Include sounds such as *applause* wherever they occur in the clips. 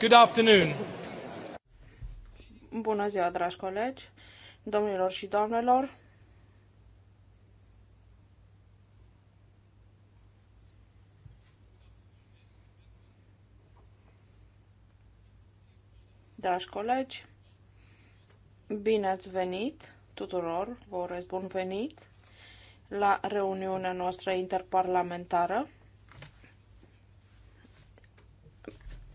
Good afternoon. Bună ziua, dragi colegi, domnilor și doamnelor. Dragi colegi, bine ați venit tuturor, vă urez bun venit la reuniunea noastră interparlamentară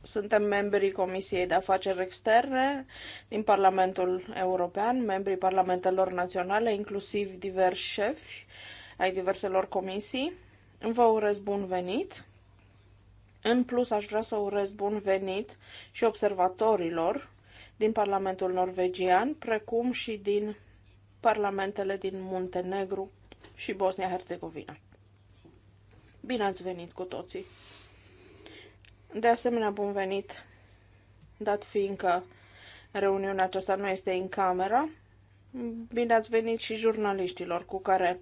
Suntem membrii Comisiei de Afaceri Externe din Parlamentul European, membrii Parlamentelor Naționale, inclusiv diversi șefi ai diverselor comisii. Vă urez bun venit! În plus, aș vrea să urez bun venit și observatorilor din Parlamentul Norvegian, precum și din parlamentele din Muntenegru și Bosnia-Herzegovina. Bine ați venit cu toții! De asemenea, bun venit, dat fiindcă reuniunea aceasta nu este în camera. Bine ați venit și jurnaliștilor cu care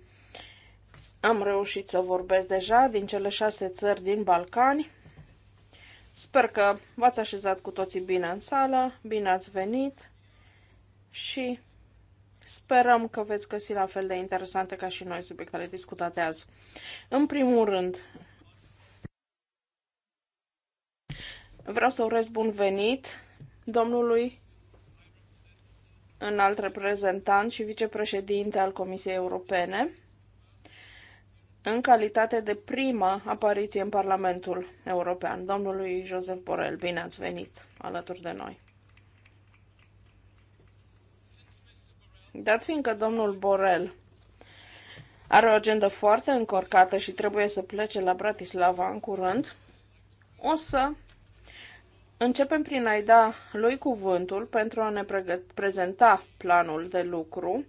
am reușit să vorbesc deja din cele șase țări din Balcani. Sper că v-ați așezat cu toții bine în sală, bine ați venit și sperăm că veți găsi la fel de interesante ca și noi subiectele discutate azi. În primul rând, Vreau să urez bun venit domnului înalt reprezentant și vicepreședinte al Comisiei Europene, în calitate de prima apariție în Parlamentul European. Domnului Joseph Borel, bine ați venit alături de noi. Dat fiindcă domnul Borel are o agendă foarte încorcată și trebuie să plece la Bratislava în curând, o să Începem prin a-i da lui cuvântul pentru a ne prezenta planul de lucru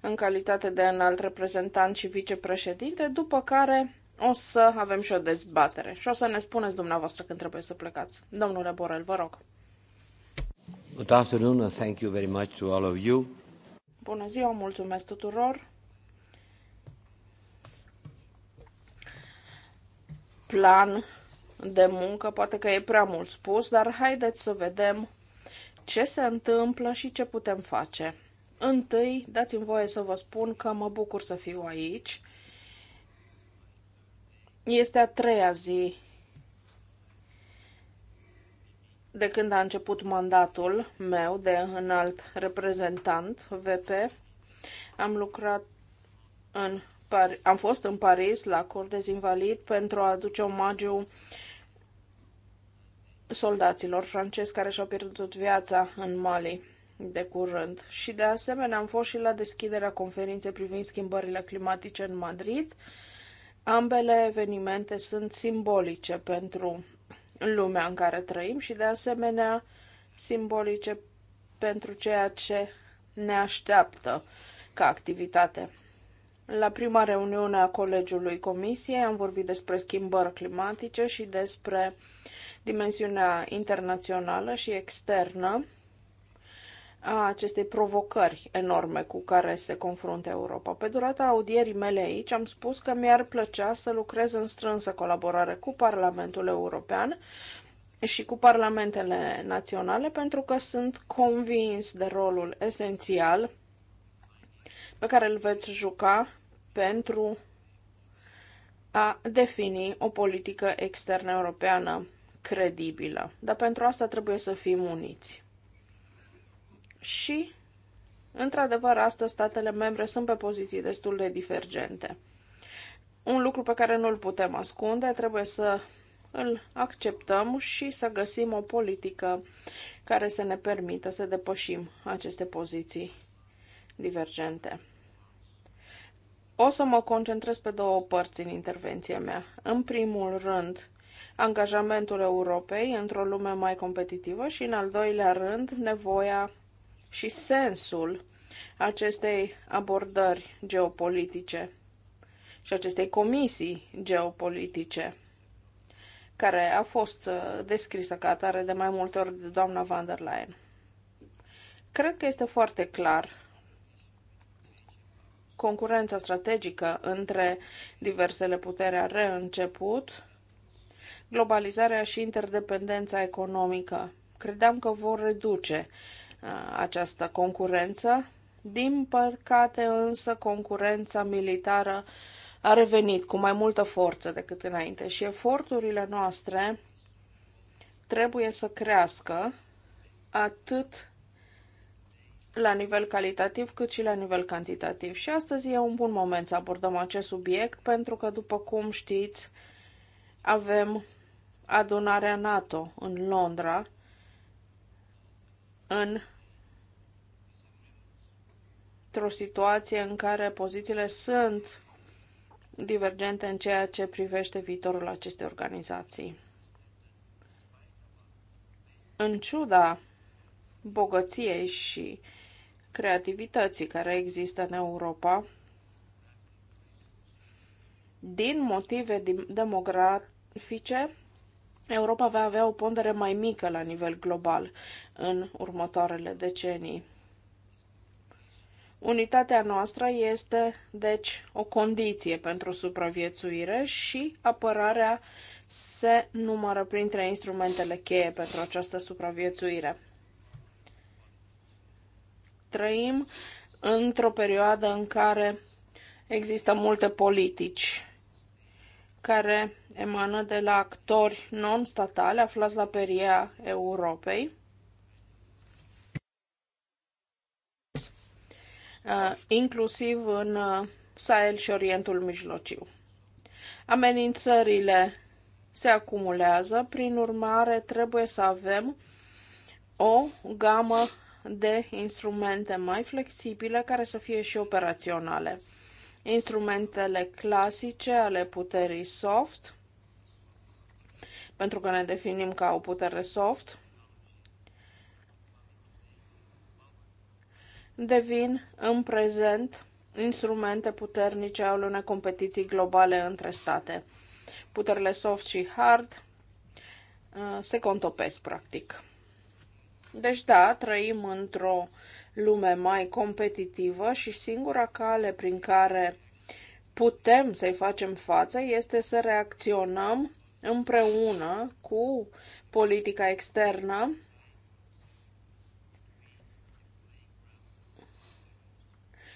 în calitate de înalt reprezentant și vicepreședinte, după care o să avem și o dezbatere și o să ne spuneți dumneavoastră când trebuie să plecați. Domnule Borel, vă rog. Good afternoon and thank you very much to all of you. Bună ziua, mulțumesc tuturor. Plan de muncă, poate că e prea mult spus, dar haideți să vedem ce se întâmplă și ce putem face. Întâi, dați-mi voie să vă spun că mă bucur să fiu aici. Este a treia zi de când a început mandatul meu de înalt reprezentant VP. Am lucrat în Par- am fost în Paris la Cortes Invalid pentru a aduce omagiu soldaților francezi care și-au pierdut viața în Mali de curând. Și de asemenea am fost și la deschiderea conferinței privind schimbările climatice în Madrid. Ambele evenimente sunt simbolice pentru lumea în care trăim și de asemenea simbolice pentru ceea ce ne așteaptă ca activitate. La prima reuniune a Colegiului Comisiei am vorbit despre schimbări climatice și despre uh, dimensiunea internațională și externă a acestei provocări enorme cu care se confruntă Europa. Pe durata audierii mele aici am spus că mi-ar plăcea să lucrez în strânsă colaborare cu Parlamentul European și cu parlamentele naționale pentru că sunt convins de rolul esențial pe care îl veți juca pentru a defini o politică externă europeană credibilă. Dar pentru asta trebuie să fim uniți. Și, într-adevăr, astăzi statele membre sunt pe poziții destul de divergente. Un lucru pe care nu-l putem ascunde, trebuie să îl acceptăm și să găsim o politică care să ne permită să depășim aceste poziții divergente. O să mă concentrez pe două părți în intervenția mea. În primul rând, angajamentul Europei într-o lume mai competitivă și, în al doilea rând, nevoia și sensul acestei abordări geopolitice și acestei comisii geopolitice, care a fost uh, descrisă ca atare de mai multe ori de doamna van der Leyen. Cred că este foarte clar concurența strategică între diversele putere a reînceput globalizarea și interdependența economică. Credeam că vor reduce uh, această concurență. Din păcate, însă, concurența militară a revenit cu mai multă forță decât înainte și eforturile noastre trebuie să crească atât la nivel calitativ cât și la nivel cantitativ. Și astăzi e un bun moment să abordăm acest subiect pentru că, după cum știți, avem adunarea NATO în Londra în într-o situație în care pozițiile sunt divergente în ceea ce privește viitorul acestei organizații. În ciuda bogăției și creativității care există în Europa, din motive demografice, Europa va avea o pondere mai mică la nivel global în următoarele decenii. Unitatea noastră este, deci, o condiție pentru supraviețuire și apărarea se numără printre instrumentele cheie pentru această supraviețuire. Trăim într-o perioadă în care există multe politici care emană de la actori non-statali aflați la peria Europei. Uh, inclusiv în uh, Sahel și Orientul Mijlociu. Amenințările se acumulează, prin urmare trebuie să avem o gamă de instrumente mai flexibile care să fie și operaționale. Instrumentele clasice ale puterii soft pentru că ne definim ca o putere soft, devin în prezent instrumente puternice ale unei competiții globale între state. Puterile soft și hard uh, se contopesc, practic. Deci, da, trăim într-o lume mai competitivă și singura cale prin care putem să-i facem față este să reacționăm împreună cu politica externă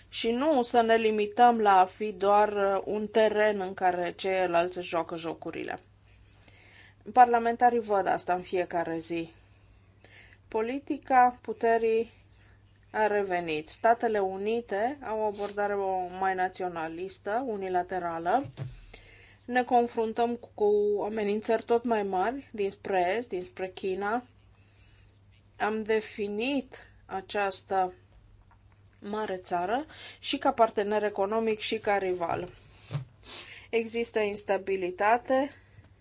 și nu să ne limităm la a fi doar uh, un teren în care ceilalți joacă jocurile. Parlamentarii văd asta în fiecare zi. Politica puterii a revenit. Statele Unite au o abordare mai naționalistă, unilaterală, ne confruntăm cu amenințări tot mai mari dinspre Est, dinspre China. Am definit această mare țară și ca partener economic și ca rival. Există instabilitate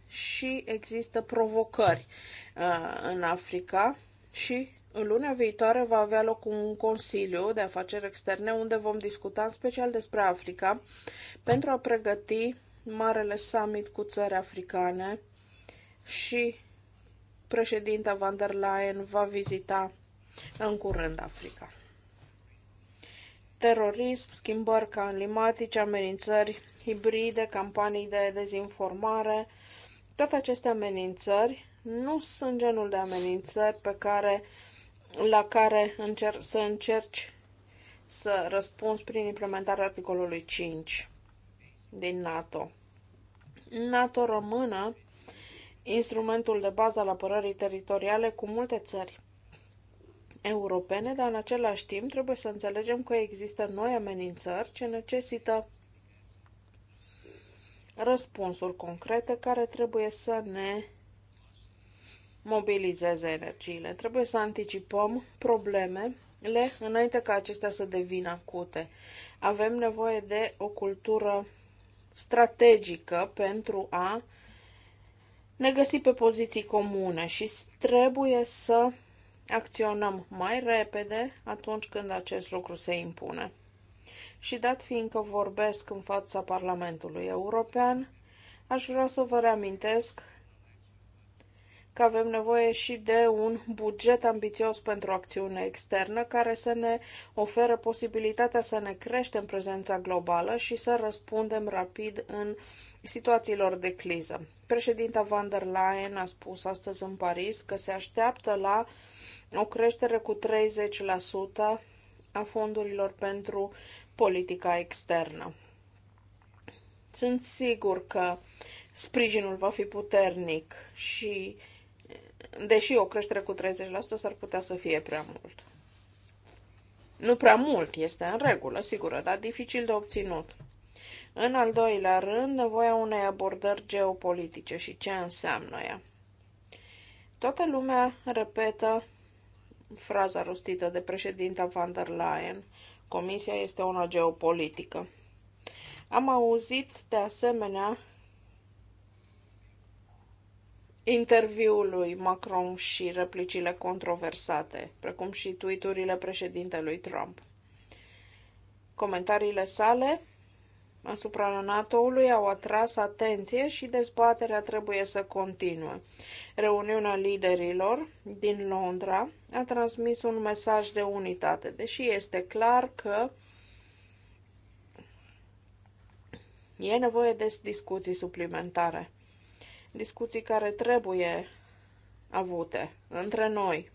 și există provocări uh, în Africa și în luna viitoare va avea loc un Consiliu de Afaceri Externe unde vom discuta în special despre Africa pentru a pregăti marele summit cu țări africane și președinta van der Leyen va vizita în curând Africa. Terorism, schimbări climatice, amenințări hibride, campanii de dezinformare, toate aceste amenințări nu sunt genul de amenințări pe care, la care încer- să încerci să răspunzi prin implementarea articolului 5 din NATO. NATO rămână instrumentul de bază al apărării teritoriale cu multe țări europene, dar în același timp trebuie să înțelegem că există noi amenințări ce necesită răspunsuri concrete care trebuie să ne mobilizeze energiile. Trebuie să anticipăm problemele înainte ca acestea să devină acute. Avem nevoie de o cultură strategică pentru a ne găsi pe poziții comune și trebuie să acționăm mai repede atunci când acest lucru se impune. Și dat fiindcă vorbesc în fața Parlamentului European, aș vrea să vă reamintesc că avem nevoie și de un buget ambițios pentru acțiune externă care să ne oferă posibilitatea să ne creștem prezența globală și să răspundem rapid în situațiilor de criză. Președinta van der Leyen a spus astăzi în Paris că se așteaptă la o creștere cu 30% a fondurilor pentru politica externă. Sunt sigur că sprijinul va fi puternic și uh, deși o creștere cu 30% s-ar putea să fie prea mult. Nu prea mult este în regulă, sigură, dar dificil de obținut. În al doilea rând, nevoia unei abordări geopolitice și ce înseamnă ea. Toată lumea repetă fraza rostită de președinta van der Leyen. Comisia este una geopolitică. Am auzit de asemenea interviului Macron și replicile controversate, precum și tweet-urile președintelui Trump. Comentariile sale asupra NATO-ului au atras atenție și dezbaterea trebuie să continue. Reuniunea liderilor din Londra a transmis un mesaj de unitate, deși este clar că e nevoie de discuții suplimentare discuții care trebuie avute între noi.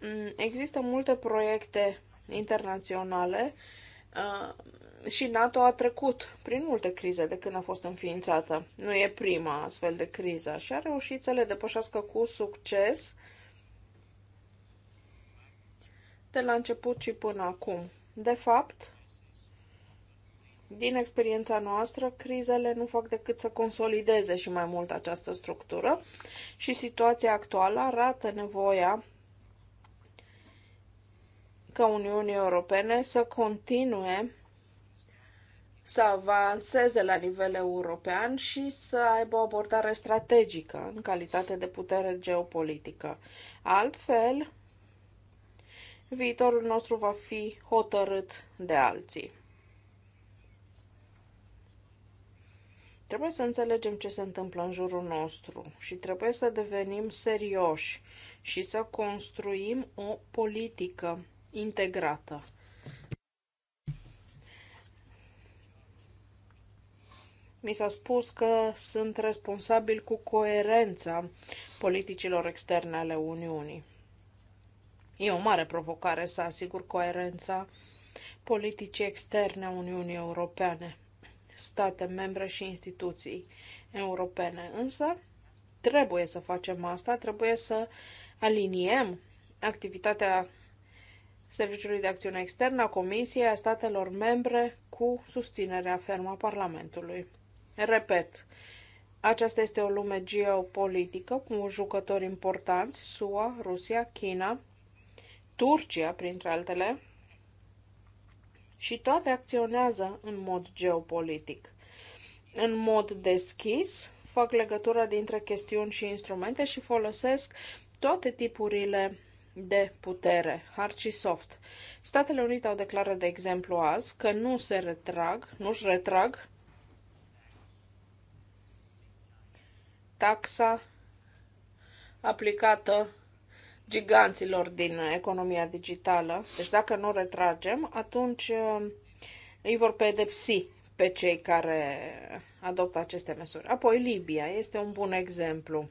Mm, există multe proiecte internaționale uh, și NATO a trecut prin multe crize de când a fost înființată. Nu e prima astfel de criză și a reușit să le depășească cu succes de la început și până acum. De fapt, din experiența noastră, crizele nu fac decât să consolideze și mai mult această structură și situația actuală arată nevoia ca Uniunii Europene să continue să avanseze la nivel european și să aibă o abordare strategică în calitate de putere geopolitică. Altfel, viitorul nostru va fi hotărât de alții. Trebuie să înțelegem ce se întâmplă în jurul nostru și trebuie să devenim serioși și să construim o politică integrată. Mi s-a spus că sunt responsabil cu coerența politicilor externe ale Uniunii. E o mare provocare să asigur coerența politicii externe a Uniunii Europene state membre și instituții europene. Însă, trebuie să facem asta, trebuie să aliniem activitatea Serviciului de Acțiune Externă a Comisiei a statelor membre cu susținerea fermă a Parlamentului. Repet, aceasta este o lume geopolitică cu jucători importanți, SUA, Rusia, China, Turcia, printre altele, și toate acționează în mod geopolitic. În mod deschis, fac legătura dintre chestiuni și instrumente și folosesc toate tipurile de putere, hard și soft. Statele Unite au declarat, de exemplu, azi că nu se retrag, nu-și retrag taxa aplicată giganților din economia digitală. Deci dacă nu retragem, atunci uh, îi vor pedepsi pe cei care adoptă aceste măsuri. Apoi Libia este un bun exemplu.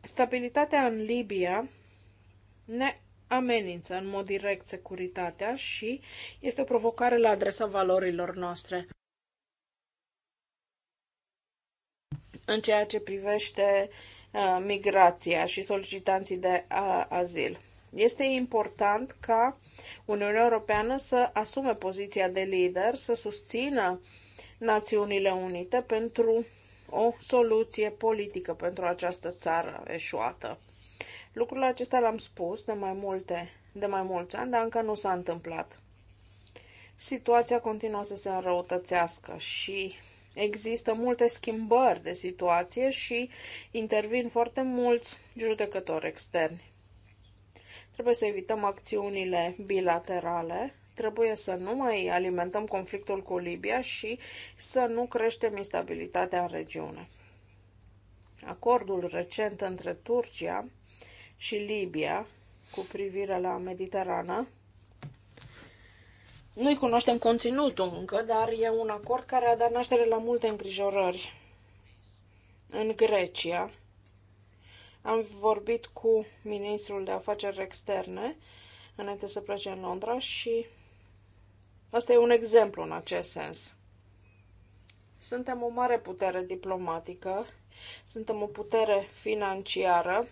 Stabilitatea în Libia ne amenință în mod direct securitatea și este o provocare la adresa valorilor noastre. În ceea ce privește uh, Uh, migrația și solicitanții de azil. Este important ca Uniunea Europeană să asume poziția de lider, să susțină Națiunile Unite pentru o soluție politică pentru această țară eșuată. Lucrul acesta l-am spus de mai multe, de mai mulți ani, dar încă nu s-a întâmplat. Situația continuă să se înrăutățească și Există multe schimbări de situație și intervin foarte mulți judecători externi. Trebuie să evităm acțiunile bilaterale, trebuie să nu mai alimentăm conflictul cu Libia și să nu creștem instabilitatea în regiune. Acordul recent între Turcia și Libia cu privire la Mediterană nu-i cunoaștem conținutul încă, dar e un acord care a dat naștere la multe îngrijorări. În Grecia am vorbit cu ministrul de afaceri externe înainte să plece în Londra și asta e un exemplu în acest sens. Suntem o mare putere diplomatică, suntem o putere financiară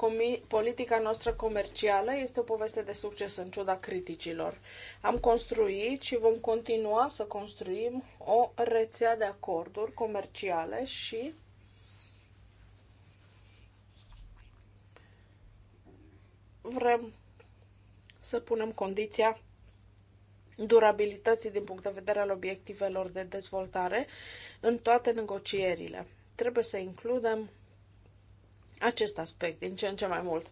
Comi- politica noastră comercială este o poveste de succes în ciuda criticilor. Am construit și vom continua să construim o rețea de acorduri comerciale și vrem să punem condiția durabilității din punct de vedere al obiectivelor de dezvoltare în toate negocierile. Trebuie să includem acest aspect din ce în ce mai mult.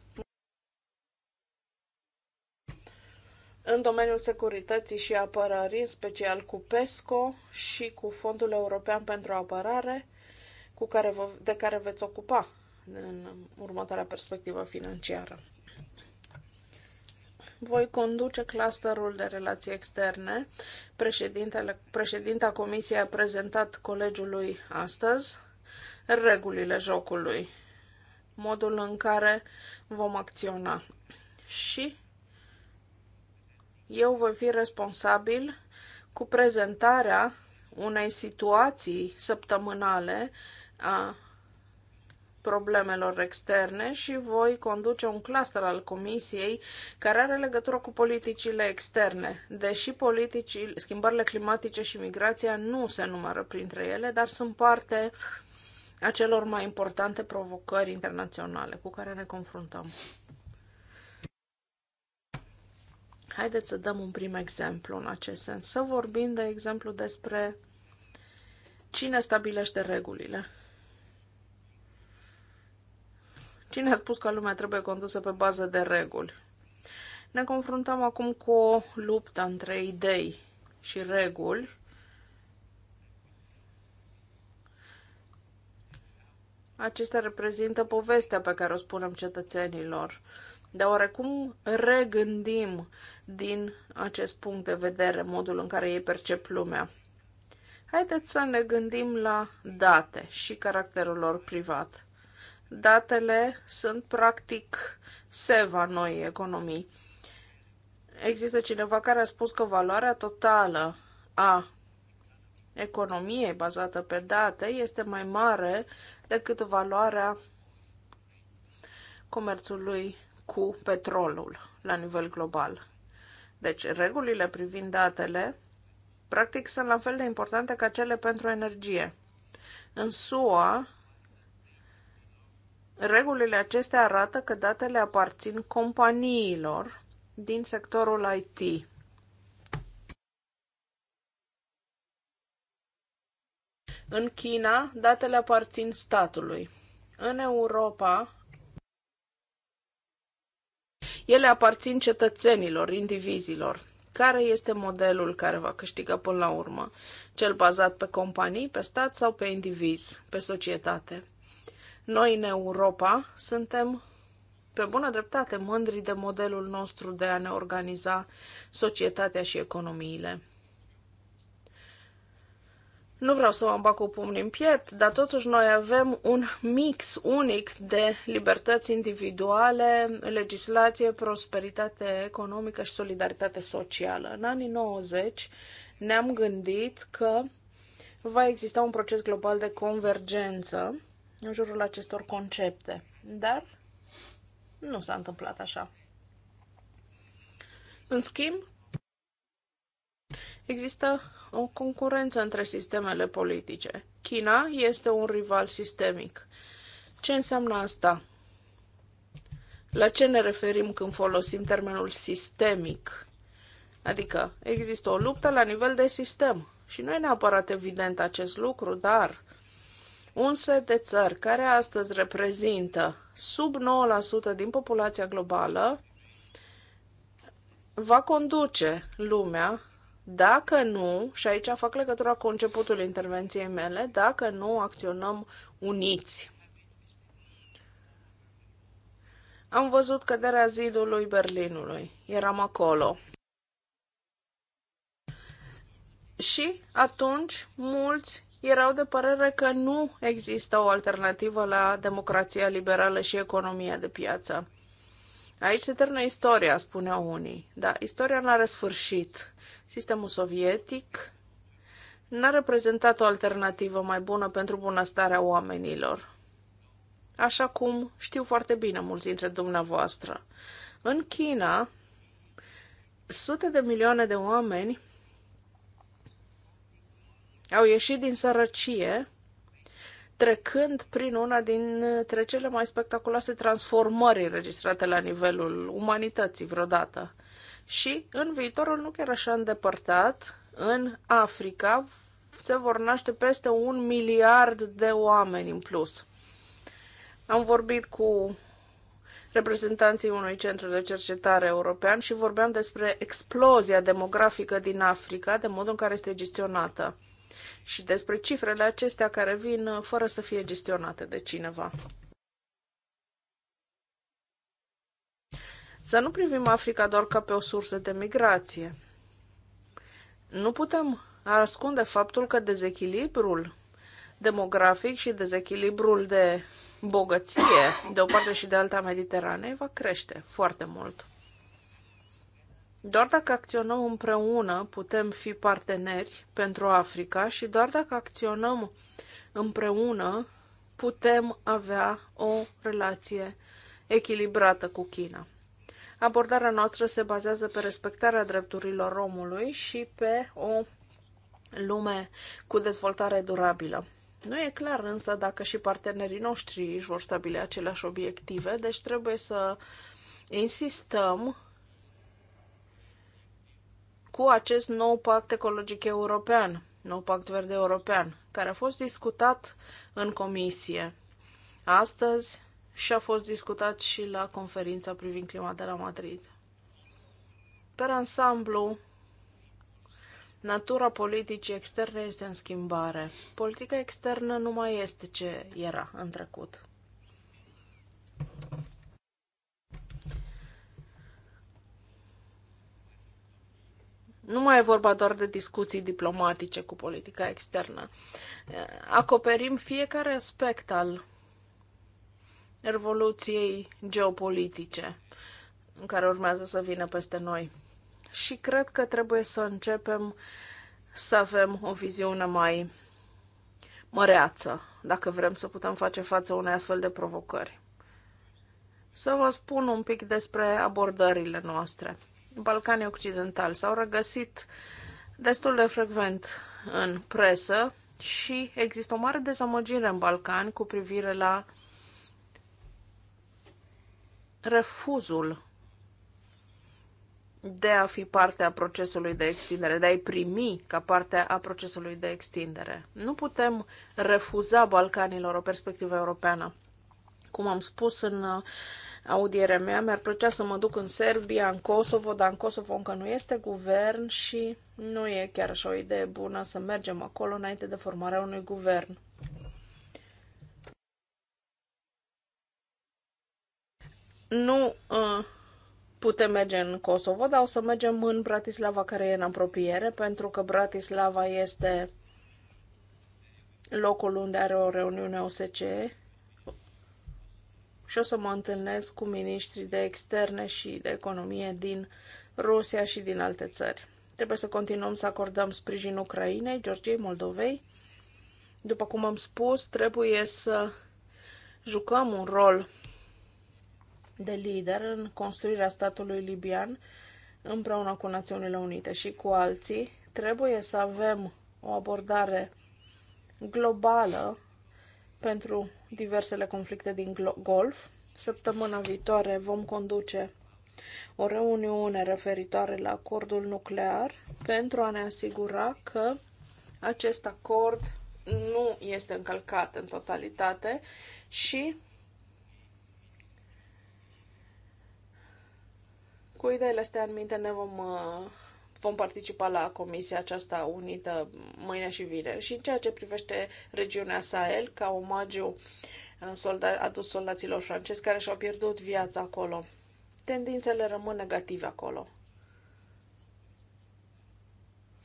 În domeniul securității și apărării, în special cu PESCO și cu Fondul European pentru Apărare, cu care vă, de care veți ocupa în următoarea perspectivă financiară. Voi conduce clusterul de relații externe. Președintele, președinta comisiei a prezentat colegiului astăzi regulile jocului modul în care vom acționa. Și eu voi fi responsabil cu prezentarea unei situații săptămânale a problemelor externe și voi conduce un cluster al comisiei care are legătură cu politicile externe. Deși politicii, schimbările climatice și migrația nu se numără printre ele, dar sunt parte uh, a celor mai importante provocări internaționale cu care ne confruntăm. Haideți să dăm un prim exemplu în acest sens. Să vorbim, de exemplu, despre cine stabilește regulile. Cine a spus că lumea trebuie condusă pe bază de reguli? Ne confruntăm acum cu o luptă între idei și reguli acestea reprezintă povestea pe care o spunem cetățenilor. Dar regândim din acest punct de vedere modul în care ei percep lumea. Haideți să ne gândim la date și caracterul lor privat. Datele sunt practic seva noi economii. Există cineva care a spus că valoarea totală a economiei bazată pe date este mai mare decât valoarea comerțului cu petrolul la nivel global. Deci, regulile privind datele, practic, sunt la fel de importante ca cele pentru energie. În SUA, regulile acestea arată că datele aparțin companiilor din sectorul IT. În China, datele aparțin statului. În Europa, ele aparțin cetățenilor, indivizilor. Care este modelul care va câștiga până la urmă? Cel bazat pe companii, pe stat sau pe indiviz, pe societate? Noi, în Europa, suntem pe bună dreptate mândri de modelul nostru de a ne organiza societatea și economiile. Nu vreau să mă bag cu pumnii în piept, dar totuși noi avem un mix unic de libertăți individuale, legislație, prosperitate economică și solidaritate socială. În anii 90 ne-am gândit că va exista un proces global de convergență în jurul acestor concepte, dar nu s-a întâmplat așa. În schimb, există o concurență între sistemele politice. China este un rival sistemic. Ce înseamnă asta? La ce ne referim când folosim termenul sistemic? Adică există o luptă la nivel de sistem. Și nu e neapărat evident acest lucru, dar un set de țări care astăzi reprezintă sub 9% din populația globală va conduce lumea dacă nu, și aici fac legătura cu începutul intervenției mele, dacă nu acționăm uniți. Am văzut căderea zidului Berlinului. Eram acolo. Și atunci mulți erau de părere că nu există o alternativă la democrația liberală și economia de piață. Aici se termină istoria, spuneau unii. Da, istoria n-are sfârșit. Sistemul sovietic n-a reprezentat o alternativă mai bună pentru bunăstarea oamenilor. Așa cum știu foarte bine mulți dintre dumneavoastră. În China, sute de milioane de oameni au ieșit din sărăcie trecând prin una dintre cele mai spectaculoase transformări înregistrate la nivelul umanității vreodată. Și în viitorul nu chiar așa îndepărtat, în Africa se vor naște peste un miliard de oameni în plus. Am vorbit cu reprezentanții unui centru de cercetare european și vorbeam despre explozia demografică din Africa, de modul în care este gestionată și despre cifrele acestea care vin uh, fără să fie gestionate de cineva. Să nu privim Africa doar ca pe o sursă de migrație. Nu putem ascunde faptul că dezechilibrul demografic și dezechilibrul de bogăție de o parte și de alta Mediteranei va crește foarte mult. Doar dacă acționăm împreună putem fi parteneri pentru Africa și doar dacă acționăm împreună putem avea o relație echilibrată cu China. Abordarea noastră se bazează pe respectarea drepturilor omului și pe o lume cu dezvoltare durabilă. Nu e clar însă dacă și partenerii noștri își vor stabili aceleași obiective, deci trebuie să insistăm cu acest nou pact ecologic european, nou pact verde european, care a fost discutat în comisie astăzi și a fost discutat și la conferința privind clima de la Madrid. Per ansamblu, natura politicii externe este în schimbare. Politica externă nu mai este ce era în trecut. Nu mai e vorba doar de discuții diplomatice cu politica externă. Acoperim fiecare aspect al revoluției geopolitice în care urmează să vină peste noi. Și cred că trebuie să începem să avem o viziune mai măreață, dacă vrem să putem face față unei astfel de provocări. Să vă spun un pic despre abordările noastre. Balcanii Occidentali. S-au regăsit destul de frecvent în presă și există o mare dezamăgire în Balcani cu privire la refuzul de a fi parte a procesului de extindere, de a-i primi ca parte a procesului de extindere. Nu putem refuza Balcanilor o perspectivă europeană. Cum am spus în audierea mea. Mi-ar plăcea să mă duc în Serbia, în Kosovo, dar în Kosovo încă nu este guvern și nu e chiar așa o idee bună să mergem acolo înainte de formarea unui guvern. Nu uh, putem merge în Kosovo, dar o să mergem în Bratislava, care e în apropiere, pentru că Bratislava este locul unde are o reuniune OSCE și o să mă întâlnesc cu ministrii de externe și de economie din Rusia și din alte țări. Trebuie să continuăm să acordăm sprijin Ucrainei, Georgiei, Moldovei. După cum am spus, trebuie să jucăm un rol de lider în construirea statului libian împreună cu Națiunile Unite și cu alții. Trebuie să avem o abordare globală pentru diversele conflicte din Golf. Săptămâna viitoare vom conduce o reuniune referitoare la acordul nuclear pentru a ne asigura că acest acord nu este încălcat în totalitate și cu ideile astea în minte ne vom uh, vom participa la comisia aceasta unită mâine și vineri. Și în ceea ce privește regiunea Sahel, ca omagiu uh, solda- adus soldaților francezi care și-au pierdut viața acolo, tendințele rămân negative acolo.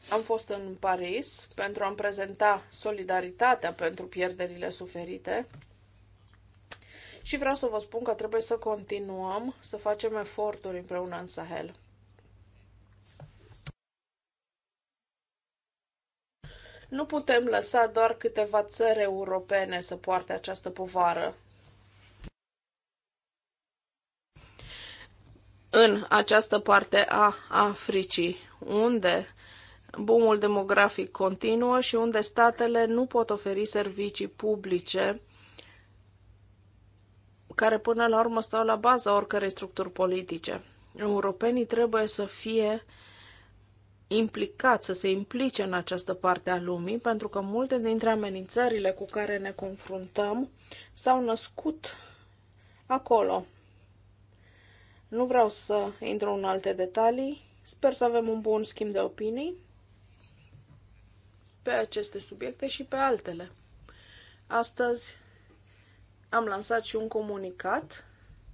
Am fost în Paris pentru a-mi prezenta solidaritatea pentru pierderile suferite și vreau să vă spun că trebuie să continuăm să facem eforturi împreună în Sahel. Nu putem lăsa doar câteva țări europene să poarte această povară. În această parte a Africii, unde boomul demografic continuă și unde statele nu pot oferi servicii publice care până la urmă stau la baza oricărei structuri politice. Europenii trebuie să fie uh, implicat, să se implice în această parte a lumii, pentru că multe dintre amenințările cu care ne confruntăm s-au născut acolo. Nu vreau să intru în alte detalii. Sper să avem un bun schimb de opinii pe aceste subiecte și pe altele. Astăzi am lansat și un comunicat,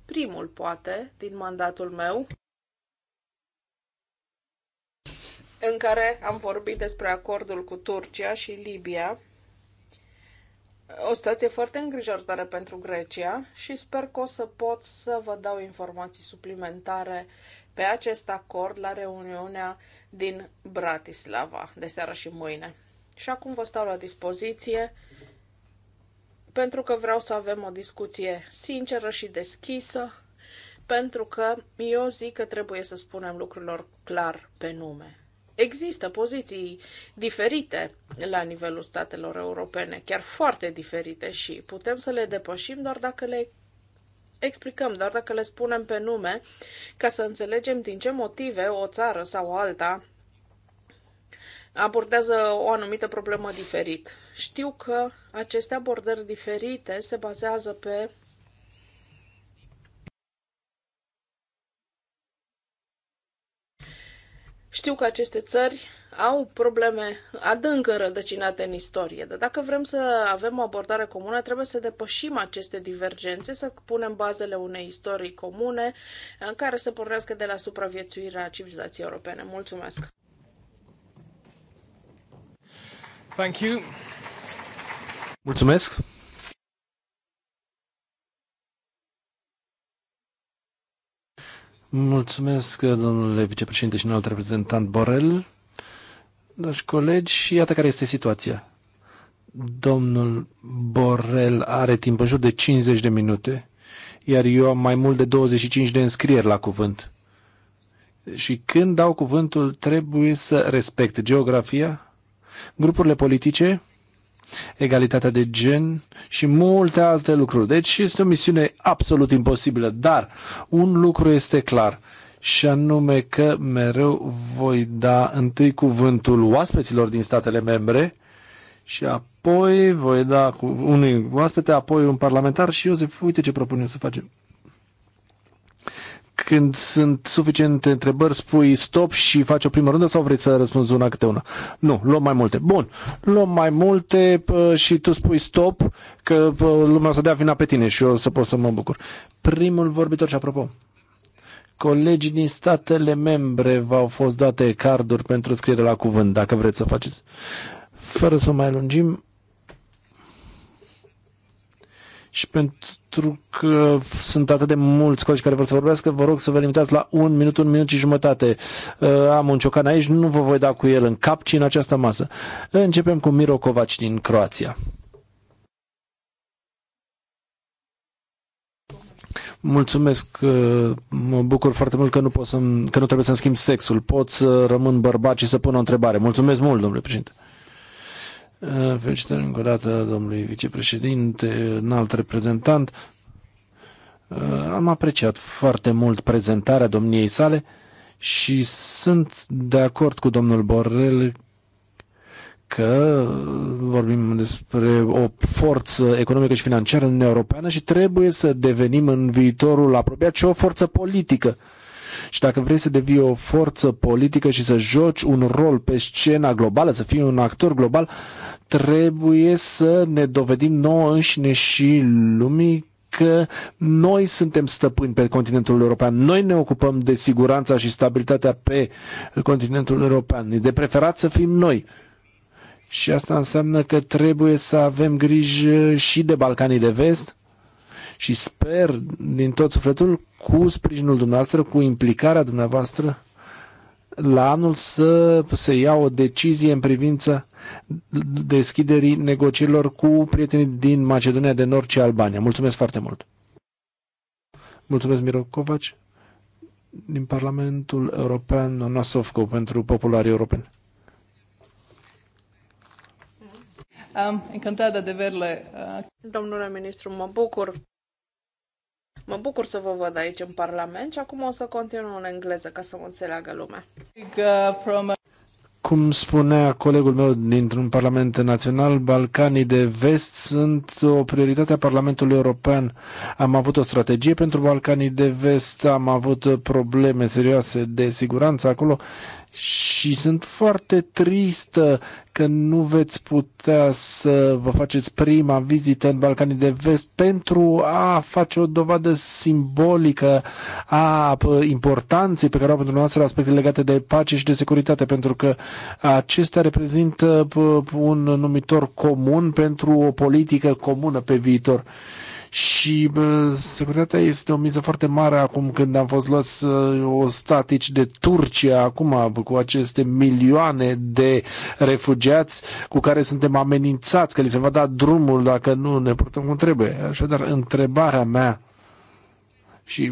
primul poate, din mandatul meu. în care am vorbit despre acordul cu Turcia și Libia, o situație foarte îngrijorătoare pentru Grecia și sper că o să pot să vă dau informații suplimentare pe acest acord la reuniunea din Bratislava de seară și mâine. Și acum vă stau la dispoziție pentru că vreau să avem o discuție sinceră și deschisă, pentru că eu zic că trebuie să spunem lucrurilor clar pe nume. Există poziții diferite la nivelul statelor europene, chiar foarte diferite și putem să le depășim doar dacă le explicăm, doar dacă le spunem pe nume, ca să înțelegem din ce motive o țară sau alta abordează o anumită problemă diferit. Știu că aceste abordări diferite se bazează pe Știu că aceste țări au probleme adânc înrădăcinate în istorie, dar dacă vrem să avem o abordare comună, trebuie să depășim aceste divergențe, să punem bazele unei istorii comune în care să pornească de la supraviețuirea civilizației europene. Mulțumesc! Thank you. Mulțumesc! Mulțumesc, domnule vicepreședinte și un alt reprezentant Borel. Dragi colegi, iată care este situația. Domnul Borel are timp în jur de 50 de minute, iar eu am mai mult de 25 de înscrieri la cuvânt. Și când dau cuvântul, trebuie să respect geografia, grupurile politice, egalitatea de gen și multe alte lucruri. Deci este o misiune absolut imposibilă, dar un lucru este clar și anume că mereu voi da întâi cuvântul oaspeților din statele membre și apoi voi da unui oaspete, apoi un parlamentar și eu zic, uite ce propun să facem când sunt suficiente întrebări, spui stop și faci o primă rundă sau vrei să răspunzi una câte una? Nu, luăm mai multe. Bun, luăm mai multe și tu spui stop că lumea o să dea vina pe tine și eu o să pot să mă bucur. Primul vorbitor și apropo colegii din statele membre v-au fost date carduri pentru scriere la cuvânt, dacă vreți să faceți. Fără să mai lungim, și pentru că sunt atât de mulți colegi care vor să vorbească, vă rog să vă limitați la un minut, un minut și jumătate. Uh, am un ciocan aici, nu vă voi da cu el în cap, ci în această masă. Începem cu Miro Kovac din Croația. Mulțumesc, uh, mă bucur foarte mult că nu, pot să, că nu trebuie să-mi schimb sexul. Pot să rămân bărbat și să pun o întrebare. Mulțumesc mult, domnule președinte. Uh, Eh, felicitări încă o dată domnului vicepreședinte, înalt reprezentant. Eh, am apreciat foarte mult prezentarea domniei sale și sunt de acord cu domnul Borrell că vorbim despre o forță economică și financiară în Uniunea Europeană și trebuie să devenim în viitorul apropiat și o forță politică. Și dacă vrei să devii o forță politică și să joci un rol pe scena globală, să fii un actor global, trebuie să ne dovedim nouă înșine și lumii că noi suntem stăpâni pe continentul european. Noi ne ocupăm de siguranța și stabilitatea pe continentul european. De preferat să fim noi. Și asta înseamnă că trebuie să avem grijă și de Balcanii de Vest, și sper din tot sufletul cu sprijinul dumneavoastră, cu implicarea dumneavoastră la anul să se ia o decizie în privința deschiderii negocierilor cu prietenii din Macedonia de Nord și Albania. Mulțumesc foarte mult! Mulțumesc, Miro Covaci, din Parlamentul European, Nasovco, pentru popularii europeni. Um, încântată de verle. Uh... Domnule ministru, mă bucur Mă bucur să vă văd aici în Parlament și acum o să continuăm în engleză ca să mă înțeleagă lumea. Uh, Cum spunea colegul meu dintr-un Parlament Național, Balcanii de Vest sunt o prioritate a Parlamentului European. Am avut o strategie pentru Balcanii de Vest, am avut probleme serioase de siguranță acolo și sunt foarte tristă că nu veți putea să vă faceți prima vizită în Balcanii de Vest pentru a face o dovadă simbolică a importanței pe care au pentru noastră aspecte legate de pace și de securitate, pentru că acestea reprezintă un numitor comun pentru o politică comună pe viitor și securitatea este o miză foarte mare acum când am fost luați ă, statici de Turcia, acum cu aceste milioane de refugiați cu care suntem amenințați, că li se va da drumul dacă nu ne purtăm cum trebuie. Așadar, întrebarea mea și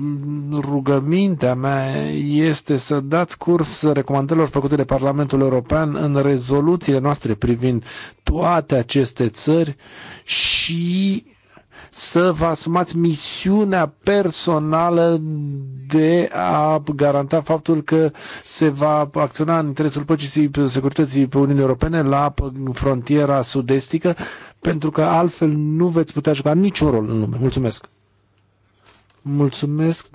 rugămintea mea este să dați curs recomandărilor făcute de Parlamentul European în rezoluțiile noastre privind toate aceste țări și să vă asumați misiunea personală de a garanta faptul că se va acționa în interesul păcii și securității pe Uniunii Europene la frontiera sud-estică, pentru că altfel nu veți putea juca niciun rol în lume. Mulțumesc! Mulțumesc,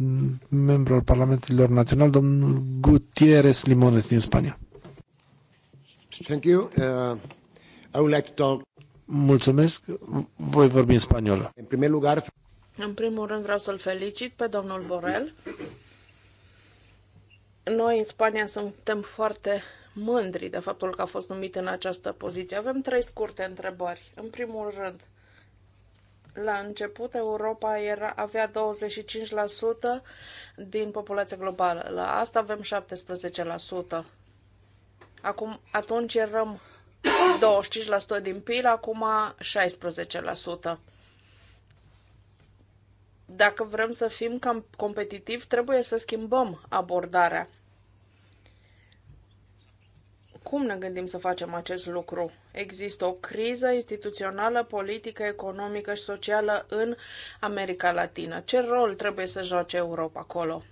membru al Parlamentelor Național, domnul Gutierrez Limones din Spania. Thank you. Uh, I would like to talk Mulțumesc, voi vorbi în spaniolă. În primul lugar... În primul rând vreau să-l felicit pe domnul Borel. Noi în Spania suntem foarte mândri de faptul că a fost numit în această poziție. Avem trei scurte întrebări. În primul rând, la început Europa era, avea 25% din populația globală. La asta avem 17%. Acum, atunci eram 25% din PIL, acum 16%. Dacă vrem să fim cam competitivi, trebuie să schimbăm abordarea. Cum ne gândim să facem acest lucru? Există o criză instituțională, politică, economică și socială în America Latină. Ce rol trebuie să joace Europa acolo?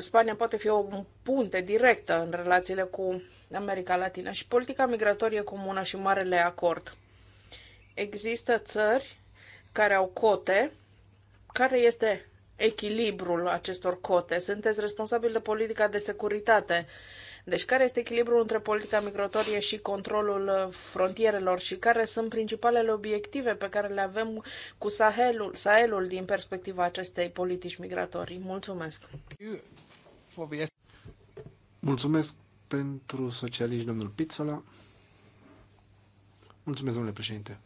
Spania poate fi o punte directă în relațiile cu America Latină și politica migratorie comună și marele acord. Există țări care au cote. Care este echilibrul acestor cote? Sunteți responsabili de politica de securitate. Deci care este echilibrul între politica migratorie și controlul uh, frontierelor și care sunt principalele obiective pe care le avem cu Sahelul, Sahelul din perspectiva acestei politici migratorii? Mulțumesc! Mulțumesc pentru socialiști, domnul Pizzola. Mulțumesc, domnule președinte.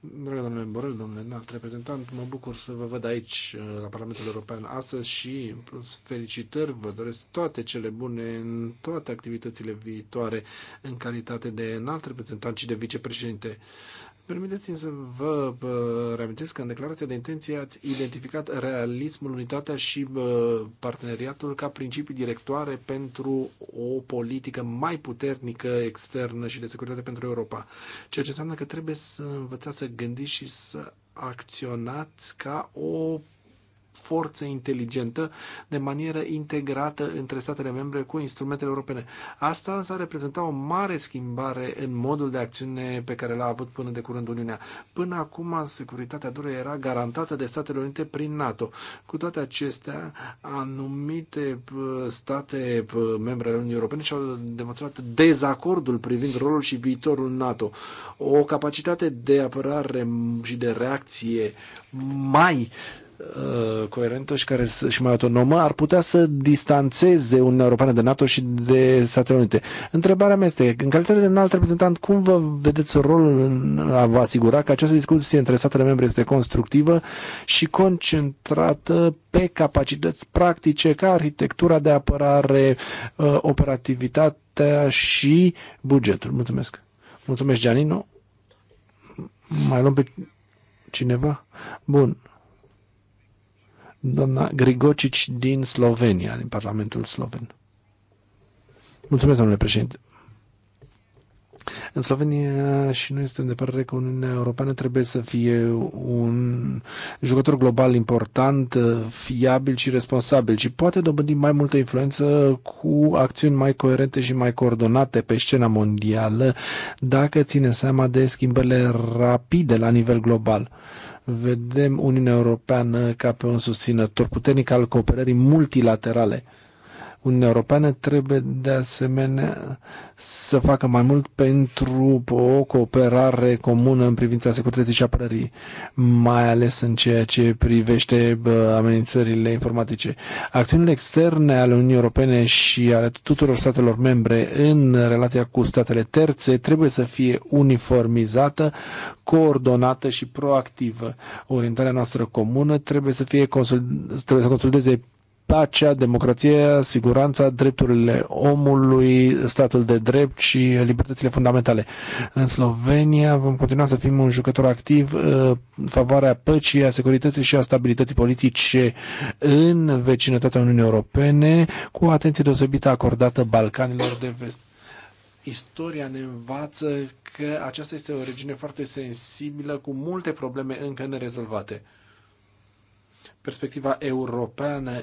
Dragă domnule Borel, domnule înalt reprezentant, mă bucur să vă văd aici uh, la Parlamentul European astăzi și, în plus, felicitări, vă doresc toate cele bune în toate activitățile viitoare în calitate de înalt reprezentant și de vicepreședinte Permiteți-mi să vă reamintesc că în declarația de intenție ați identificat realismul, unitatea și parteneriatul ca principii directoare pentru o politică mai puternică externă și de securitate pentru Europa. Ceea ce înseamnă că trebuie să învățați să gândiți și să acționați ca o forță inteligentă de manieră integrată între statele membre cu instrumentele europene. Asta însă a reprezentat o mare schimbare în modul de acțiune pe care l-a avut până de curând Uniunea. Până acum, securitatea dură era garantată de Statele Unite prin NATO. Cu toate acestea, anumite uh, state uh, membre ale Uniunii Europene și-au demonstrat dezacordul privind rolul și viitorul NATO. O capacitate de apărare și de reacție mai uh, Uh, coerentă și, care, și mai autonomă ar putea să distanțeze Uniunea Europeană de NATO și de Statele Unite. Întrebarea mea este, în calitate de înalt reprezentant, cum vă vedeți rolul în a vă asigura că această discuție între statele membre este constructivă și concentrată pe capacități practice ca arhitectura de apărare, uh, operativitatea și bugetul? Mulțumesc! Mulțumesc, Gianino! Mai luăm pe cineva? Bun doamna Grigocici din Slovenia, din Parlamentul Sloven. Mulțumesc, domnule președinte. În Slovenia și noi este de părere că Uniunea Europeană trebuie să fie un jucător global important, fiabil și responsabil și poate dobândi mai multă influență cu acțiuni mai coerente și mai coordonate pe scena mondială dacă ține seama de schimbările rapide la nivel global vedem Uniunea Europeană ca pe un susținător puternic al cooperării multilaterale Uniunea Europeană trebuie de asemenea să facă mai mult pentru o cooperare comună în privința securității și apărării, mai ales în ceea ce privește amenințările informatice. Acțiunile externe ale Uniunii Europene și ale tuturor statelor membre în relația cu statele terțe trebuie să fie uniformizată, coordonată și proactivă. Orientarea noastră comună trebuie să fie trebuie să consolideze pacea, democrația, siguranța, drepturile omului, statul de drept și libertățile fundamentale. În Slovenia vom continua să fim un jucător activ uh, în favoarea păcii, a securității și a stabilității politice în vecinătatea Uniunii Europene, cu atenție deosebită acordată Balcanilor de Vest. Istoria ne învață că aceasta este o regiune foarte sensibilă, cu multe probleme încă nerezolvate perspectiva europeană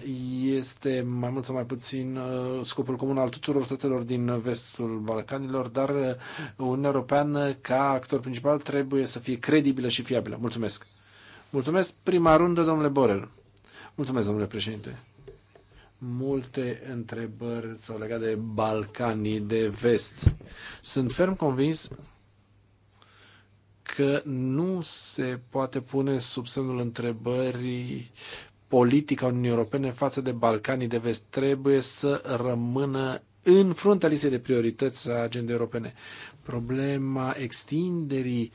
este mai mult sau mai puțin uh, scopul comun al tuturor statelor din vestul Balcanilor, dar uh, Uniunea Europeană, ca actor principal, trebuie să fie credibilă și fiabilă. Mulțumesc! Mulțumesc! Prima rundă, domnule Borel. Mulțumesc, domnule președinte! multe întrebări sau legate de Balcanii de vest. Sunt ferm convins că nu se poate pune sub semnul întrebării politica Uniunii Europene față de Balcanii de Vest. Trebuie să rămână în fruntea listei de priorități a agendei europene. Problema extinderii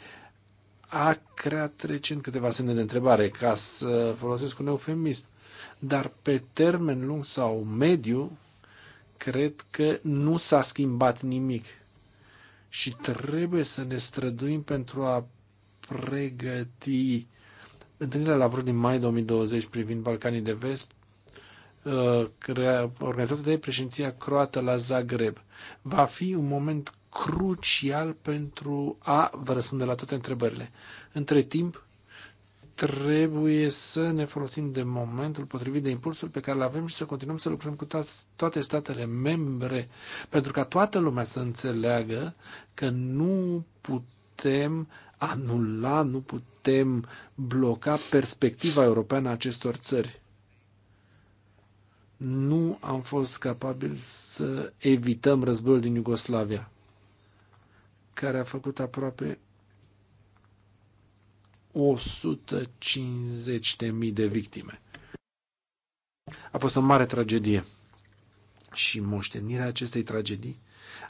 a creat recent câteva semne de întrebare, ca să folosesc un eufemism. Dar pe termen lung sau mediu, cred că nu s-a schimbat nimic și trebuie să ne străduim pentru a pregăti întâlnirea la vreo din mai 2020 privind Balcanii de Vest, uh, organizată de președinția croată la Zagreb. Va fi un moment crucial pentru a vă răspunde la toate întrebările. Între timp, trebuie să ne folosim de momentul potrivit, de impulsul pe care îl avem și să continuăm să lucrăm cu toate statele membre, pentru ca toată lumea să înțeleagă că nu putem anula, nu putem bloca perspectiva europeană a acestor țări. Nu am fost capabili să evităm războiul din Iugoslavia, care a făcut aproape 150.000 de victime. A fost o mare tragedie și moștenirea acestei tragedii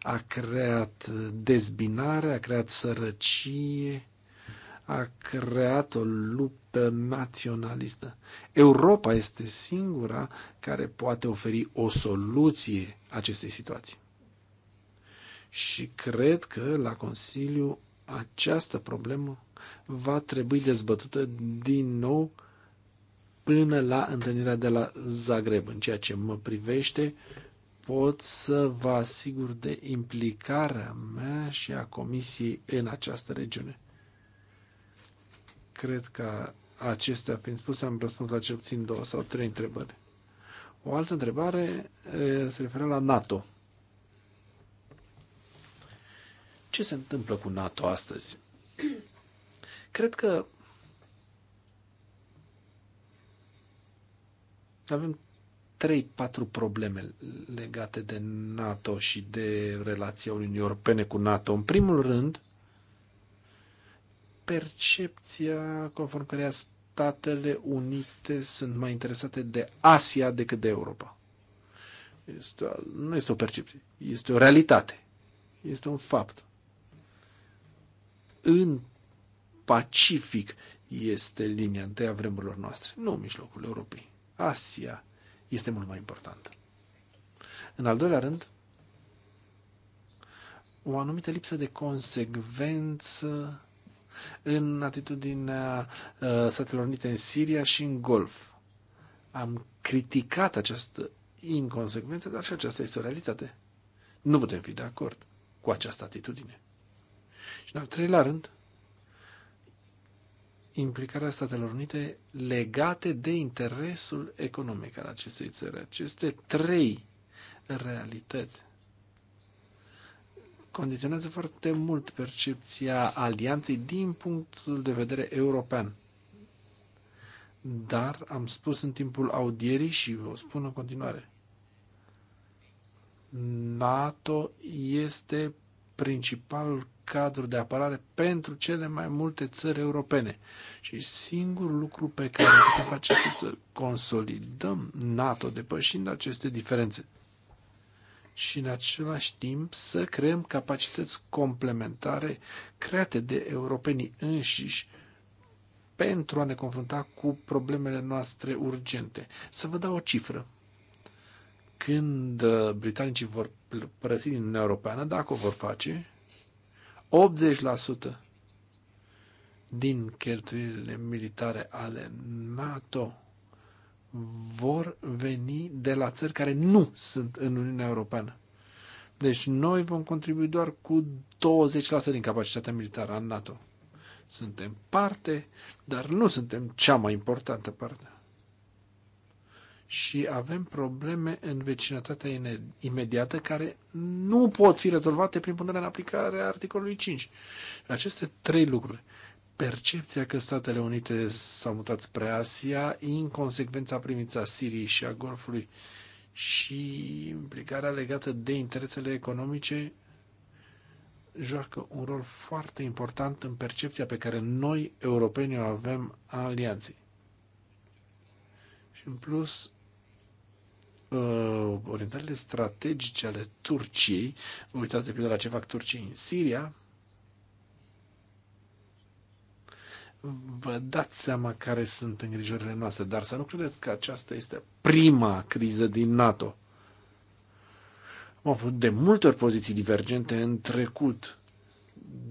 a creat dezbinare, a creat sărăcie, a creat o luptă naționalistă. Europa este singura care poate oferi o soluție acestei situații. Și cred că la Consiliu această problemă va trebui dezbătută din nou până la întâlnirea de la Zagreb. În ceea ce mă privește, pot să vă asigur de implicarea mea și a Comisiei în această regiune. Cred că acestea fiind spuse, am răspuns la cel puțin două sau trei întrebări. O altă întrebare se referă la NATO. Ce se întâmplă cu NATO astăzi? Cred că avem 3-4 probleme legate de NATO și de relația Uniunii Europene cu NATO. În primul rând, percepția conform căreia Statele Unite sunt mai interesate de Asia decât de Europa. Este, nu este o percepție, este o realitate, este un fapt. În Pacific este linia întâi a vremurilor noastre, nu mijlocul Europei. Asia este mult mai importantă. În al doilea rând, o anumită lipsă de consecvență în atitudinea uh, Statelor Unite în Siria și în Golf. Am criticat această inconsecvență, dar și aceasta este o realitate. Nu putem fi de acord cu această atitudine. Și în al treilea rând, implicarea Statelor Unite legate de interesul economic al acestei țări. Aceste trei realități condiționează foarte mult percepția alianței din punctul de vedere european. Dar am spus în timpul audierii și vă spun în continuare. NATO este principalul cadru de apărare pentru cele mai multe țări europene. Și singurul lucru pe care putem face este să consolidăm NATO depășind aceste diferențe. Și în același timp să creăm capacități complementare create de europenii înșiși pentru a ne confrunta cu problemele noastre urgente. Să vă dau o cifră când uh, britanicii vor părăsi din Uniunea Europeană, dacă o vor face, 80% din cheltuielile militare ale NATO vor veni de la țări care nu sunt în Uniunea Europeană. Deci noi vom contribui doar cu 20% din capacitatea militară a NATO. Suntem parte, dar nu suntem cea mai importantă parte și avem probleme în vecinătatea imediată care nu pot fi rezolvate prin punerea în aplicare a articolului 5. Aceste trei lucruri percepția că Statele Unite s-au mutat spre Asia, inconsecvența privința Siriei și a Golfului și implicarea legată de interesele economice joacă un rol foarte important în percepția pe care noi, europenii, o avem a alianței. Și în plus, uh, orientările strategice ale Turciei. Uitați de pildă la ce fac Turcii în Siria. Vă dați seama care sunt îngrijorările noastre, dar să nu credeți că aceasta este prima criză din NATO. Am avut de multe ori poziții divergente în trecut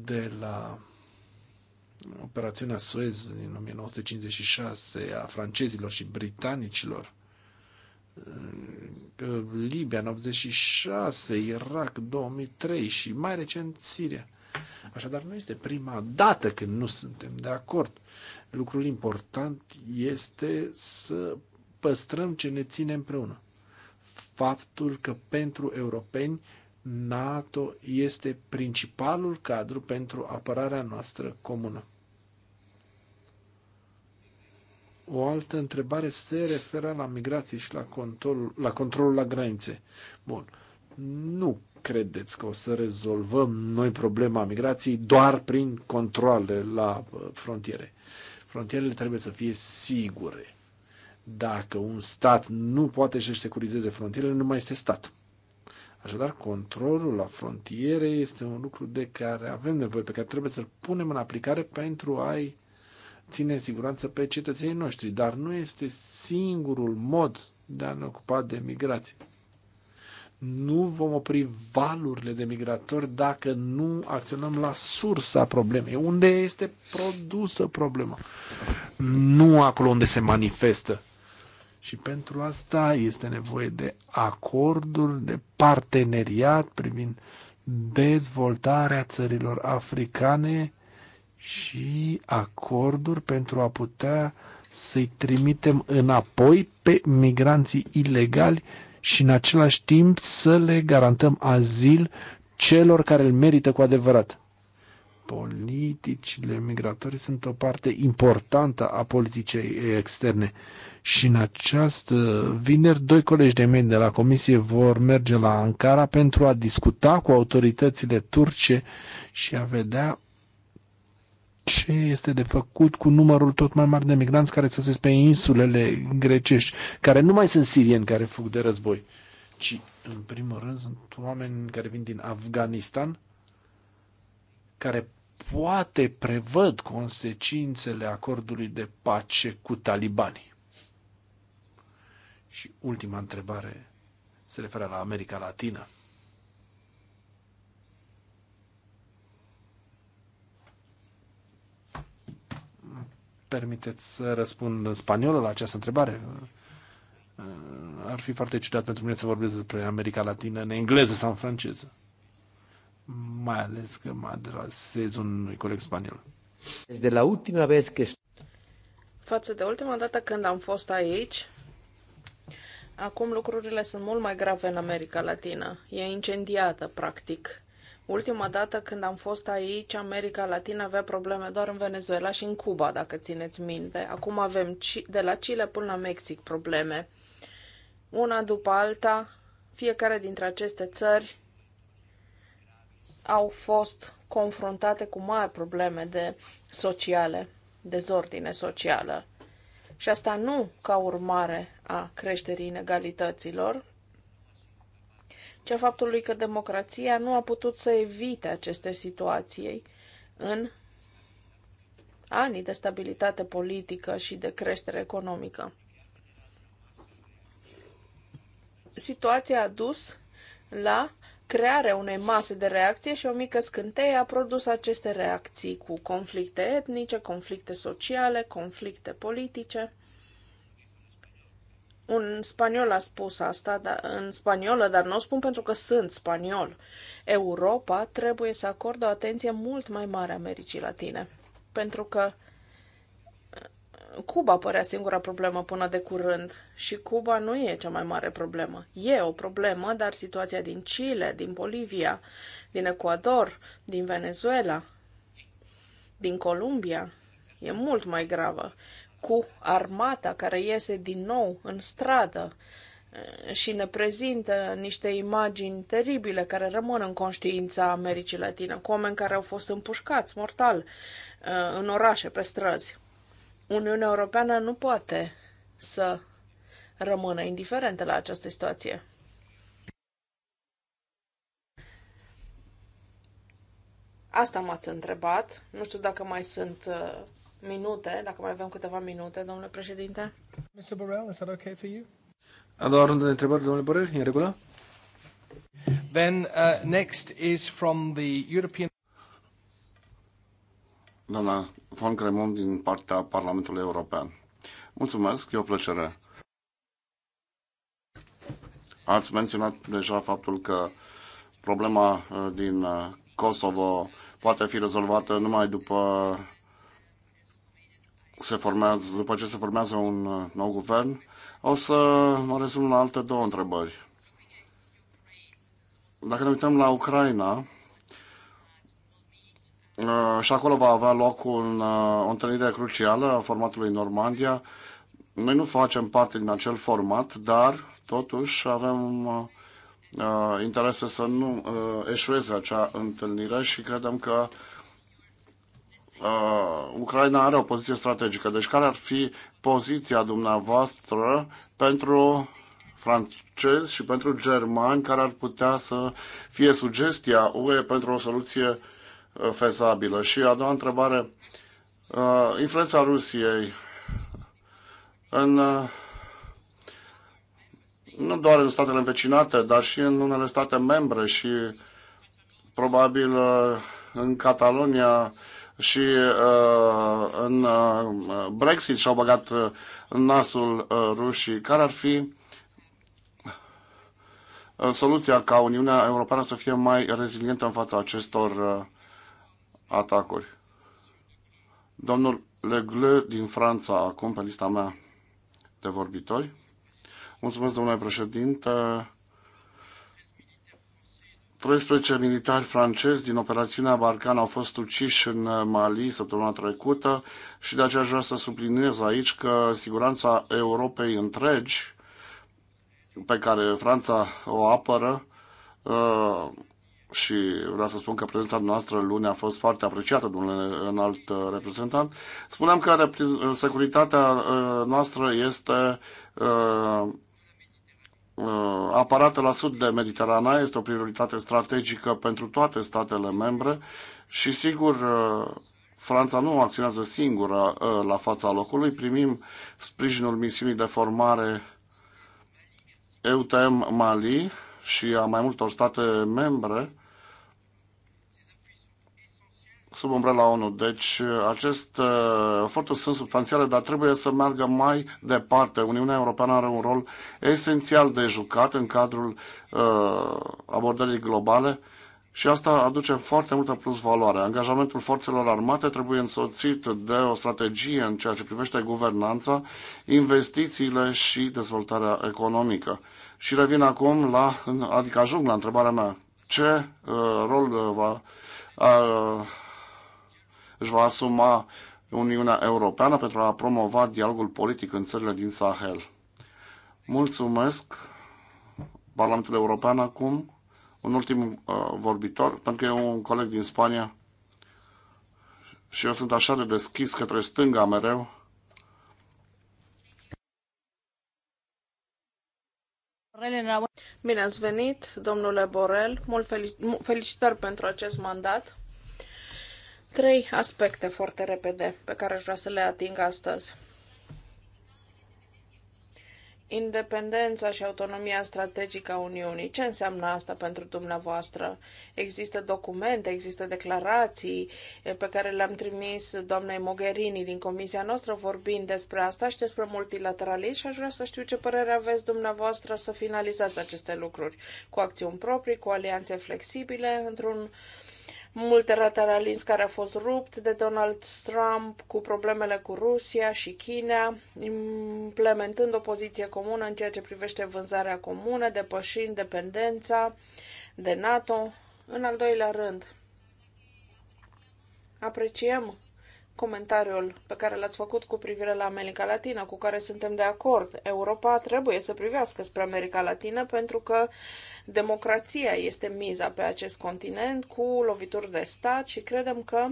de la operațiunea Suez din 1956 a francezilor și britanicilor Libia în 86, Irak 2003 și mai recent Siria. Așadar, nu este prima dată când nu suntem de acord. Lucrul important este să păstrăm ce ne ține împreună. Faptul că pentru europeni NATO este principalul cadru pentru apărarea noastră comună. O altă întrebare se referă la migrație și la controlul la, controlul la granițe. Bun. Nu credeți că o să rezolvăm noi problema migrației doar prin controle la uh, frontiere. Frontierele trebuie să fie sigure. Dacă un stat nu poate să-și securizeze frontierele, nu mai este stat. Așadar, controlul la frontiere este un lucru de care avem nevoie, pe care trebuie să-l punem în aplicare pentru a-i ține în siguranță pe cetățenii noștri, dar nu este singurul mod de a ne ocupa de migrație. Nu vom opri valurile de migratori dacă nu acționăm la sursa problemei, unde este produsă problema, nu acolo unde se manifestă. Și pentru asta este nevoie de acorduri, de parteneriat privind dezvoltarea țărilor africane și acorduri pentru a putea să-i trimitem înapoi pe migranții ilegali și în același timp să le garantăm azil celor care îl merită cu adevărat. Politicile migratorii sunt o parte importantă a politicii externe și în această vineri doi colegi de mei de la Comisie vor merge la Ankara pentru a discuta cu autoritățile turce și a vedea ce este de făcut cu numărul tot mai mare de migranți care se pe insulele grecești, care nu mai sunt sirieni care fug de război, ci, în primul rând, sunt oameni care vin din Afganistan, care poate prevăd consecințele acordului de pace cu talibanii. Și ultima întrebare se referă la America Latină. permiteți să răspund în spaniolă la această întrebare? Ar fi foarte ciudat pentru mine să vorbesc despre America Latină în engleză sau în franceză. Mai ales că mă adresez unui coleg spaniol. De la ultima vez că... Față de ultima dată când am fost aici, acum lucrurile sunt mult mai grave în America Latină. E incendiată, practic. Ultima dată când am fost aici, America Latina avea probleme doar în Venezuela și în Cuba, dacă țineți minte. Acum avem de la Chile până la Mexic probleme. Una după alta, fiecare dintre aceste țări au fost confruntate cu mari probleme de sociale, dezordine socială. Și asta nu ca urmare a creșterii inegalităților, ci a faptului că democrația nu a putut să evite aceste situații în anii de stabilitate politică și de creștere economică. Situația a dus la crearea unei mase de reacție și o mică scânteie a produs aceste reacții cu conflicte etnice, conflicte sociale, conflicte politice un spaniol a spus asta da, în spaniolă, dar nu o spun pentru că sunt spaniol. Europa trebuie să acorde o atenție mult mai mare Americii Latine, pentru că uh, Cuba părea singura problemă până de curând și Cuba nu e cea mai mare problemă. E o problemă, dar situația din Chile, din Bolivia, din Ecuador, din Venezuela, din Columbia e mult mai gravă cu armata care iese din nou în stradă eh, și ne prezintă niște imagini teribile care rămân în conștiința Americii Latine, cu oameni care au fost împușcați mortal eh, în orașe, pe străzi. Uniunea Europeană nu poate să rămână indiferentă la această situație. Asta m-ați întrebat. Nu știu dacă mai sunt eh, minute, dacă mai avem câteva minute, domnule președinte. Mr. Borrell, is that okay for you? A doua rundă de întrebări, domnule Borrell, în regulă? Then, uh, next is from the European... Doamna Von Cremon din partea Parlamentului European. Mulțumesc, e o plăcere. Ați menționat deja faptul că problema uh, din uh, Kosovo poate fi rezolvată numai după se formează, după ce se formează un uh, nou guvern, o să mă rezum la alte două întrebări. Dacă ne uităm la Ucraina, uh, și acolo va avea loc un, uh, o întâlnire crucială a formatului Normandia. Noi nu facem parte din acel format, dar totuși avem interese să nu eșueze acea întâlnire și credem că uh, Ucraina are o poziție strategică. Deci care ar fi poziția dumneavoastră pentru francezi și pentru germani care ar putea să fie sugestia UE pentru o soluție uh, fezabilă? Și a doua întrebare, uh, influența Rusiei în uh, nu doar în statele învecinate, dar și în unele state membre și probabil uh, în Catalonia și uh, în uh, Brexit și-au băgat uh, nasul uh, rușii. Care ar fi uh, soluția ca Uniunea Europeană să fie mai rezilientă în fața acestor uh, atacuri? Domnul Legleu din Franța, acum pe lista mea de vorbitori. Mulțumesc, domnule președinte. 13 militari francezi din operațiunea Barcan au fost uciși în uh, Mali săptămâna trecută și de aceea vreau să subliniez aici că siguranța Europei întregi pe care Franța o apără uh, și vreau să spun că prezența noastră luni a fost foarte apreciată, domnule înalt uh, reprezentant. Spuneam că securitatea noastră este Uh, aparate la sud de Mediterana este o prioritate strategică pentru toate statele membre și sigur uh, Franța nu acționează singură uh, la fața locului. Primim sprijinul misiunii de formare EUTM Mali și a mai multor state membre sub umbrela ONU. Deci aceste eforturi sunt substanțiale, dar trebuie să meargă mai departe. Uniunea Europeană are un rol esențial de jucat în cadrul uh, abordării globale și asta aduce foarte multă plus valoare. Angajamentul forțelor armate trebuie însoțit de o strategie în ceea ce privește guvernanța, investițiile și dezvoltarea economică. Și revin acum la, adică ajung la întrebarea mea, ce uh, rol uh, va uh, își va asuma Uniunea Europeană pentru a promova dialogul politic în țările din Sahel. Mulțumesc Parlamentul European acum, un ultim uh, vorbitor, pentru că e un coleg din Spania și eu sunt așa de deschis către stânga mereu. Bine ați venit, domnule Borel. Mult felicitări pentru acest mandat. Trei aspecte foarte repede pe care aș vrea să le ating astăzi. Independența și autonomia strategică a Uniunii. Ce înseamnă asta pentru dumneavoastră? Există documente, există declarații pe care le-am trimis doamnei Mogherini din comisia noastră vorbind despre asta și despre multilateralism și aș vrea să știu ce părere aveți dumneavoastră să finalizați aceste lucruri cu acțiuni proprii, cu alianțe flexibile, într-un uh, multilateralism care a fost rupt de Donald Trump cu problemele cu Rusia și China, implementând o poziție comună în ceea ce privește vânzarea comună, depășind dependența de NATO. În al doilea rând, apreciem comentariul pe care l-ați făcut cu privire la America Latină, cu care suntem de acord. Europa trebuie să privească spre America Latină pentru că democrația este miza pe acest continent cu lovituri de stat și credem că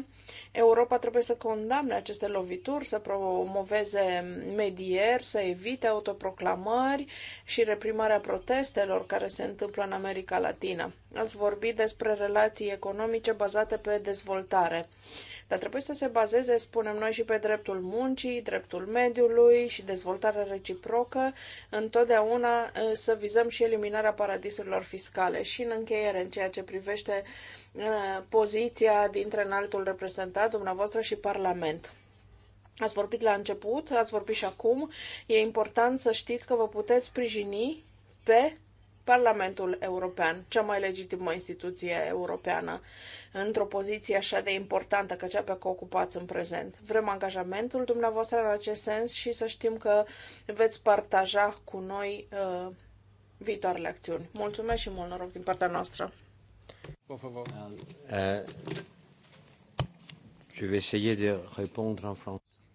Europa trebuie să condamne aceste lovituri, să promoveze medieri, să evite autoproclamări și reprimarea protestelor care se întâmplă în America Latină. Ați vorbit despre relații economice bazate pe dezvoltare. Dar trebuie să se bazeze, spunem noi, și pe dreptul muncii, dreptul mediului și dezvoltarea reciprocă, întotdeauna să vizăm și eliminarea paradisurilor fiscale. Și în încheiere, în ceea ce privește poziția dintre înaltul reprezentat, dumneavoastră și Parlament. Ați vorbit la început, ați vorbit și acum. E important să știți că vă puteți sprijini pe Parlamentul European, cea mai legitimă instituție europeană, într-o poziție așa de importantă ca cea pe care o ocupați în prezent. Vrem angajamentul dumneavoastră în acest sens și să știm că veți partaja cu noi uh, viitoarele acțiuni. Mulțumesc și mult noroc din partea noastră. Uh,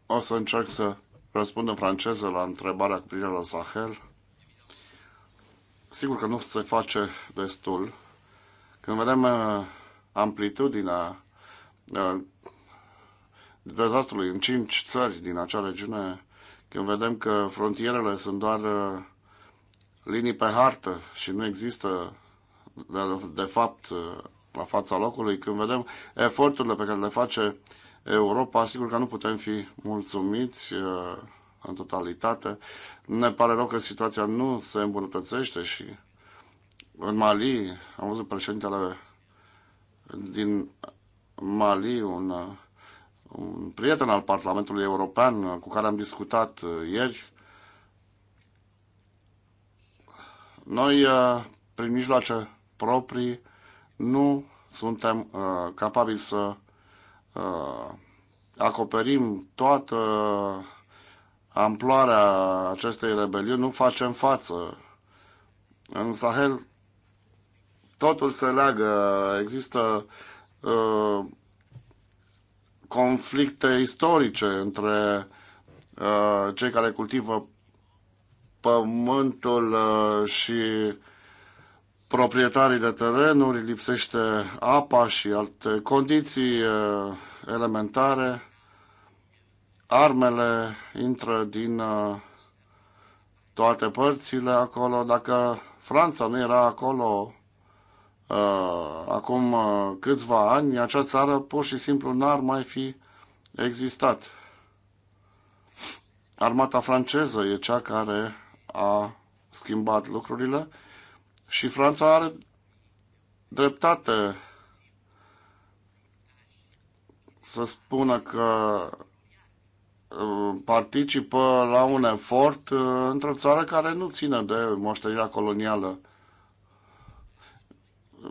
o să încerc să răspund în franceză la întrebarea cu privire la Sahel sigur că nu se face destul. Când vedem uh, amplitudinea uh, dezastrului în cinci țări din acea regiune, când vedem că frontierele sunt doar uh, linii pe hartă și nu există de, de fapt la fața locului, când vedem eforturile pe care le face Europa, sigur că nu putem fi mulțumiți în totalitate. Ne pare rău că situația nu se îmbunătățește și în Mali am văzut președintele din Mali, un, un prieten al Parlamentului European cu care am discutat uh, ieri. Noi, uh, prin mijloace proprii, nu suntem uh, capabili să uh, acoperim toată amploarea acestei rebeliuni nu facem față. În Sahel totul se leagă, există uh, conflicte istorice între uh, cei care cultivă pământul uh, și proprietarii de terenuri, lipsește apa și alte condiții uh, elementare armele intră din uh, toate părțile acolo. Dacă Franța nu era acolo uh, acum uh, câțiva ani, acea țară pur și simplu n-ar mai fi existat. Armata franceză e cea care a schimbat lucrurile și Franța are dreptate să spună că Uh, participă la un efort uh, într-o țară care nu ține de moștenirea colonială, uh,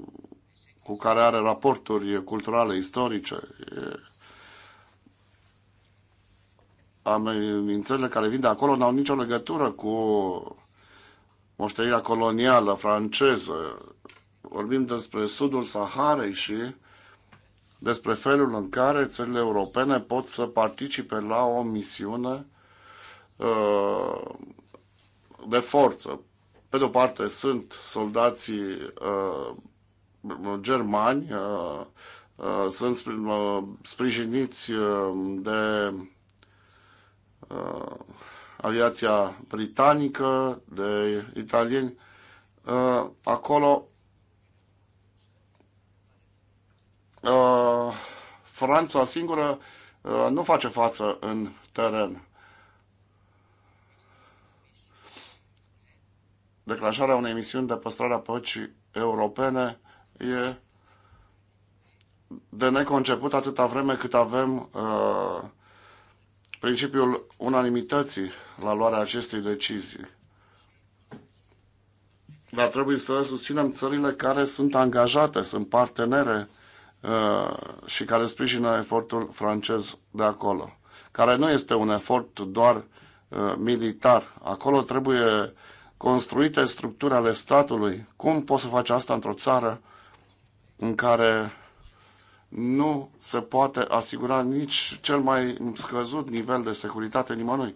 cu care are raporturi culturale, istorice. Amenințările care vin de acolo n-au nicio legătură cu moștenirea colonială franceză. Vorbim despre sudul Saharei și despre felul în care țările europene pot să participe la o misiune uh, de forță. Pe de o parte sunt soldații uh, germani, uh, sunt sprijiniți de aviația britanică, de italieni. Acolo Uh, Franța singură uh, nu face față în teren. Declanșarea unei misiuni de păstrare a păcii europene e de neconceput atâta vreme cât avem uh, principiul unanimității la luarea acestei decizii. Dar trebuie să susținem țările care sunt angajate, sunt partenere Uh, și care sprijină efortul francez de acolo, care nu este un efort doar uh, militar. Acolo trebuie construite structuri ale statului. Cum poți să faci asta într-o țară în care nu se poate asigura nici cel mai scăzut nivel de securitate nimănui?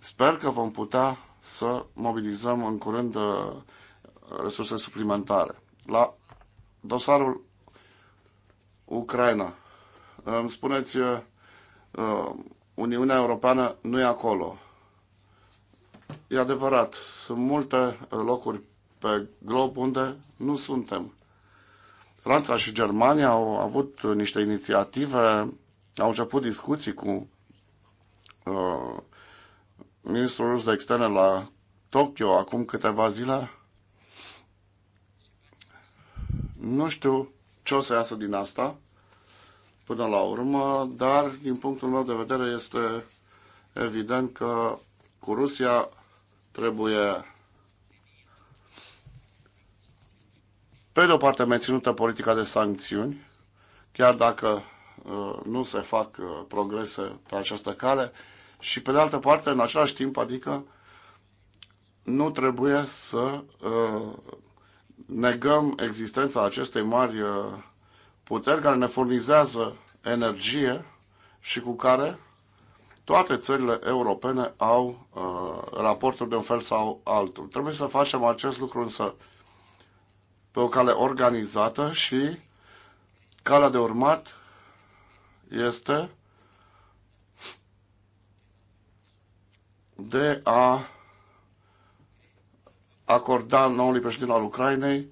Sper că vom putea să mobilizăm în curând uh, resurse suplimentare. La dosarul Ucraina. Îmi spuneți, uh, uh, Uniunea Europeană nu e acolo. E adevărat, sunt multe uh, locuri pe glob unde nu suntem. Franța și Germania au avut niște inițiative, au început discuții cu uh, ministrul rus de externe la Tokyo acum câteva zile. Nu știu ce o să iasă din asta până la urmă, dar din punctul meu de vedere este evident că cu Rusia trebuie pe de o parte menținută politica de sancțiuni, chiar dacă uh, nu se fac uh, progrese pe această cale și pe de altă parte, în același timp, adică nu trebuie să uh, negăm existența acestei mari uh, puteri care ne furnizează energie și cu care toate țările europene au uh, raporturi de un fel sau altul. Trebuie să facem acest lucru însă pe o cale organizată și calea de urmat este de a acorda noului președinte al Ucrainei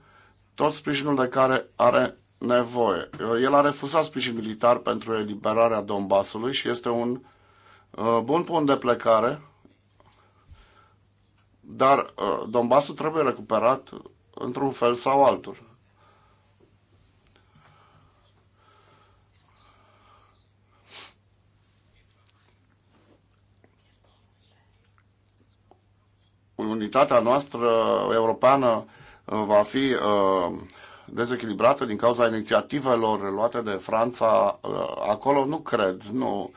tot sprijinul de care are nevoie. El a refuzat sprijin militar pentru eliberarea Donbasului și este un uh, bun punct de plecare, dar uh, Donbasul trebuie recuperat într-un fel sau altul. unitatea noastră europeană uh, va fi uh, dezechilibrată din cauza inițiativelor luate de Franța uh, acolo? Nu cred, nu.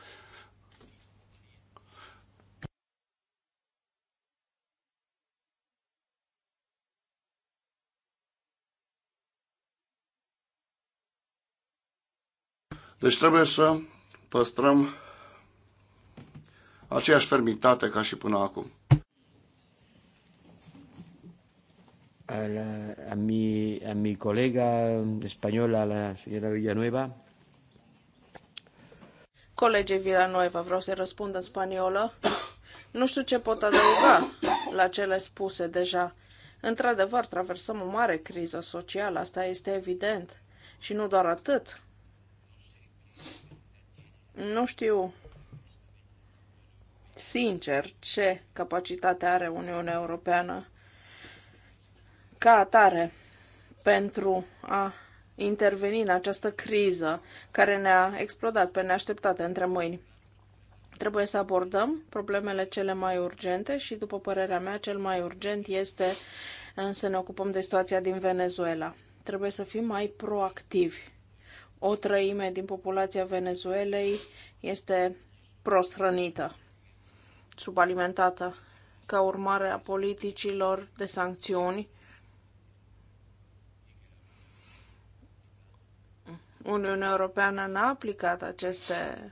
Deci trebuie să păstrăm aceeași fermitate ca și până acum. a, la, a, mi, a mi colega española, la señora Villanueva. Colege Villanueva, vreau să răspund în spaniolă. Nu știu ce pot adăuga la cele spuse deja. Într-adevăr, traversăm o mare criză socială, asta este evident. Și nu doar atât. Nu știu sincer ce capacitate are Uniunea Europeană ca atare pentru a interveni în această criză care ne-a explodat pe neașteptate între mâini. Trebuie să abordăm problemele cele mai urgente și, după părerea mea, cel mai urgent este uh, să ne ocupăm de situația din Venezuela. Trebuie să fim mai proactivi. O trăime din populația Venezuelei este prost rănită, subalimentată, ca urmare a politicilor de sancțiuni Uniunea Europeană n-a aplicat aceste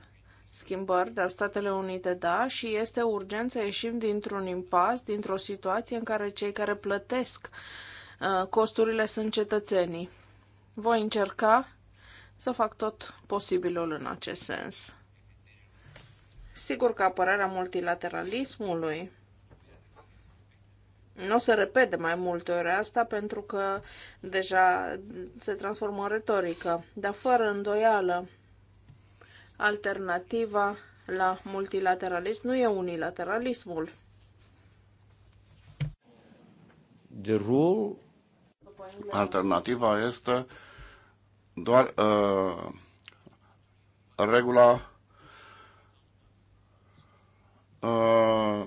schimbări, dar Statele Unite da și este urgent să ieșim dintr-un impas, dintr-o situație în care cei care plătesc uh, costurile sunt cetățenii. Voi încerca să fac tot posibilul în acest sens. Sigur că apărarea multilateralismului nu o să repede mai multe ori asta pentru că deja se transformă în retorică, dar fără îndoială alternativa la multilateralism nu e unilateralismul. The rule... Alternativa este doar uh, regula uh,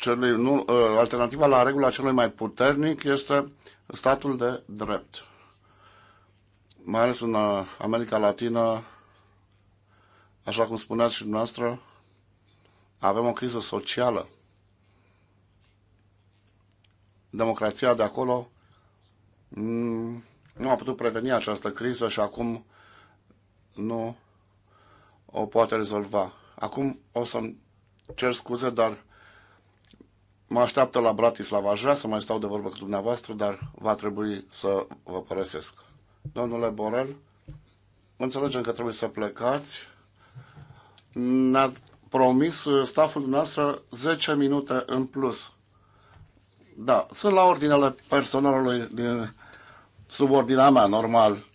celui, nu, ă, alternativa la regula celui mai puternic este statul de drept. Mai ales în ă, America Latină, așa cum spuneați și dumneavoastră, avem o criză socială. Democrația de acolo mm, nu a putut preveni această criză și acum nu o poate rezolva. Acum o să-mi cer scuze, dar mă așteaptă la Bratislava. Aș vrea să mai stau de vorbă cu dumneavoastră, dar va trebui să vă părăsesc. Domnule Borel, înțelegem că trebuie să plecați. Ne-a promis staful dumneavoastră 10 minute în plus. Da, sunt la ordinele personalului din subordinea mea, normal.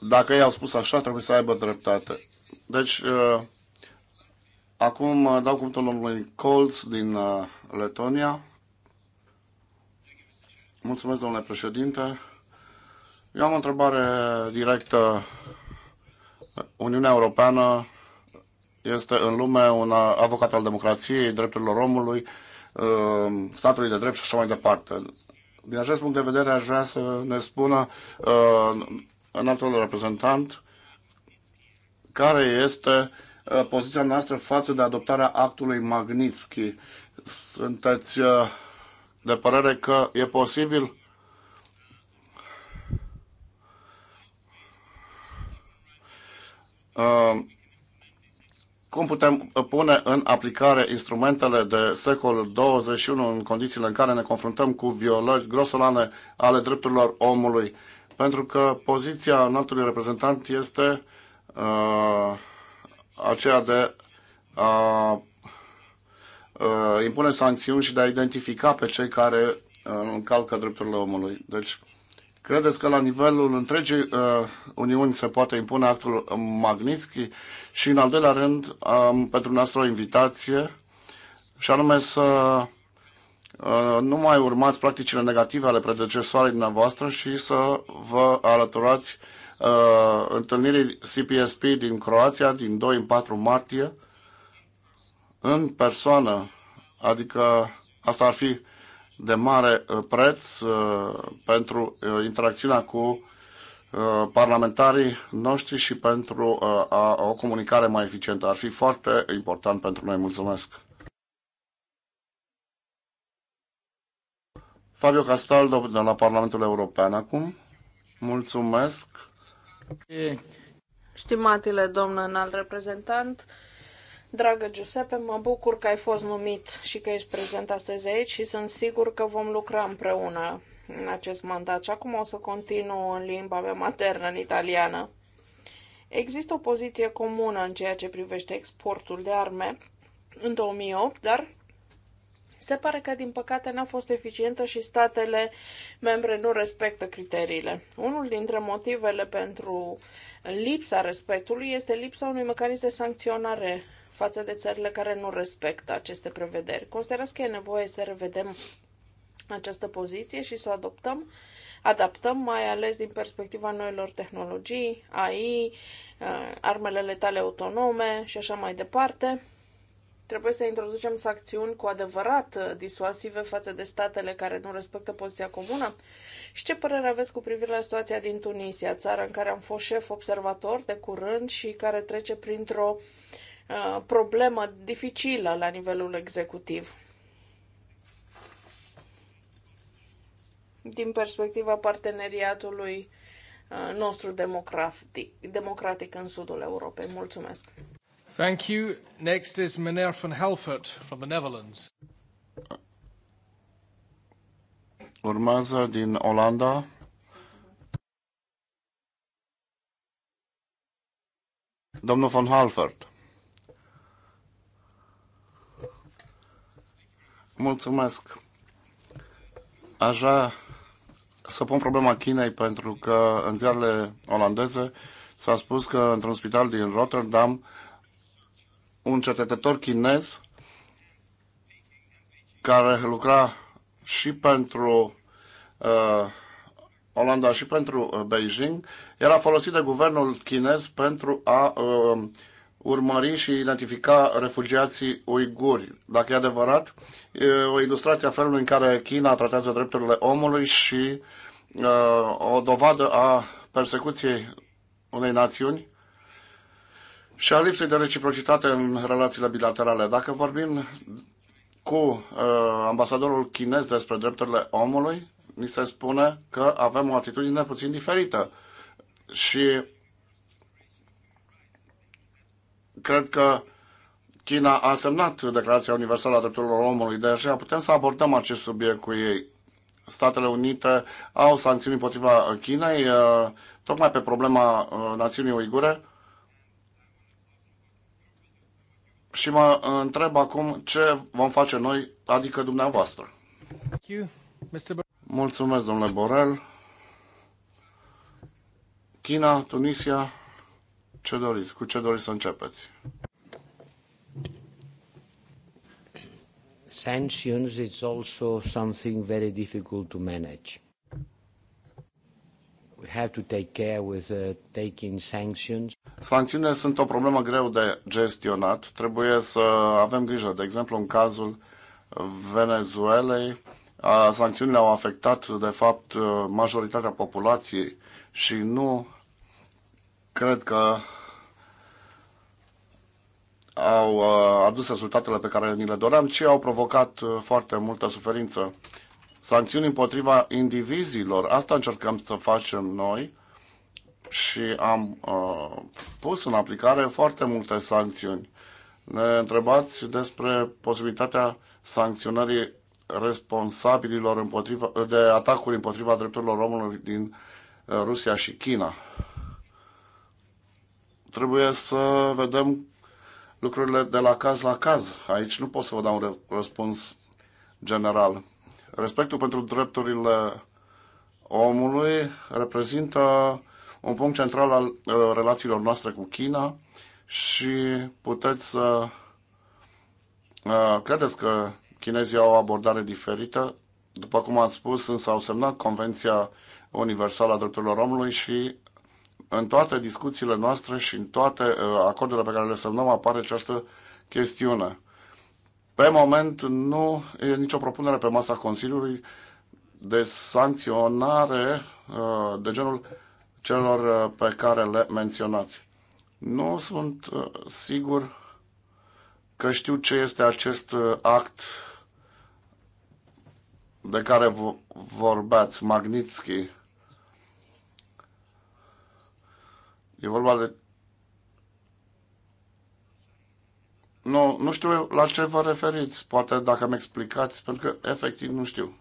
Dacă i-au spus așa, trebuie să aibă dreptate. Deci, uh, Acum uh, dau cuvântul domnului Colț din uh, Letonia. Mulțumesc, domnule președinte. Eu am o întrebare directă. Uniunea Europeană este în lume un avocat al democrației, drepturilor omului, uh, statului de drept și așa mai departe. Din acest punct de vedere, aș vrea să ne spună în altul reprezentant care este uh, Uh, poziția noastră față de adoptarea actului Magnitsky. Sunteți uh, de părere că e posibil? Uh, cum putem pune în aplicare instrumentele de secolul 21 în condițiile în care ne confruntăm cu violări grosolane ale drepturilor omului? Pentru că poziția înaltului reprezentant este uh, aceea de a impune sancțiuni și de a identifica pe cei care încalcă drepturile omului. Deci, credeți că la nivelul întregii Uniuni se poate impune actul Magnitsky? Și, în al doilea rând, am pentru noastră o invitație, și anume să nu mai urmați practicile negative ale predecesoarei dumneavoastră și să vă alăturați uh, uh, întâlnirii CPSP din Croația din 2 în 4 martie în persoană, adică asta ar fi de mare uh, preț uh, pentru uh, interacțiunea cu uh, parlamentarii noștri și pentru uh, a, o comunicare mai eficientă. Ar fi foarte important pentru noi. Mulțumesc! Fabio Castaldo de la Parlamentul European acum. Mulțumesc! Stimatile domnul înalt reprezentant, Dragă Giuseppe, mă bucur că ai fost numit și că ești prezent astăzi aici și sunt sigur că vom lucra împreună în acest mandat. Și acum o să continu în limba mea maternă, în italiană. Există o poziție comună în ceea ce privește exportul de arme în 2008, dar se pare că, din păcate, n-a fost eficientă și statele membre nu respectă criteriile. Unul dintre motivele pentru lipsa respectului este lipsa unui mecanism de sancționare față de țările care nu respectă aceste prevederi. Considerați că e nevoie să revedem această poziție și să o adoptăm, adaptăm mai ales din perspectiva noilor tehnologii, AI, uh, armele letale autonome și așa mai departe. Trebuie să introducem sancțiuni cu adevărat uh, disuasive față de statele care nu respectă poziția comună? Și ce părere aveți cu privire la situația din Tunisia, țară în care am fost șef observator de curând și care trece printr-o uh, problemă dificilă la nivelul executiv? Din perspectiva parteneriatului uh, nostru democratic, democratic în sudul Europei. Mulțumesc! Thank you. Next is Meneer van Helfert from the Netherlands. Urmează din Olanda. Domnul von Halfert. Mulțumesc. Aș vrea să pun problema Chinei pentru că în ziarele olandeze s-a spus că într-un spital din Rotterdam un cercetător chinez care lucra și pentru uh, Olanda și pentru uh, Beijing, era folosit de guvernul chinez pentru a uh, urmări și identifica refugiații uiguri. Dacă e adevărat, e o ilustrație a felului în care China tratează drepturile omului și uh, o dovadă a persecuției unei națiuni și a lipsei de reciprocitate în relațiile bilaterale. Dacă vorbim cu uh, ambasadorul chinez despre drepturile omului, mi se spune că avem o atitudine puțin diferită și cred că China a semnat Declarația Universală a Drepturilor Omului, de aceea putem să abordăm acest subiect cu ei. Statele Unite au sancțiuni împotriva Chinei, uh, tocmai pe problema uh, națiunii uigure, și mă uh, întreb acum ce vom face noi, adică dumneavoastră. Mulțumesc, domnule Borel. China, Tunisia, ce doriți? Cu ce doriți să începeți? Sanctions, it's also something very difficult to manage. Uh, sancțiunile sunt o problemă greu de gestionat. Trebuie să avem grijă. De exemplu, în cazul Venezuelei, sancțiunile au afectat, de fapt, uh, majoritatea populației și nu cred că au uh, adus rezultatele pe care ni le doream, ci au provocat foarte multă suferință sancțiuni împotriva indivizilor. Asta încercăm să facem noi și am uh, pus în aplicare foarte multe sancțiuni. Ne întrebați despre posibilitatea sancționării responsabililor împotriva, de atacuri împotriva drepturilor omului din uh, Rusia și China. Trebuie să vedem lucrurile de la caz la caz. Aici nu pot să vă dau un răspuns general. Respectul pentru drepturile omului reprezintă un punct central al uh, relațiilor noastre cu China și puteți să uh, credeți că chinezii au o abordare diferită. După cum ați spus, însă au semnat Convenția Universală a Drepturilor Omului și în toate discuțiile noastre și în toate uh, acordurile pe care le semnăm apare această chestiune. Pe moment nu e nicio propunere pe masa Consiliului de sancționare uh, de genul celor uh, pe care le menționați. Nu sunt uh, sigur că știu ce este acest act de care vorbeați, Magnitsky. E vorba de Nu, nu știu la ce vă referiți. Poate dacă mi explicați, pentru că efectiv nu știu.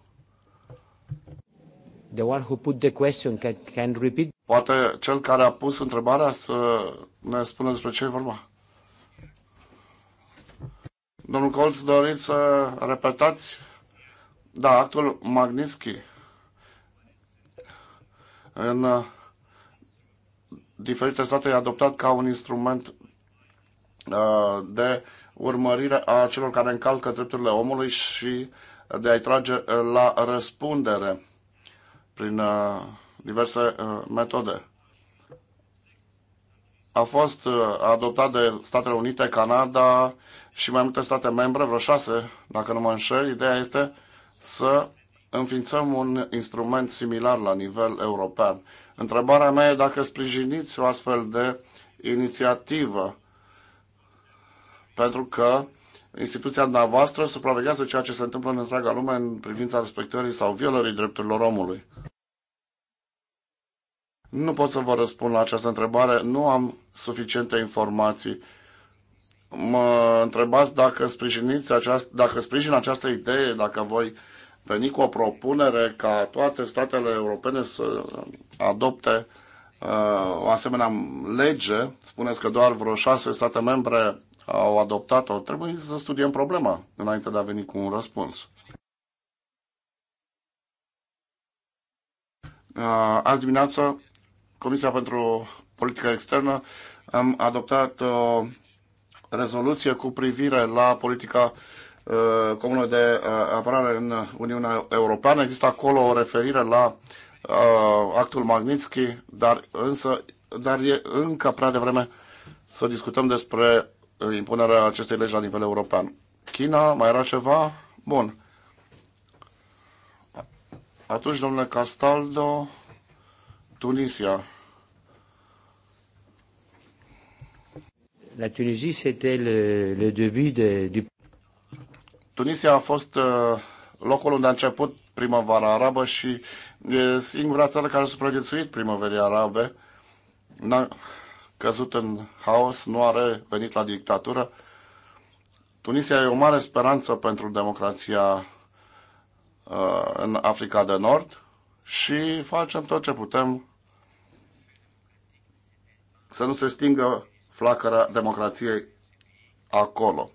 The one who put the question can, can repeat. Poate cel care a pus întrebarea să ne spună despre ce e vorba. Domnul Colț, doriți să repetați? Da, actul Magnitsky. În uh, diferite state e adoptat ca un instrument Uh, de urmărire a celor care încalcă drepturile omului și de a-i trage uh, la răspundere prin uh, diverse metode. A fost adoptat de Statele Unite, Canada și mai multe state membre, vreo șase, dacă nu mă înșel. Ideea este să înființăm un instrument similar la nivel european. Întrebarea mea e dacă sprijiniți o astfel de inițiativă pentru că instituția dumneavoastră supraveghează ceea ce se întâmplă în întreaga lume în privința respectării sau violării drepturilor omului. Nu pot să vă răspund la această întrebare, nu am suficiente informații. Mă întrebați dacă, sprijiniți aceast- dacă sprijin această idee, dacă voi veni cu o propunere ca toate statele europene să adopte uh, o asemenea lege. Spuneți că doar vreo șase state membre au adoptat-o. Trebuie să studiem problema înainte de a veni cu un răspuns. Uh, azi dimineață, Comisia pentru Politică Externă am adoptat o uh, rezoluție cu privire la politica uh, comună de apărare în Uniunea Europeană. Există acolo o referire la actul Magnitsky, dar însă dar e încă prea devreme să discutăm despre impunerea acestei legi la nivel european. China, mai era ceva? Bun. Atunci, domnule Castaldo, Tunisia. La Tunisie, c'était le, le début de, du... Tunisia a fost uh, locul unde a început primăvara arabă și e uh, singura țară care a supraviețuit primăverii arabe. N-a căzut în haos, nu a revenit la dictatură. Tunisia e o mare speranță pentru democrația uh, în Africa de Nord și facem tot ce putem să nu se stingă flacăra democrației acolo.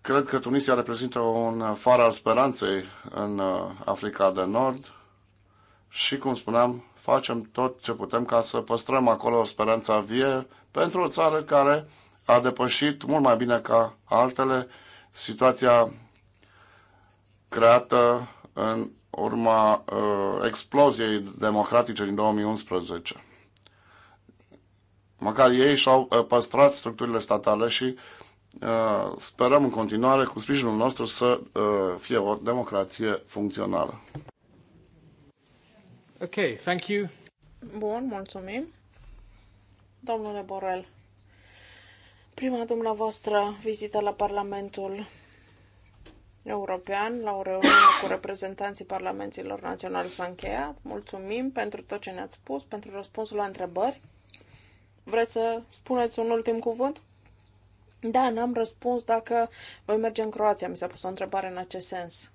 Cred că Tunisia reprezintă un far al speranței în uh, Africa de Nord și, cum spuneam, facem tot ce putem ca să păstrăm acolo speranța vie pentru o țară care a depășit mult mai bine ca altele situația creată în urma uh, exploziei democratice din 2011. Măcar ei și-au uh, păstrat structurile statale și uh, sperăm în continuare, cu sprijinul nostru, să uh, fie o democrație funcțională. Ok, thank you. Bun, mulțumim. Domnule Borel, prima dumneavoastră vizită la Parlamentul European, la o reuniune cu reprezentanții parlamentelor naționale s-a încheiat. Mulțumim pentru tot ce ne-ați spus, pentru răspunsul la întrebări. Vreți să spuneți un ultim cuvânt? Da, n-am răspuns dacă voi merge în Croația. Mi s-a pus o întrebare în acest sens.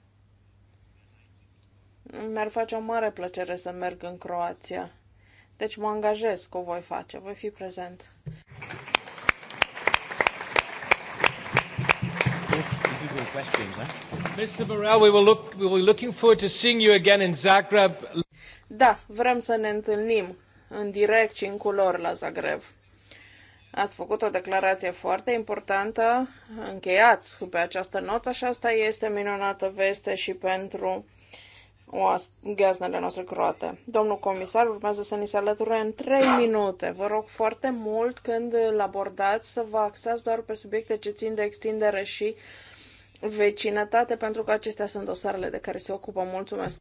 Mi-ar face o mare plăcere să merg în Croația. Deci mă angajez că o voi face, voi fi prezent. Mr. Burrell, we will look, we will looking forward to seeing you again in Zagreb. Da, vrem să ne întâlnim în direct și în culori la Zagreb. Ați făcut o declarație foarte importantă, încheiați pe această notă și asta este minunată veste și pentru gheaznele noastre croate. Domnul comisar urmează să ni se alăture în 3 minute. Vă rog foarte mult când îl abordați să vă axați doar pe subiecte ce țin de extindere și vecinătate, pentru că acestea sunt dosarele de care se ocupă. Mulțumesc!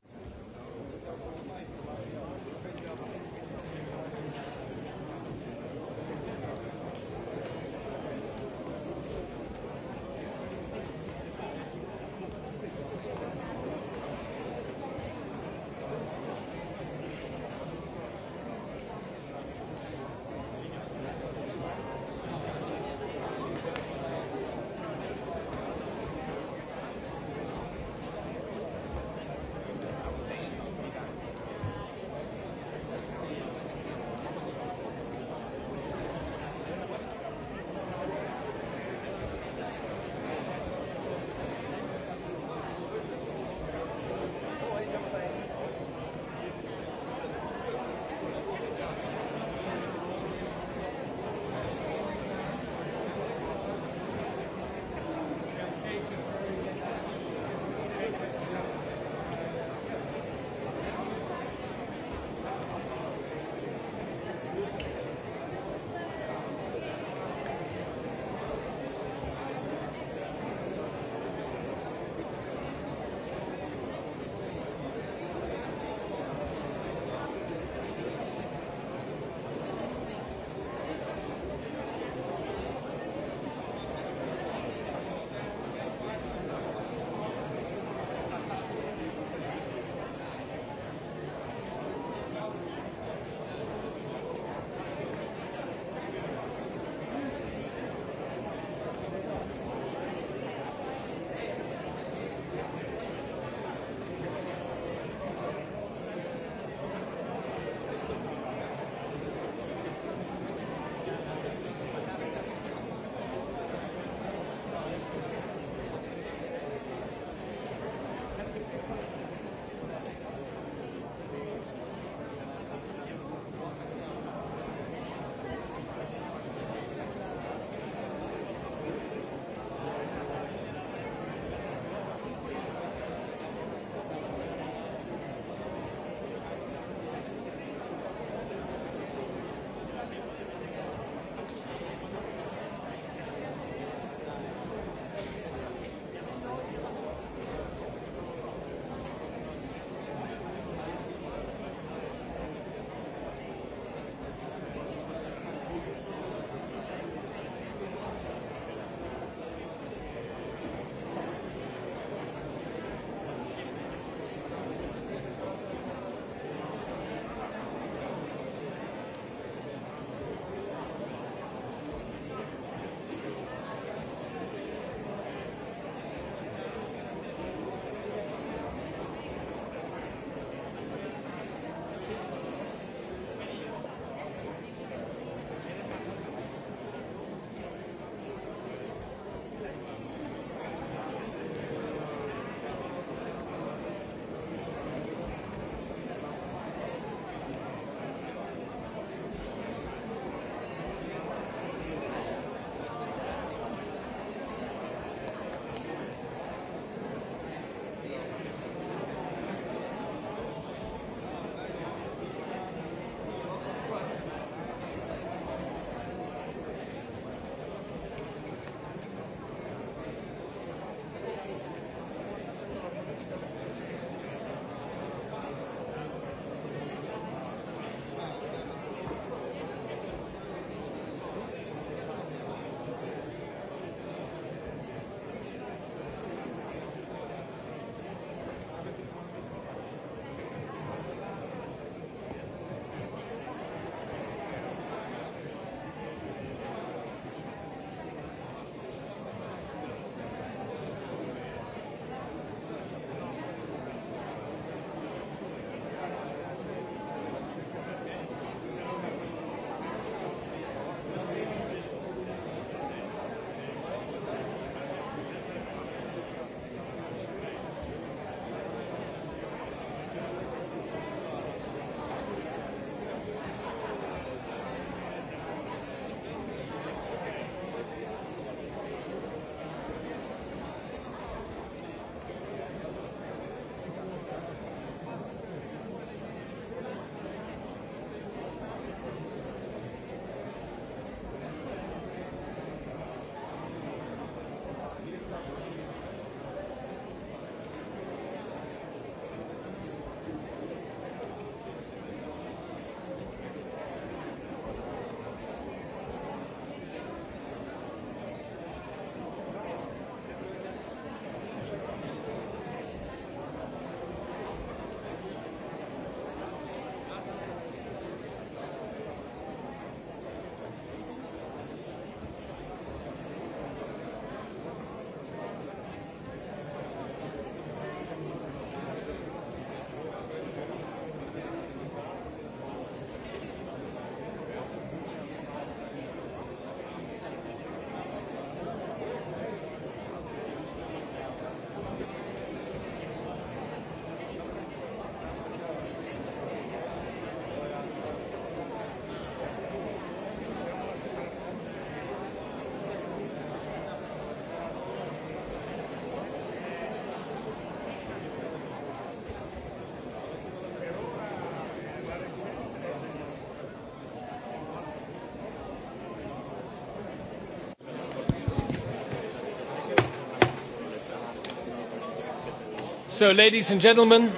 So, ladies and gentlemen.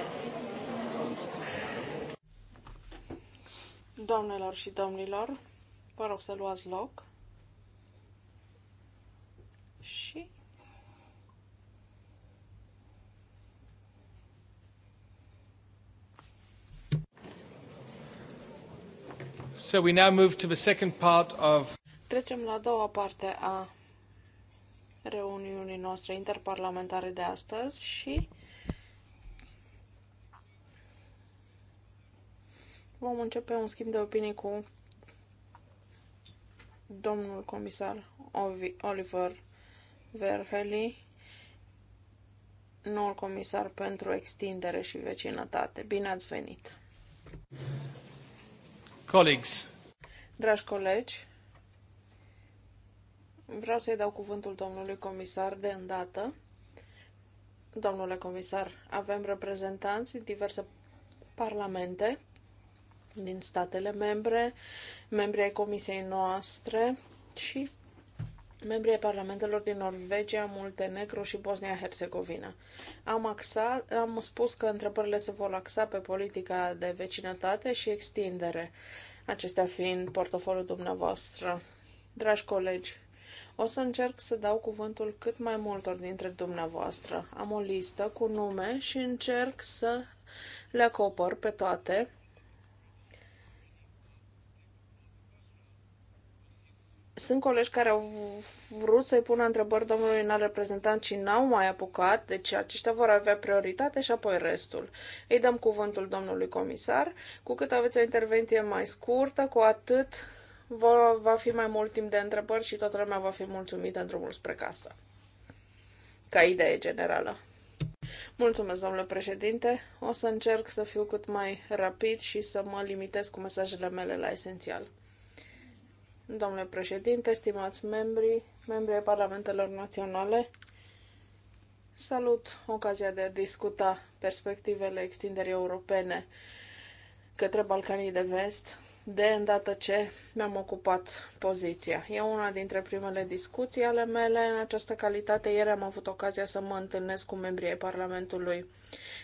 Doamnelor și domnilor, vă rog să luați loc. Și So we now move to the second part of Trecem la a doua parte a reuniunii noastre interparlamentare de astăzi și Vom începe un schimb de opinii cu domnul comisar Oliver Verheli, noul comisar pentru extindere și vecinătate. Bine ați venit! Colleagues. Dragi colegi, vreau să-i dau cuvântul domnului comisar de îndată. Domnule comisar, avem reprezentanți din diverse parlamente din statele membre, membri ai comisiei noastre și membri ai parlamentelor din Norvegia, Muntenegru și Bosnia-Herzegovina. Am, axat, am spus că întrebările se vor axa pe politica de vecinătate și extindere, acestea fiind portofoliul dumneavoastră. Dragi colegi, o să încerc să dau cuvântul cât mai multor dintre dumneavoastră. Am o listă cu nume și încerc să le acopăr pe toate Sunt colegi care au vrut să-i pună întrebări domnului înalt reprezentant și n-au mai apucat, deci aceștia vor avea prioritate și apoi restul. Îi dăm cuvântul domnului comisar. Cu cât aveți o intervenție mai scurtă, cu atât va fi mai mult timp de întrebări și toată lumea va fi mulțumită în drumul spre casă. Ca idee generală. Mulțumesc, domnule președinte. O să încerc să fiu cât mai rapid și să mă limitez cu mesajele mele la esențial domnule președinte, stimați membri, membri ai Parlamentelor Naționale, salut ocazia de a discuta perspectivele extinderii europene către Balcanii de Vest, de îndată ce mi-am ocupat poziția. E una dintre primele discuții ale mele în această calitate. Ieri am avut ocazia să mă întâlnesc cu membrii ai Parlamentului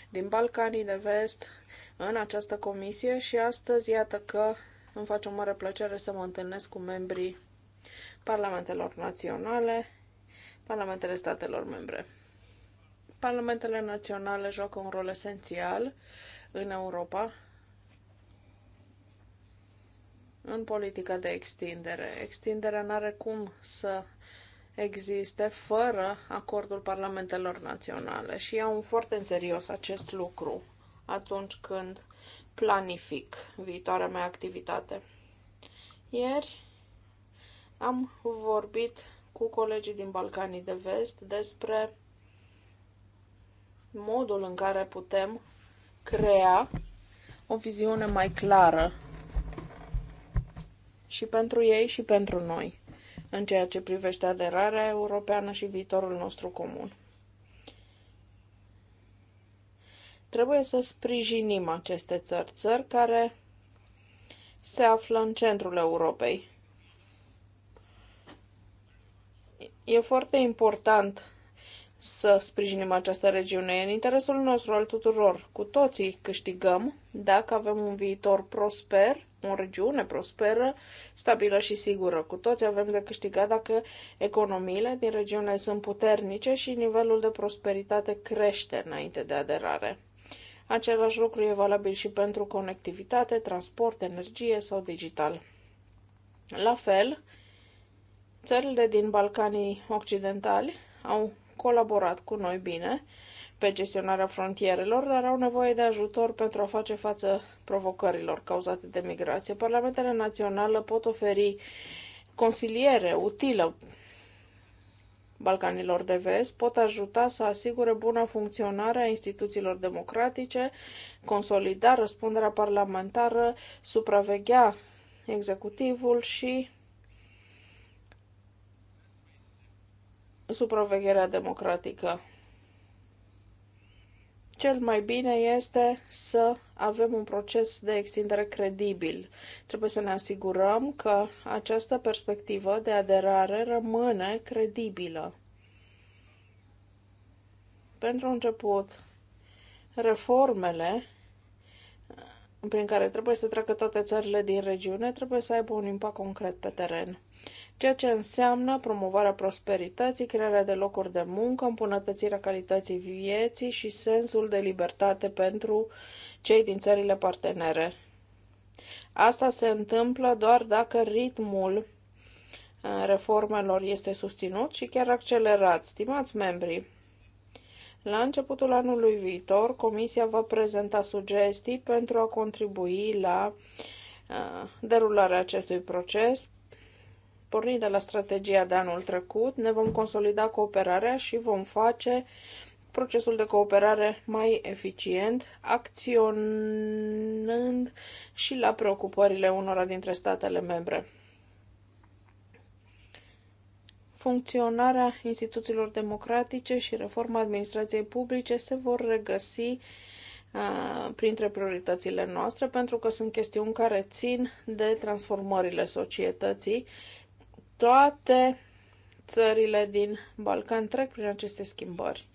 din Balcanii de Vest în această comisie și astăzi iată că îmi face o mare plăcere să mă întâlnesc cu membrii parlamentelor naționale, parlamentele statelor membre. Parlamentele naționale joacă un rol esențial în Europa în politica de extindere. Extinderea nu are cum să existe fără acordul parlamentelor naționale și iau foarte în serios acest lucru atunci când planific viitoarea mea activitate. Ieri am vorbit cu colegii din Balcanii de Vest despre modul în care putem crea o viziune mai clară și pentru ei și pentru noi în ceea ce privește aderarea europeană și viitorul nostru comun. Trebuie să sprijinim aceste țări, țări care se află în centrul Europei. E foarte important să sprijinim această regiune. E în interesul nostru al tuturor. Cu toții câștigăm dacă avem un viitor prosper, o regiune prosperă, stabilă și sigură. Cu toții avem de câștigat dacă economiile din regiune sunt puternice și nivelul de prosperitate crește înainte de aderare. Același lucru e valabil și pentru conectivitate, transport, energie sau digital. La fel, țările din Balcanii Occidentali au colaborat cu noi bine pe gestionarea frontierelor, dar au nevoie de ajutor pentru a face față provocărilor cauzate de migrație. Parlamentele naționale pot oferi consiliere utilă Balcanilor de Vest pot ajuta să asigure bună funcționare a instituțiilor democratice, consolida răspunderea parlamentară, supraveghea executivul și supravegherea democratică cel mai bine este să avem un proces de extindere credibil. Trebuie să ne asigurăm că această perspectivă de aderare rămâne credibilă. Pentru început, reformele prin care trebuie să treacă toate țările din regiune trebuie să aibă un impact concret pe teren ceea ce înseamnă promovarea prosperității, crearea de locuri de muncă, îmbunătățirea calității vieții și sensul de libertate pentru cei din țările partenere. Asta se întâmplă doar dacă ritmul uh, reformelor este susținut și chiar accelerat. Stimați membri, la începutul anului viitor, Comisia va prezenta sugestii pentru a contribui la uh, derularea acestui proces pornind de la strategia de anul trecut, ne vom consolida cooperarea și vom face procesul de cooperare mai eficient, acționând și la preocupările unora dintre statele membre. Funcționarea instituțiilor democratice și reforma administrației publice se vor regăsi printre prioritățile noastre, pentru că sunt chestiuni care țin de transformările societății toate țările din Balcan trec prin aceste schimbări.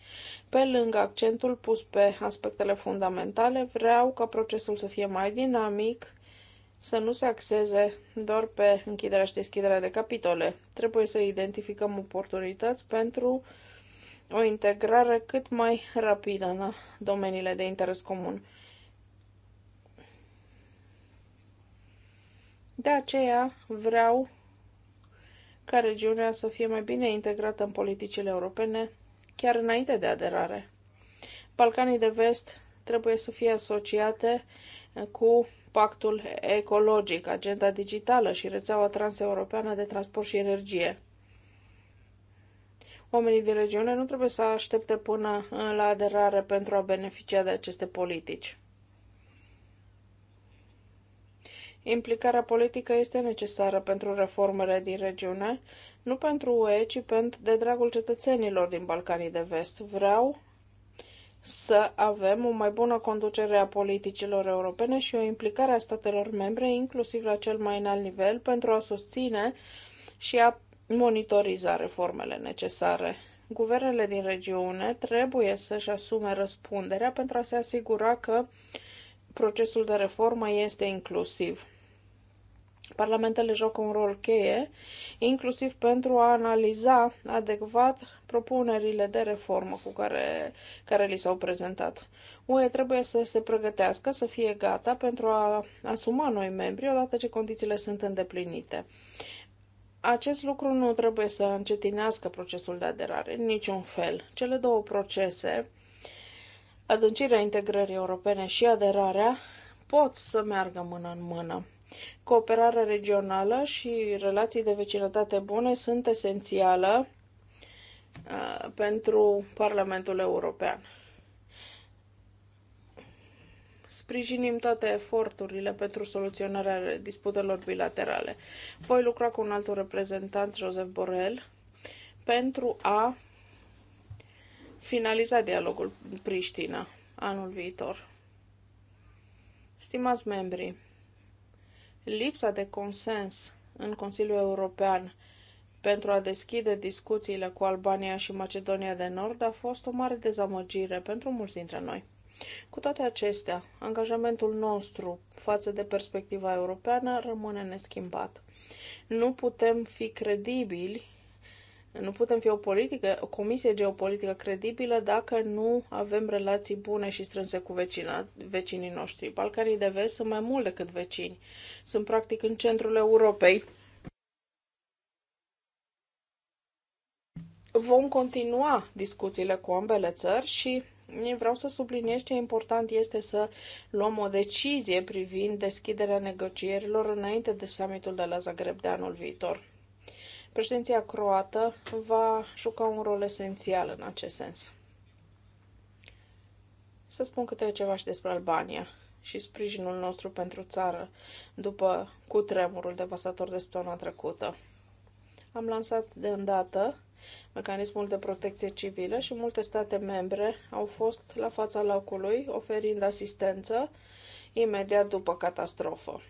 Pe lângă accentul pus pe aspectele fundamentale, vreau ca procesul să fie mai dinamic, să nu se axeze doar pe închiderea și deschiderea de capitole. Trebuie să identificăm oportunități pentru o integrare cât mai rapidă în domeniile de interes comun. De aceea vreau ca regiunea să fie mai bine integrată în politicile europene, chiar înainte de aderare. Balcanii de vest trebuie să fie asociate cu pactul ecologic, agenda digitală și rețeaua transeuropeană de transport și energie. Oamenii din regiune nu trebuie să aștepte până la aderare pentru a beneficia de aceste politici. Implicarea politică este necesară pentru reformele din regiune, nu pentru UE, ci pentru de dragul cetățenilor din Balcanii de Vest. Vreau să avem o mai bună conducere a politicilor europene și o implicare a statelor membre, inclusiv la cel mai înalt nivel, pentru a susține și a monitoriza reformele necesare. Guvernele din regiune trebuie să-și asume răspunderea pentru a se asigura că procesul de reformă este inclusiv. Parlamentele joacă un rol cheie, inclusiv pentru a analiza adecvat propunerile de reformă cu care, care li s-au prezentat. UE trebuie să se pregătească, să fie gata pentru a asuma noi membri odată ce condițiile sunt îndeplinite. Acest lucru nu trebuie să încetinească procesul de aderare, în niciun fel. Cele două procese, adâncirea integrării europene și aderarea, pot să meargă mână în mână. Cooperarea regională și relații de vecinătate bune sunt esențiale uh, pentru Parlamentul European. Sprijinim toate eforturile pentru soluționarea disputelor bilaterale. Voi lucra cu un alt reprezentant, Joseph Borrell, pentru a finaliza dialogul Priștina anul viitor. Stimați membri, Lipsa de consens în Consiliul European pentru a deschide discuțiile cu Albania și Macedonia de Nord a fost o mare dezamăgire pentru mulți dintre noi. Cu toate acestea, angajamentul nostru față de perspectiva europeană rămâne neschimbat. Nu putem fi credibili nu putem fi o, politică, o comisie geopolitică credibilă dacă nu avem relații bune și strânse cu vecina, vecinii noștri. Balcanii de vest sunt mai mult decât vecini. Sunt practic în centrul Europei. Vom continua discuțiile cu ambele țări și vreau să subliniez ce important este să luăm o decizie privind deschiderea negocierilor înainte de summitul de la Zagreb de anul viitor. Președinția croată va juca un rol esențial în acest sens. Să spun câte ceva și despre Albania și sprijinul nostru pentru țară după cutremurul devastator de săptămâna trecută. Am lansat de îndată mecanismul de protecție civilă și multe state membre au fost la fața locului oferind asistență imediat după catastrofă.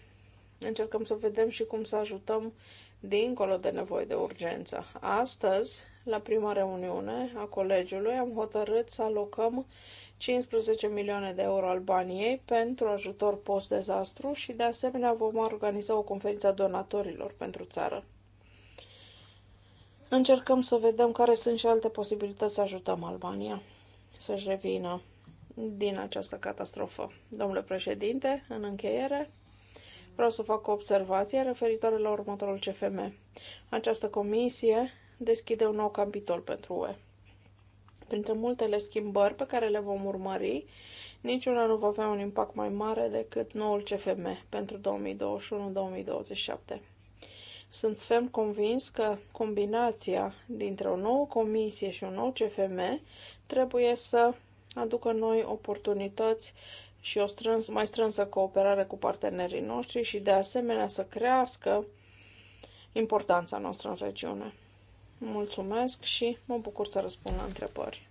Încercăm să vedem și cum să ajutăm dincolo de nevoi de urgență. Astăzi, la prima reuniune a colegiului, am hotărât să alocăm 15 milioane de euro Albaniei pentru ajutor post-dezastru și, de asemenea, vom organiza o conferință a donatorilor pentru țară. Încercăm să vedem care sunt și alte posibilități să ajutăm Albania să-și revină din această catastrofă. Domnule președinte, în încheiere, vreau să fac o observație referitoare la următorul CFM. Această comisie deschide un nou capitol pentru UE. Printre multele schimbări pe care le vom urmări, niciuna nu va avea un impact mai mare decât noul CFM pentru 2021-2027. Sunt ferm convins că combinația dintre o nouă comisie și un nou CFM trebuie să aducă noi oportunități și o strâns, mai strânsă cooperare cu partenerii noștri și, de asemenea, să crească importanța noastră în regiune. Mulțumesc și mă bucur să răspund la întrebări.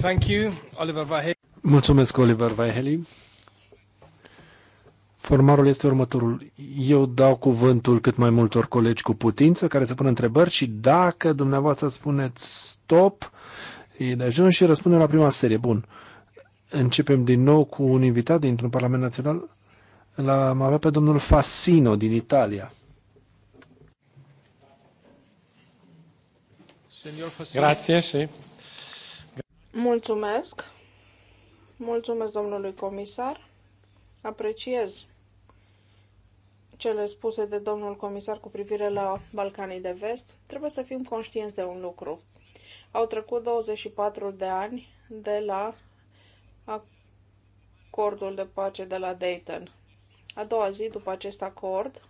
Thank you, Oliver Vaheli. Mulțumesc, Oliver Vaheli. Formarul este următorul. Eu dau cuvântul cât mai multor colegi cu putință care să pună întrebări și dacă dumneavoastră spuneți stop, e de ajuns și răspundem la prima serie. Bun. Uh, Începem din nou cu un invitat dintr-un Parlament Național. L-am avea pe domnul Fasino din Italia. Grazie, sì. Mulțumesc. Mulțumesc domnului comisar. Apreciez cele spuse de domnul comisar cu privire la Balcanii de Vest. Trebuie să fim conștienți de un lucru. Au trecut 24 de ani de la acordul de pace de la Dayton. A doua zi după acest acord,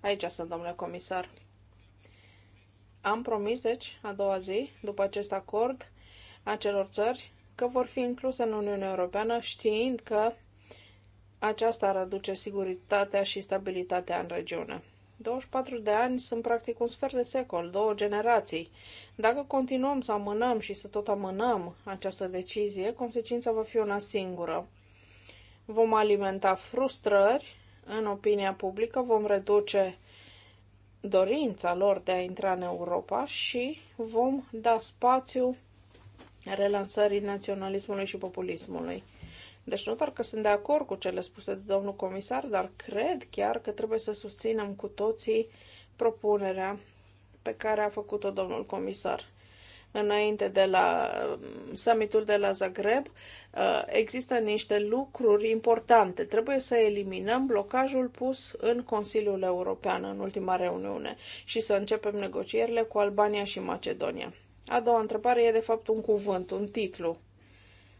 aici sunt, domnule comisar, am promis, deci, a doua zi după acest acord a celor țări că vor fi incluse în Uniunea Europeană, știind că aceasta ar aduce siguritatea și stabilitatea în regiune. 24 de ani sunt practic un sfert de secol, două generații. Dacă continuăm să amânăm și să tot amânăm această decizie, consecința va fi una singură. Vom alimenta frustrări în opinia publică, vom reduce dorința lor de a intra în Europa și vom da spațiu relansării naționalismului și populismului. Deci nu doar că sunt de acord cu cele spuse de domnul comisar, dar cred chiar că trebuie să susținem cu toții propunerea pe care a făcut-o domnul comisar înainte de la um, summitul de la Zagreb, uh, există niște lucruri importante. Trebuie să eliminăm blocajul pus în Consiliul European în ultima reuniune și să începem negocierile cu Albania și Macedonia. A doua întrebare e de fapt un cuvânt, un titlu.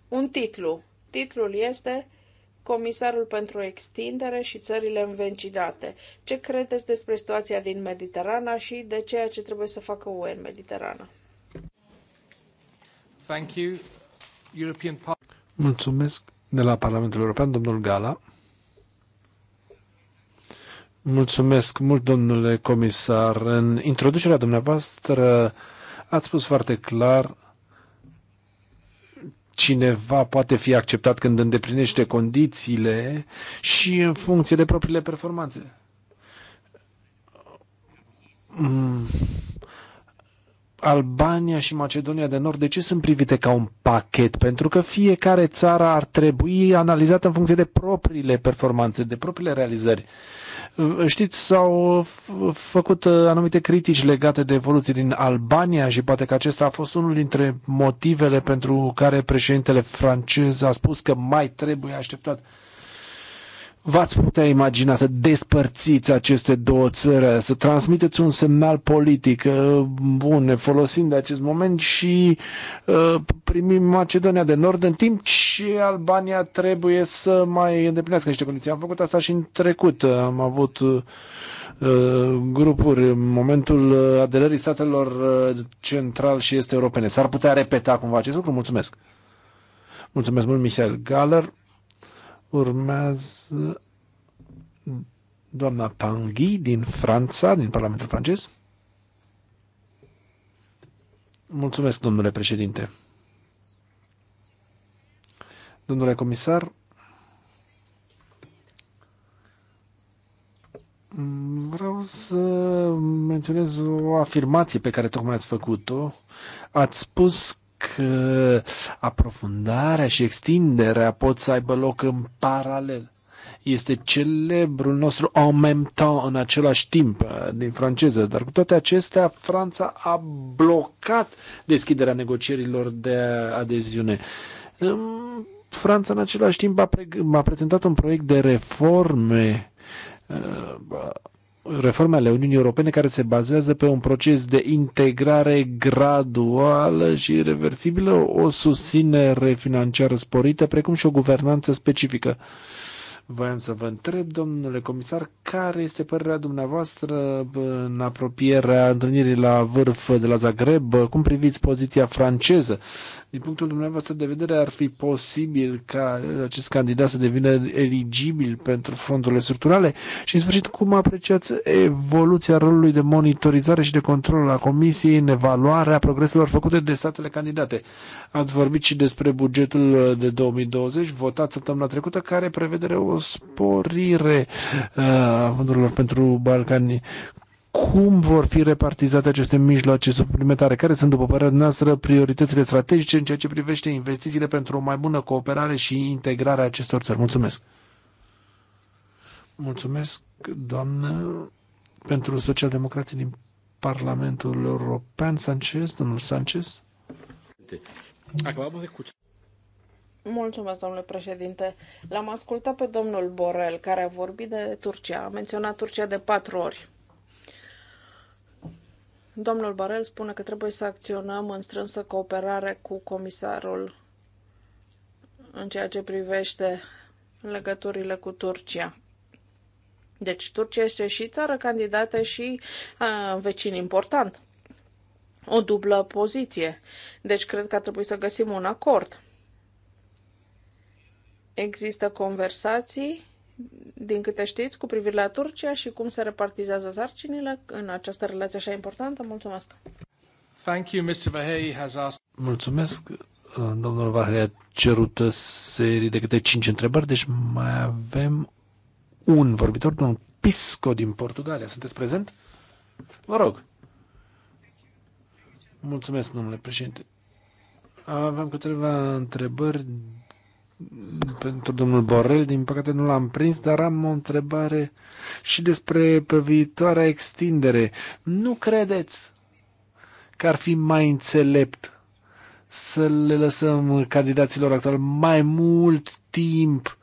Un titlu Titlul este Comisarul pentru extindere și țările învencinate. Ce credeți despre situația din Mediterana și de ceea ce trebuie să facă UE în Mediterana? Thank you. European... Mulțumesc de la Parlamentul European, domnul Gala. Mulțumesc mult, domnule comisar. În introducerea dumneavoastră ați spus foarte clar cineva poate fi acceptat când îndeplinește condițiile și în funcție de propriile performanțe. Mm. Albania și Macedonia de Nord, de ce sunt privite ca un pachet? Pentru că fiecare țară ar trebui analizată în funcție de propriile performanțe, de propriile realizări. Uh, Știți, s-au uh, făcut uh, anumite critici legate de evoluții din Albania și poate că acesta a fost unul dintre motivele pentru care președintele francez a spus că mai trebuie așteptat v-ați putea imagina să despărțiți aceste două țări, să transmiteți un semnal politic uh, bun, ne folosim de acest moment și uh, primim Macedonia de Nord, în timp ce Albania trebuie să mai îndeplinească niște condiții. Am făcut asta și în trecut. Am avut uh, grupuri în momentul aderării statelor central și este europene. S-ar putea repeta cumva acest lucru? Mulțumesc! Mulțumesc mult, Michel Galler. Urmează doamna Panghi din Franța, din Parlamentul francez. Mulțumesc, domnule președinte. Domnule comisar, vreau să menționez o afirmație pe care tocmai ați făcut-o. Ați spus că aprofundarea și extinderea pot să aibă loc în paralel. Este celebrul nostru en même temps, în același timp, uh, din franceză. Dar cu toate acestea, Franța a blocat deschiderea negocierilor de adeziune. Franța, în același timp, a, pre- a prezentat un proiect de reforme uh, reforme ale Uniunii Europene care se bazează pe un proces de integrare graduală și reversibilă, o susținere financiară sporită, precum și o guvernanță specifică. Voiam să vă întreb, domnule comisar, care este părerea dumneavoastră în apropierea întâlnirii la vârf de la Zagreb? Cum priviți poziția franceză? Din punctul dumneavoastră de vedere, ar fi posibil ca acest candidat să devină eligibil pentru fondurile structurale? Și, în sfârșit, cum apreciați evoluția rolului de monitorizare și de control a Comisiei în evaluarea progreselor făcute de statele candidate? Ați vorbit și despre bugetul de 2020, votat săptămâna trecută, care prevede sporire uh, a fondurilor pentru Balcani cum vor fi repartizate aceste mijloace suplimentare? Care sunt, după părerea noastră, prioritățile strategice în ceea ce privește investițiile pentru o mai bună cooperare și integrare a acestor țări? Mulțumesc! Mulțumesc, doamnă, pentru socialdemocrații din Parlamentul European, Sanchez, domnul Sanchez. Acum de Mulțumesc, domnule președinte. L-am ascultat pe domnul Borel, care a vorbit de Turcia. A menționat Turcia de patru ori. Domnul Borel spune că trebuie să acționăm în strânsă cooperare cu comisarul în ceea ce privește legăturile cu Turcia. Deci Turcia este și țară candidată și a, vecin important. O dublă poziție. Deci cred că ar trebui să găsim un acord. Există conversații, din câte știți, cu privire la Turcia și cum se repartizează sarcinile în această relație așa importantă? Mulțumesc! Thank you, Mr. Vahey has asked... Mulțumesc! Domnul Vahey a cerut serii de câte cinci întrebări, deci mai avem un vorbitor, domnul Pisco din Portugalia. Sunteți prezent? Vă rog! Mulțumesc, domnule președinte. Avem câteva întrebări pentru domnul Borrell, din păcate nu l-am prins, dar am o întrebare și despre pe viitoarea extindere. Nu credeți că ar fi mai înțelept să le lăsăm candidaților actuali mai mult timp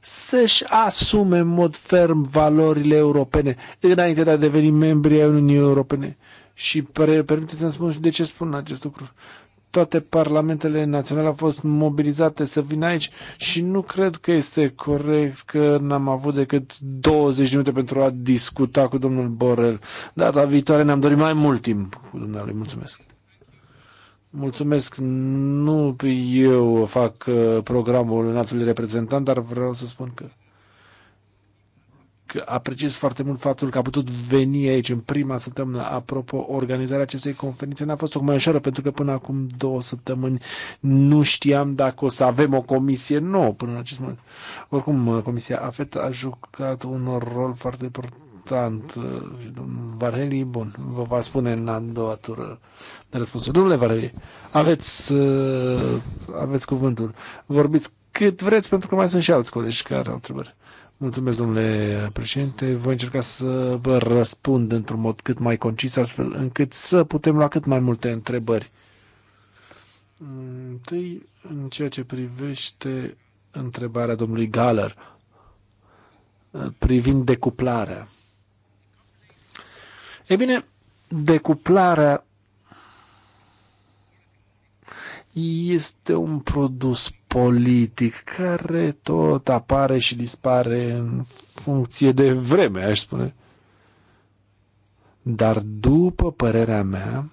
să-și asume în mod ferm valorile europene înainte de a deveni membri ai Uniunii Europene? Și permiteți să-mi spun de ce spun acest lucru toate parlamentele naționale au fost mobilizate să vină aici și nu cred că este corect că n-am avut decât 20 de minute pentru a discuta cu domnul Borel. Data viitoare ne-am dorit mai mult timp cu dumneavoastră. Mulțumesc! Mulțumesc, nu eu fac uh, programul înaltului reprezentant, dar vreau să spun că apreciez foarte mult faptul că a putut veni aici în prima săptămână. Apropo, organizarea acestei conferințe n-a fost tocmai ușoară, pentru că până acum două săptămâni nu știam dacă o să avem o comisie nouă până în acest moment. Oricum, uh, Comisia AFET a jucat un rol foarte important uh, important. Domnul Vareli, bun, vă va spune în a doua tură de răspuns. Domnule Vareli, aveți, uh, aveți cuvântul. Vorbiți cât vreți, pentru că mai sunt și alți colegi care au întrebări. Mulțumesc, domnule președinte. Voi încerca să vă răspund într-un mod cât mai concis, astfel încât să putem lua cât mai multe întrebări. Întâi, în ceea ce privește întrebarea domnului Galler privind decuplarea. E bine, decuplarea este un produs politic care tot apare și dispare în funcție de vreme, aș spune. Dar după părerea mea,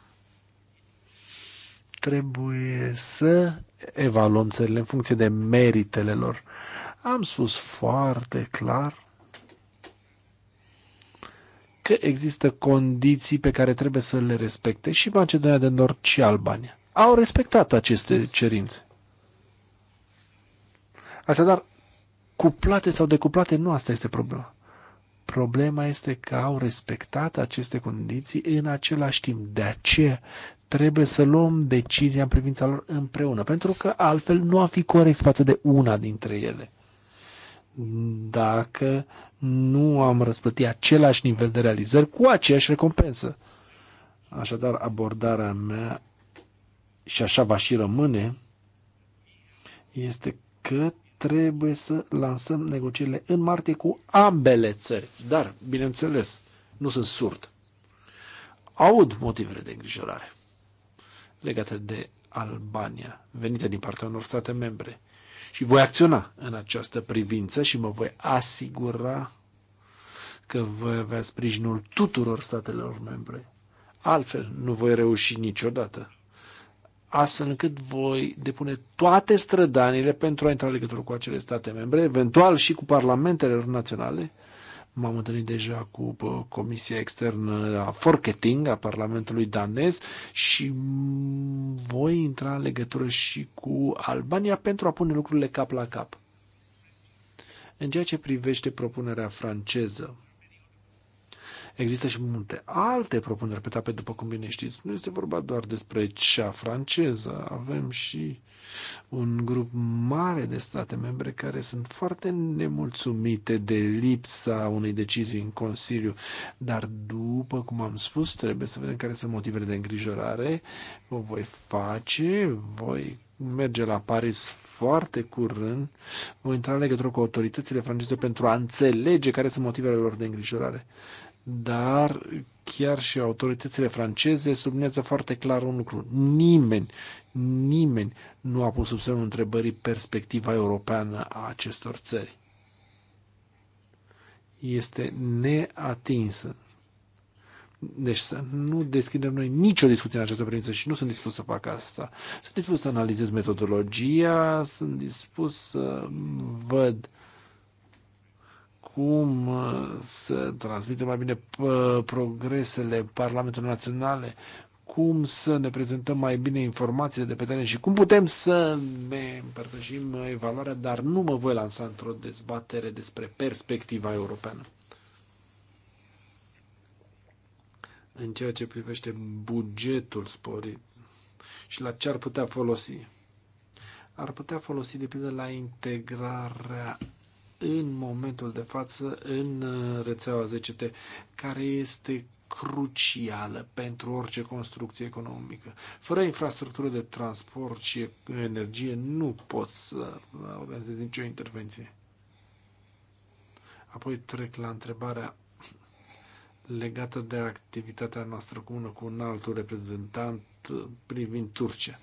trebuie să evaluăm țările în funcție de meritele lor. Am spus foarte clar că există condiții pe care trebuie să le respecte și Macedonia de Nord și Albania au respectat aceste cerințe. Așadar, cuplate sau decuplate, nu asta este problema. Problema este că au respectat aceste condiții în același timp. De aceea trebuie să luăm decizia în privința lor împreună, pentru că altfel nu a fi corect față de una dintre ele. Dacă nu am răsplătit același nivel de realizări cu aceeași recompensă. Așadar, abordarea mea și așa va și rămâne, este că trebuie să lansăm negocierile în martie cu ambele țări. Dar, bineînțeles, nu sunt surd. Aud motivele de îngrijorare legate de Albania, venite din partea unor state membre. Și voi acționa în această privință și mă voi asigura că voi avea sprijinul tuturor statelor membre. Altfel, nu voi reuși niciodată astfel încât voi depune toate strădanile pentru a intra în legătură cu acele state membre, eventual și cu parlamentele lor naționale. M-am întâlnit deja cu uh, Comisia Externă a Forketing a Parlamentului danez și voi intra în legătură și cu Albania pentru a pune lucrurile cap la cap. În ceea ce privește propunerea franceză, Există și multe alte propuneri pe tapet, după cum bine știți. Nu este vorba doar despre cea franceză. Avem și un grup mare de state membre care sunt foarte nemulțumite de lipsa unei decizii în Consiliu. Dar, după cum am spus, trebuie să vedem care sunt motivele de îngrijorare. O voi face, voi merge la Paris foarte curând, voi intra în legătură cu autoritățile franceze pentru a înțelege care sunt motivele lor de îngrijorare dar chiar și autoritățile franceze sublinează foarte clar un lucru. Nimeni, nimeni nu a pus sub semnul întrebării perspectiva europeană a acestor țări. Este neatinsă. Deci să nu deschidem noi nicio discuție în această privință și nu sunt dispus să fac asta. Sunt dispus să analizez metodologia, sunt dispus să văd cum uh, să transmitem mai bine uh, progresele Parlamentului Naționale, cum să ne prezentăm mai bine informațiile de pe teren și cum putem să ne împărtășim uh, evaluarea, dar nu mă voi lansa într-o dezbatere despre perspectiva europeană. În ceea ce privește bugetul sporit și la ce ar putea folosi. Ar putea folosi, de pildă, la integrarea în momentul de față în uh, rețeaua 10T, care este crucială pentru orice construcție economică. Fără infrastructură de transport și energie nu poți să uh, organizezi nicio intervenție. Apoi trec la întrebarea legată de activitatea noastră comună cu un alt reprezentant Uh, privind Turcia.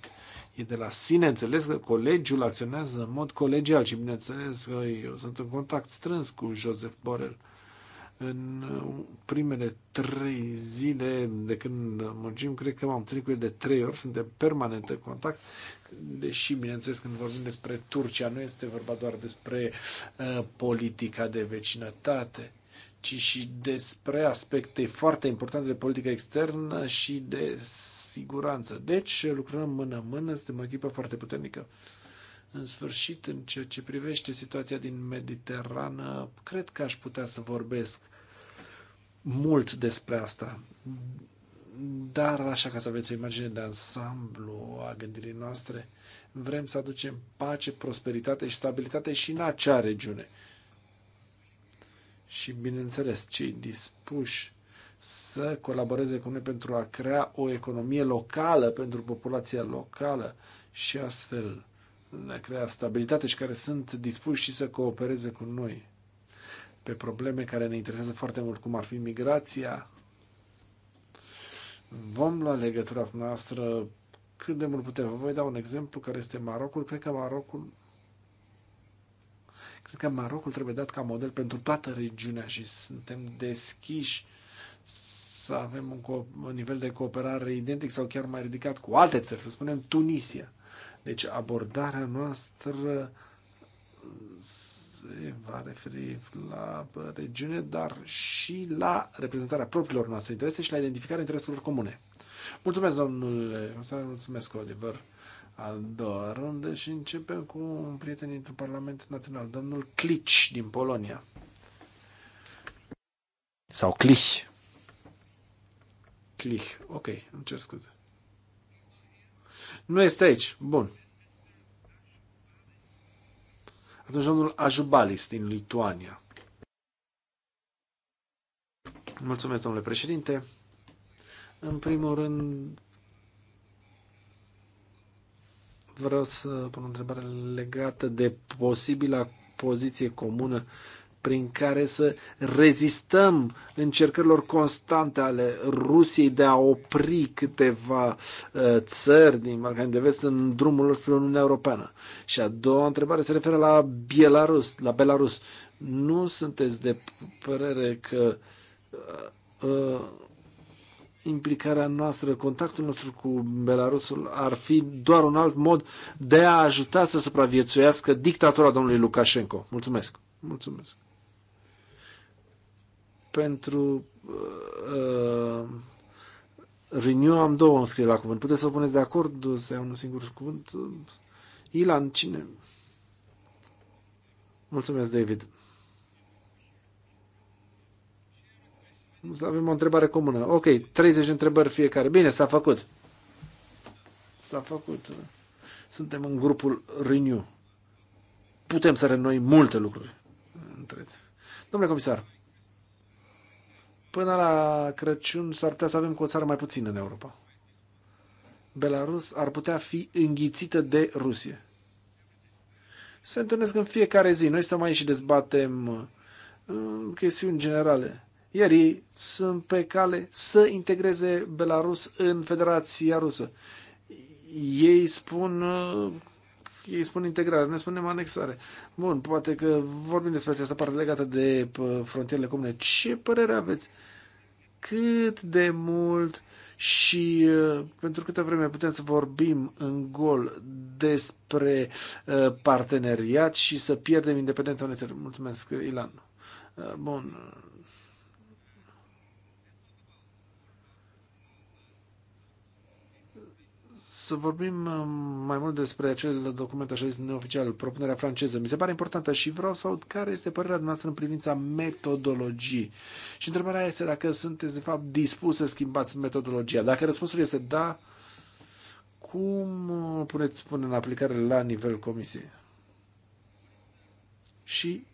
E de la sine înțeles că colegiul acționează în mod colegial și bineînțeles că eu sunt în contact strâns cu Joseph Borel. În uh, primele trei zile de când muncim, cred că m-am întâlnit cu el de trei ori, suntem permanent în contact, deși, bineînțeles, când vorbim despre Turcia, nu este vorba doar despre uh, politica de vecinătate, ci și despre aspecte foarte importante de politică externă și de siguranță. Deci lucrăm mână-mână, suntem o echipă foarte puternică. În sfârșit, în ceea ce privește situația din Mediterană, cred că aș putea să vorbesc mult despre asta. Dar, așa ca să aveți o imagine de ansamblu a gândirii noastre, vrem să aducem pace, prosperitate și stabilitate și în acea regiune. Și, bineînțeles, cei dispuși să colaboreze cu noi pentru a crea o economie locală pentru populația locală și astfel ne crea stabilitate și care sunt dispuși și să coopereze cu noi pe probleme care ne interesează foarte mult, cum ar fi migrația. Vom lua legătura cu noastră cât de mult putem. Vă voi da un exemplu care este Marocul. Cred că Marocul cred că Marocul trebuie dat ca model pentru toată regiunea și suntem deschiși să avem un, un nivel de cooperare identic sau chiar mai ridicat cu alte țări, să spunem Tunisia. Deci abordarea noastră se va referi la regiune, dar și la reprezentarea propriilor noastre interese și la identificarea intereselor comune. Mulțumesc, domnule comisar, mulțumesc, Oliver. A doua și începem cu un prieten dintr-un parlament național, domnul Clici din Polonia. Sau Clich, Clich. Ok, îmi cer scuze. Nu este aici. Bun. Atunci domnul Ajubalis din Lituania. Mulțumesc, domnule președinte. În primul rând, vreau să pun o întrebare legată de posibila poziție comună prin care să rezistăm încercărilor constante ale Rusiei de a opri câteva uh, țări din Balcanii de Vest în drumul lor spre Uniunea Europeană. Și a doua întrebare se referă la Belarus. La Belarus. Nu sunteți de părere că uh, uh, implicarea noastră, contactul nostru cu Belarusul ar fi doar un alt mod de a ajuta să supraviețuiască dictatura domnului Lukashenko. Mulțumesc! Mulțumesc! Pentru uh, uh, Renew am două înscrieri la cuvânt. Puteți să vă puneți de acord să iau un singur cuvânt? Ilan, cine? Mulțumesc, David. avem o întrebare comună. Ok, 30 de întrebări fiecare. Bine, s-a făcut. S-a făcut. Suntem în grupul Renew. Putem să renoi multe lucruri. Domnule comisar, până la Crăciun s-ar putea să avem cu o țară mai puțin în Europa. Belarus ar putea fi înghițită de Rusie. Se întâlnesc în fiecare zi. Noi stăm aici și dezbatem uh, chestiuni generale. Iar ei sunt pe cale să integreze Belarus în Federația Rusă. Ei spun uh, ei spun integrare, noi spunem anexare. Bun, poate că vorbim despre această parte legată de frontierele comune. Ce părere aveți? Cât de mult și ă, pentru câtă vreme putem să vorbim în gol despre ă, parteneriat și să pierdem independența unei țări? Mulțumesc, Ilan. Ă, bun să vorbim uh, mai mult despre acel document, așa zis, neoficial, propunerea franceză. Mi se pare importantă și vreau să aud care este părerea dumneavoastră în privința metodologii. Și întrebarea este dacă sunteți, de fapt, dispus să schimbați metodologia. Dacă răspunsul este da, cum uh, puneți pune în aplicare la nivel comisiei? Și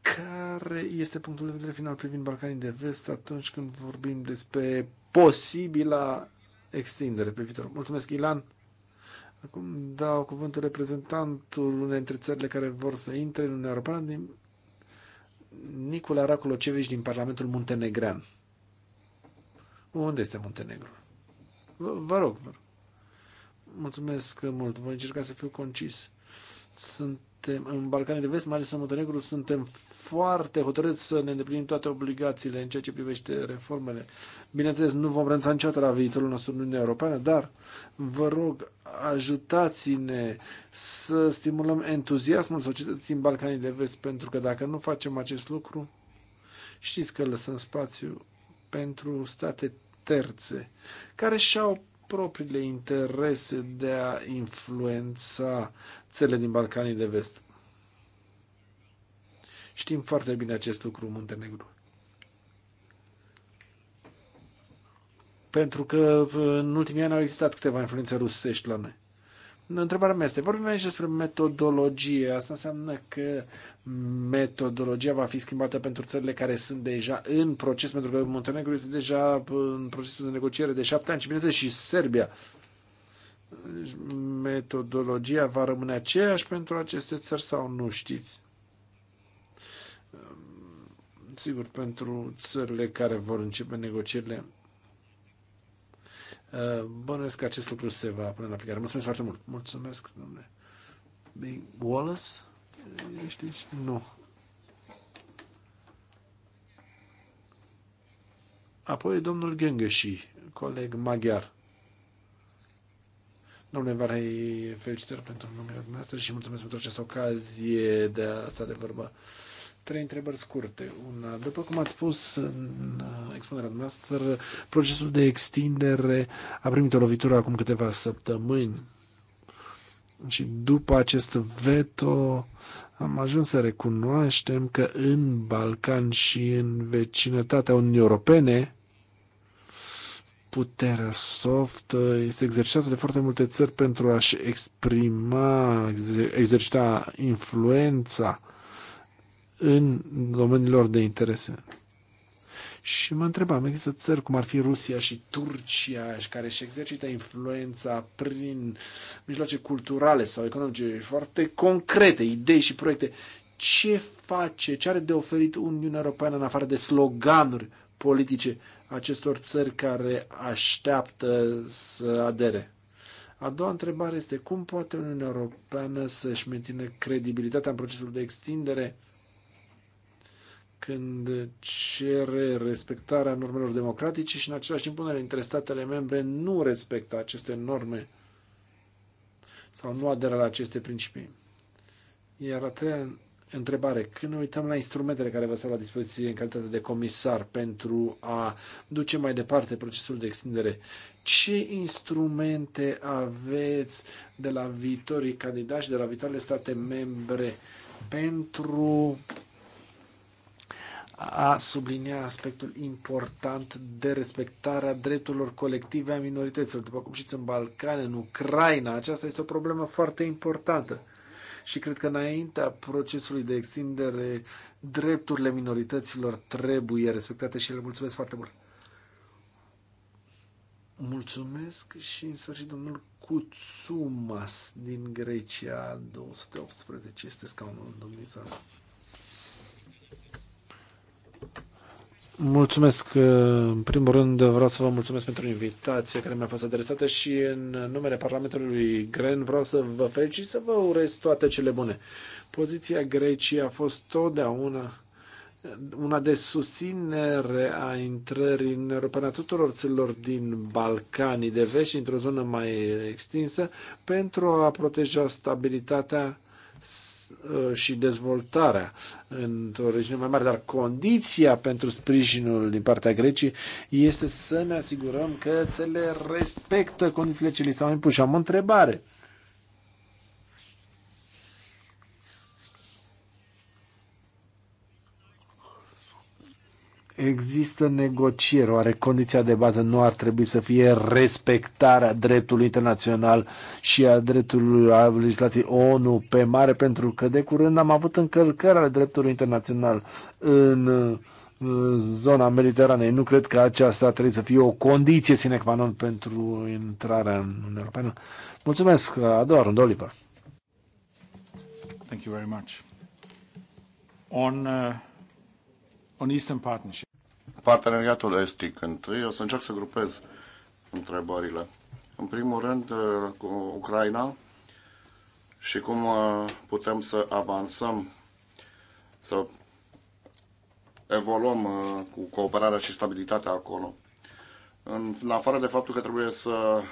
care este punctul de vedere final privind Balcanii de Vest atunci când vorbim despre posibila extindere pe viitor. Mulțumesc, Ilan! Acum dau cuvântul reprezentantul unei dintre țările care vor să intre în Uniunea Europeană, din Nicola Raculocevici din Parlamentul Muntenegrean. Unde este Muntenegru? Vă, vă rog, vă rog. Mulțumesc mult. Voi încerca să fiu concis. Suntem în Balcanii de Vest, mai ales în Muntenegru, suntem foarte hotărât să ne îndeplinim toate obligațiile în ceea ce privește reformele. Bineînțeles, nu vom renunța niciodată la viitorul nostru în Uniunea Europeană, dar vă rog, ajutați-ne să stimulăm entuziasmul societății în Balcanii de Vest, pentru că dacă nu facem acest lucru, știți că lăsăm spațiu pentru state terțe care și-au propriile interese de a influența țele din Balcanii de Vest. Știm foarte bine acest lucru, Muntenegru. Pentru că uh, în ultimii ani au existat câteva influențe rusești la noi. Întrebarea mea este, vorbim aici despre metodologie. Asta înseamnă că metodologia va fi schimbată pentru țările care sunt deja în proces, pentru că Montenegro este deja uh, în procesul de negociere de șapte ani și, bineînțeles, și Serbia. Deci, metodologia va rămâne aceeași pentru aceste țări sau nu știți? Sigur, pentru țările care vor începe negocierile, uh, bănuiesc că acest lucru se va pune în aplicare. Mulțumesc foarte mult. Mulțumesc, domnule. Bing Wallace? Ești aici? Nu. Apoi domnul Gengăși, coleg maghiar. Domnule Varei felicitări pentru numele dumneavoastră și mulțumesc pentru această ocazie de a sta de vorbă trei întrebări scurte. Una, după cum ați spus în uh, expunerea noastră, procesul de extindere a primit o lovitură acum câteva săptămâni și după acest veto am ajuns să recunoaștem că în Balcan și în vecinătatea Uniunii Europene puterea soft uh, este exercitată de foarte multe țări pentru a-și exprima, exercita influența în domeniilor de interese. Și mă întrebam, există țări cum ar fi Rusia și Turcia, care își exercită influența prin mijloace culturale sau economice foarte concrete, idei și proiecte. Ce face, ce are de oferit Uniunea Europeană în afară de sloganuri politice acestor țări care așteaptă să adere? A doua întrebare este cum poate Uniunea Europeană să-și mențină credibilitatea în procesul de extindere când cere respectarea normelor democratice și în același timp unele dintre statele membre nu respectă aceste norme sau nu aderă la aceste principii. Iar a treia întrebare, când ne uităm la instrumentele care vă stau la dispoziție în calitate de comisar pentru a duce mai departe procesul de extindere, ce instrumente aveți de la viitorii candidați, de la viitoarele state membre pentru a sublinia aspectul important de respectarea drepturilor colective a minorităților. După cum știți, în Balcane, în Ucraina, aceasta este o problemă foarte importantă. Și cred că înaintea procesului de extindere, drepturile minorităților trebuie respectate și le mulțumesc foarte mult. Mulțumesc și în sfârșit domnul Kutsumas din Grecia 218 este scaunul domnului Mulțumesc. Uh, în primul rând vreau să vă mulțumesc pentru invitație care mi-a fost adresată și în numele Parlamentului Gren vreau să vă felicit și să vă urez toate cele bune. Poziția Greciei a fost totdeauna una de susținere a intrării în Europa a tuturor țărilor din Balcanii de vest într-o zonă mai extinsă pentru a proteja stabilitatea Uh, și dezvoltarea într-o regiune mai mare, dar condiția pentru sprijinul din partea Greciei este să ne asigurăm că țele respectă condițiile ce li s-au impus. Și am o întrebare. există negocieri. Oare condiția de bază nu ar trebui să fie respectarea dreptului internațional și a dreptului a legislației ONU pe mare? Pentru că de curând am avut încălcări ale dreptului internațional în zona mediteranei. Nu cred că aceasta trebuie să fie o condiție sine qua non pentru intrarea în Uniunea Europeană. Mulțumesc, a doua rând, Oliver. Thank you very much. On uh, on Eastern Partnership. Parteneriatul estic întâi. O să încerc să grupez întrebările. În primul rând, uh, cu Ucraina și cum uh, putem să avansăm, să evoluăm uh, cu cooperarea și stabilitatea acolo. În afară de faptul că trebuie să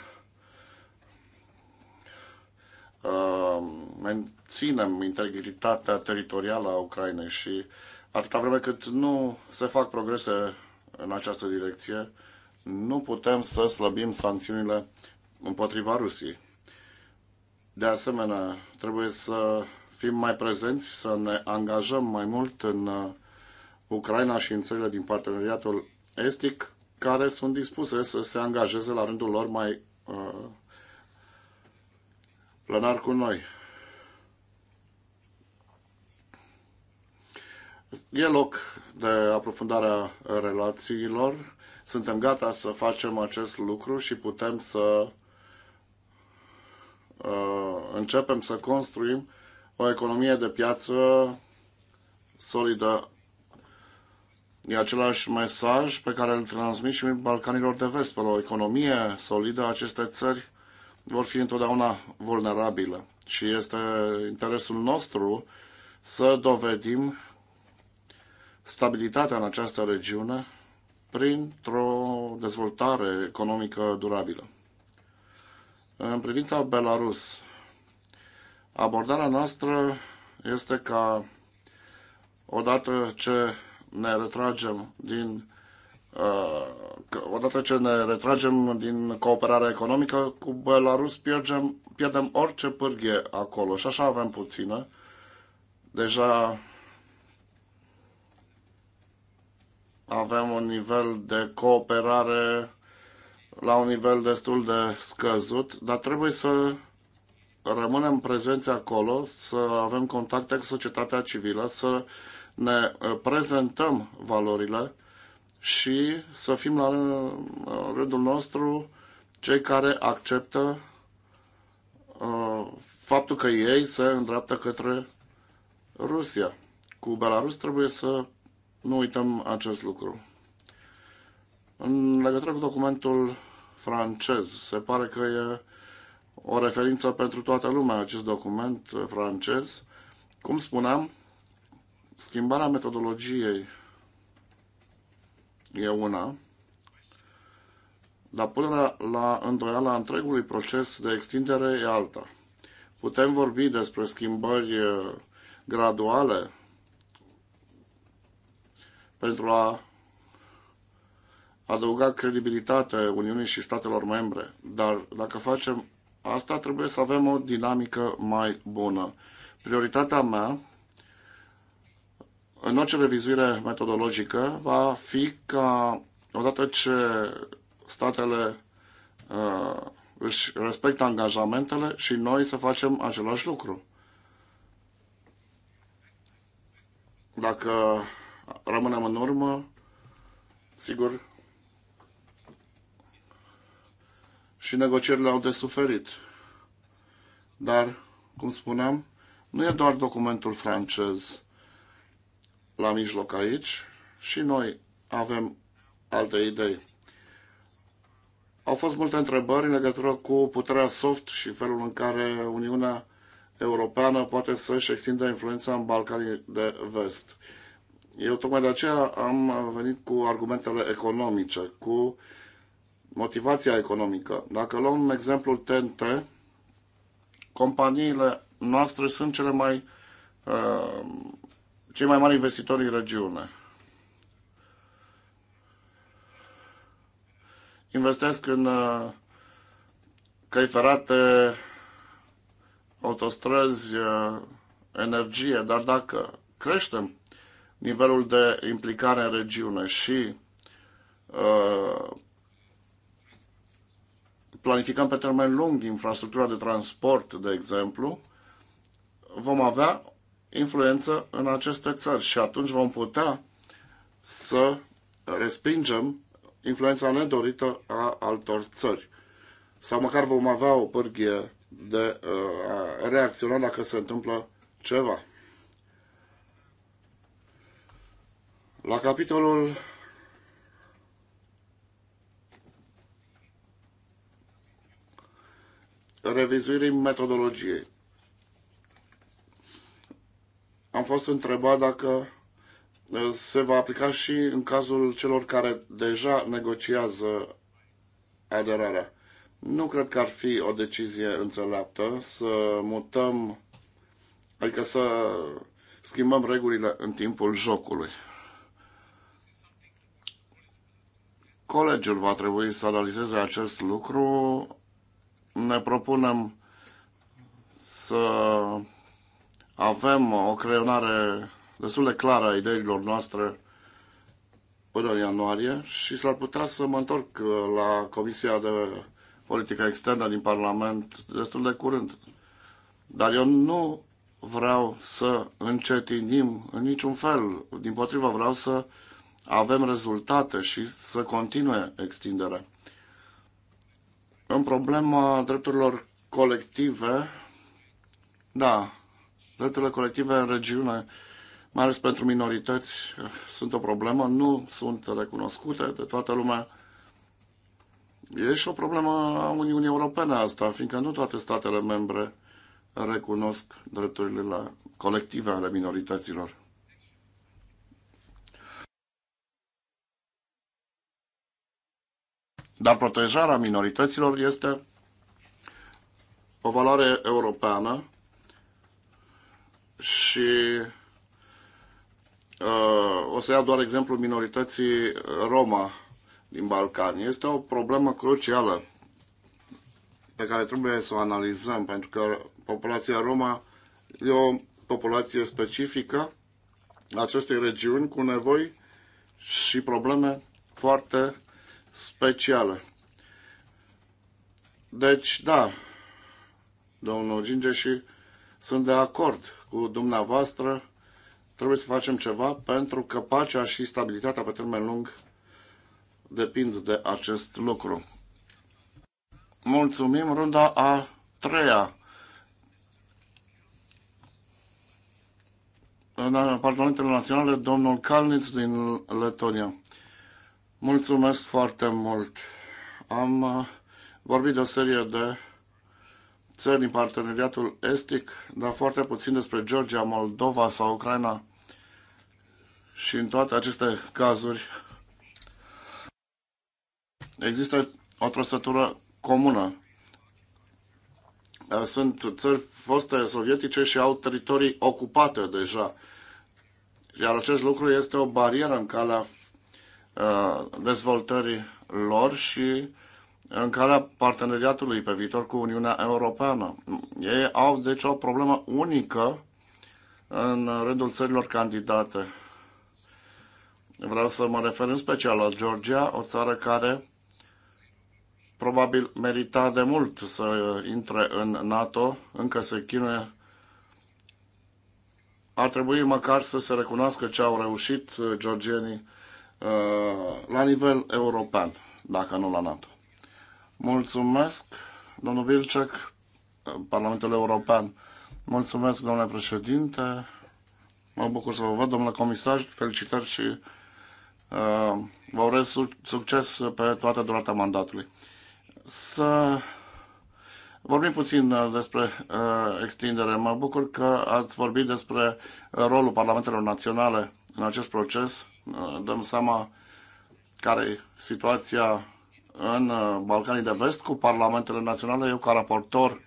menținem integritatea teritorială a Ucrainei și uh, Atâta vreme cât nu se fac progrese în această direcție, nu putem să slăbim sancțiunile împotriva Rusiei. De asemenea, trebuie să fim mai prezenți, să ne angajăm mai mult în uh, Ucraina și în țările din parteneriatul estic, care sunt dispuse să se angajeze la rândul lor mai uh, plenar cu noi. E loc de aprofundarea relațiilor. Suntem gata să facem acest lucru și putem să uh, începem să construim o economie de piață solidă. E același mesaj pe care îl transmit și Balcanilor de Vest. Fără o economie solidă, aceste țări vor fi întotdeauna vulnerabile. Și este interesul nostru să dovedim stabilitatea în această regiune printr-o dezvoltare economică durabilă. În privința Belarus, abordarea noastră este ca odată ce ne retragem din uh, odată ce ne retragem din cooperarea economică cu Belarus, pierdem, pierdem orice pârghie acolo și așa avem puțină. Deja avem un nivel de cooperare la un nivel destul de scăzut, dar trebuie să rămânem prezenți acolo, să avem contacte cu societatea civilă, să ne uh, prezentăm valorile și să fim la uh, rândul nostru cei care acceptă uh, faptul că ei se îndreaptă către Rusia. Cu Belarus trebuie să nu uităm acest lucru. În legătură cu documentul francez, se pare că e o referință pentru toată lumea acest document francez. Cum spuneam, schimbarea metodologiei e una, dar punerea la îndoială întregului proces de extindere e alta. Putem vorbi despre schimbări graduale pentru a adăuga credibilitate Uniunii și statelor membre. Dar dacă facem asta, trebuie să avem o dinamică mai bună. Prioritatea mea în orice revizuire metodologică va fi ca odată ce statele uh, își respectă angajamentele și noi să facem același lucru. Dacă rămânem în urmă, sigur, și negocierile au de suferit. Dar, cum spuneam, nu e doar documentul francez la mijloc aici și noi avem alte idei. Au fost multe întrebări în legătură cu puterea soft și felul în care Uniunea Europeană poate să-și extindă influența în Balcanii de Vest. Eu tocmai de aceea am venit cu argumentele economice, cu motivația economică. Dacă luăm exemplul TNT, companiile noastre sunt cele mai, uh, cei mai mari investitori în regiune. Investesc în uh, căi ferate, autostrăzi, uh, energie, dar dacă creștem nivelul de implicare în regiune și uh, planificăm pe termen lung infrastructura de transport, de exemplu, vom avea influență în aceste țări și atunci vom putea să respingem influența nedorită a altor țări. Sau măcar vom avea o pârghie de uh, a reacționa dacă se întâmplă ceva. La capitolul revizuirii metodologiei. Am fost întrebat dacă se va aplica și în cazul celor care deja negociază aderarea. Nu cred că ar fi o decizie înțeleaptă să mutăm, adică să schimbăm regulile în timpul jocului. Colegiul va trebui să analizeze acest lucru. Ne propunem să avem o creionare destul de clară a ideilor noastre până în ianuarie și s-ar putea să mă întorc uh, la Comisia de Politică Externă din Parlament destul de curând. Dar eu nu vreau să încetinim în niciun fel. Din potrivă, vreau să avem rezultate și să continue extinderea. În problema drepturilor colective, da, drepturile colective în regiune, mai ales pentru minorități, eh, sunt o problemă, nu sunt recunoscute de toată lumea. E și o problemă a Uniunii Europene asta, fiindcă nu toate statele membre recunosc drepturile colective ale minorităților. Dar protejarea minorităților este o valoare europeană și uh, o să iau doar exemplu minorității Roma din Balcani. Este o problemă crucială pe care trebuie să o analizăm, pentru că populația Roma e o populație specifică acestei regiuni cu nevoi și probleme foarte speciale. Deci, da, domnul Ginge și sunt de acord cu dumneavoastră. Trebuie să facem ceva pentru că pacea și stabilitatea pe termen lung depind de acest lucru. Mulțumim, runda a treia. În Parlamentele Naționale, domnul Calniț din Letonia. Mulțumesc foarte mult. Am uh, vorbit de o serie de țări din parteneriatul estic, dar foarte puțin despre Georgia, Moldova sau Ucraina. Și în toate aceste cazuri există o trăsătură comună. Uh, sunt țări foste sovietice și au teritorii ocupate deja. Iar acest lucru este o barieră în calea Uh, dezvoltării lor și în calea parteneriatului pe viitor cu Uniunea Europeană. Ei au deci o problemă unică în rândul țărilor candidate. Vreau să mă refer în special la Georgia, o țară care probabil merita de mult să intre în NATO, încă se chinuie. Ar trebui măcar să se recunoască ce au reușit uh, georgienii Uh, la nivel european, dacă nu la NATO. Mulțumesc, domnul Vilcec, uh, Parlamentul European. Mulțumesc, domnule președinte. Mă bucur să vă văd, domnule comisar. Felicitări și uh, vă urez succes pe toată durata mandatului. Să vorbim puțin uh, despre uh, extindere. Mă bucur că ați vorbit despre rolul Parlamentelor Naționale în acest proces Uh, dăm seama care e situația în uh, Balcanii de Vest cu parlamentele naționale. Eu, ca raportor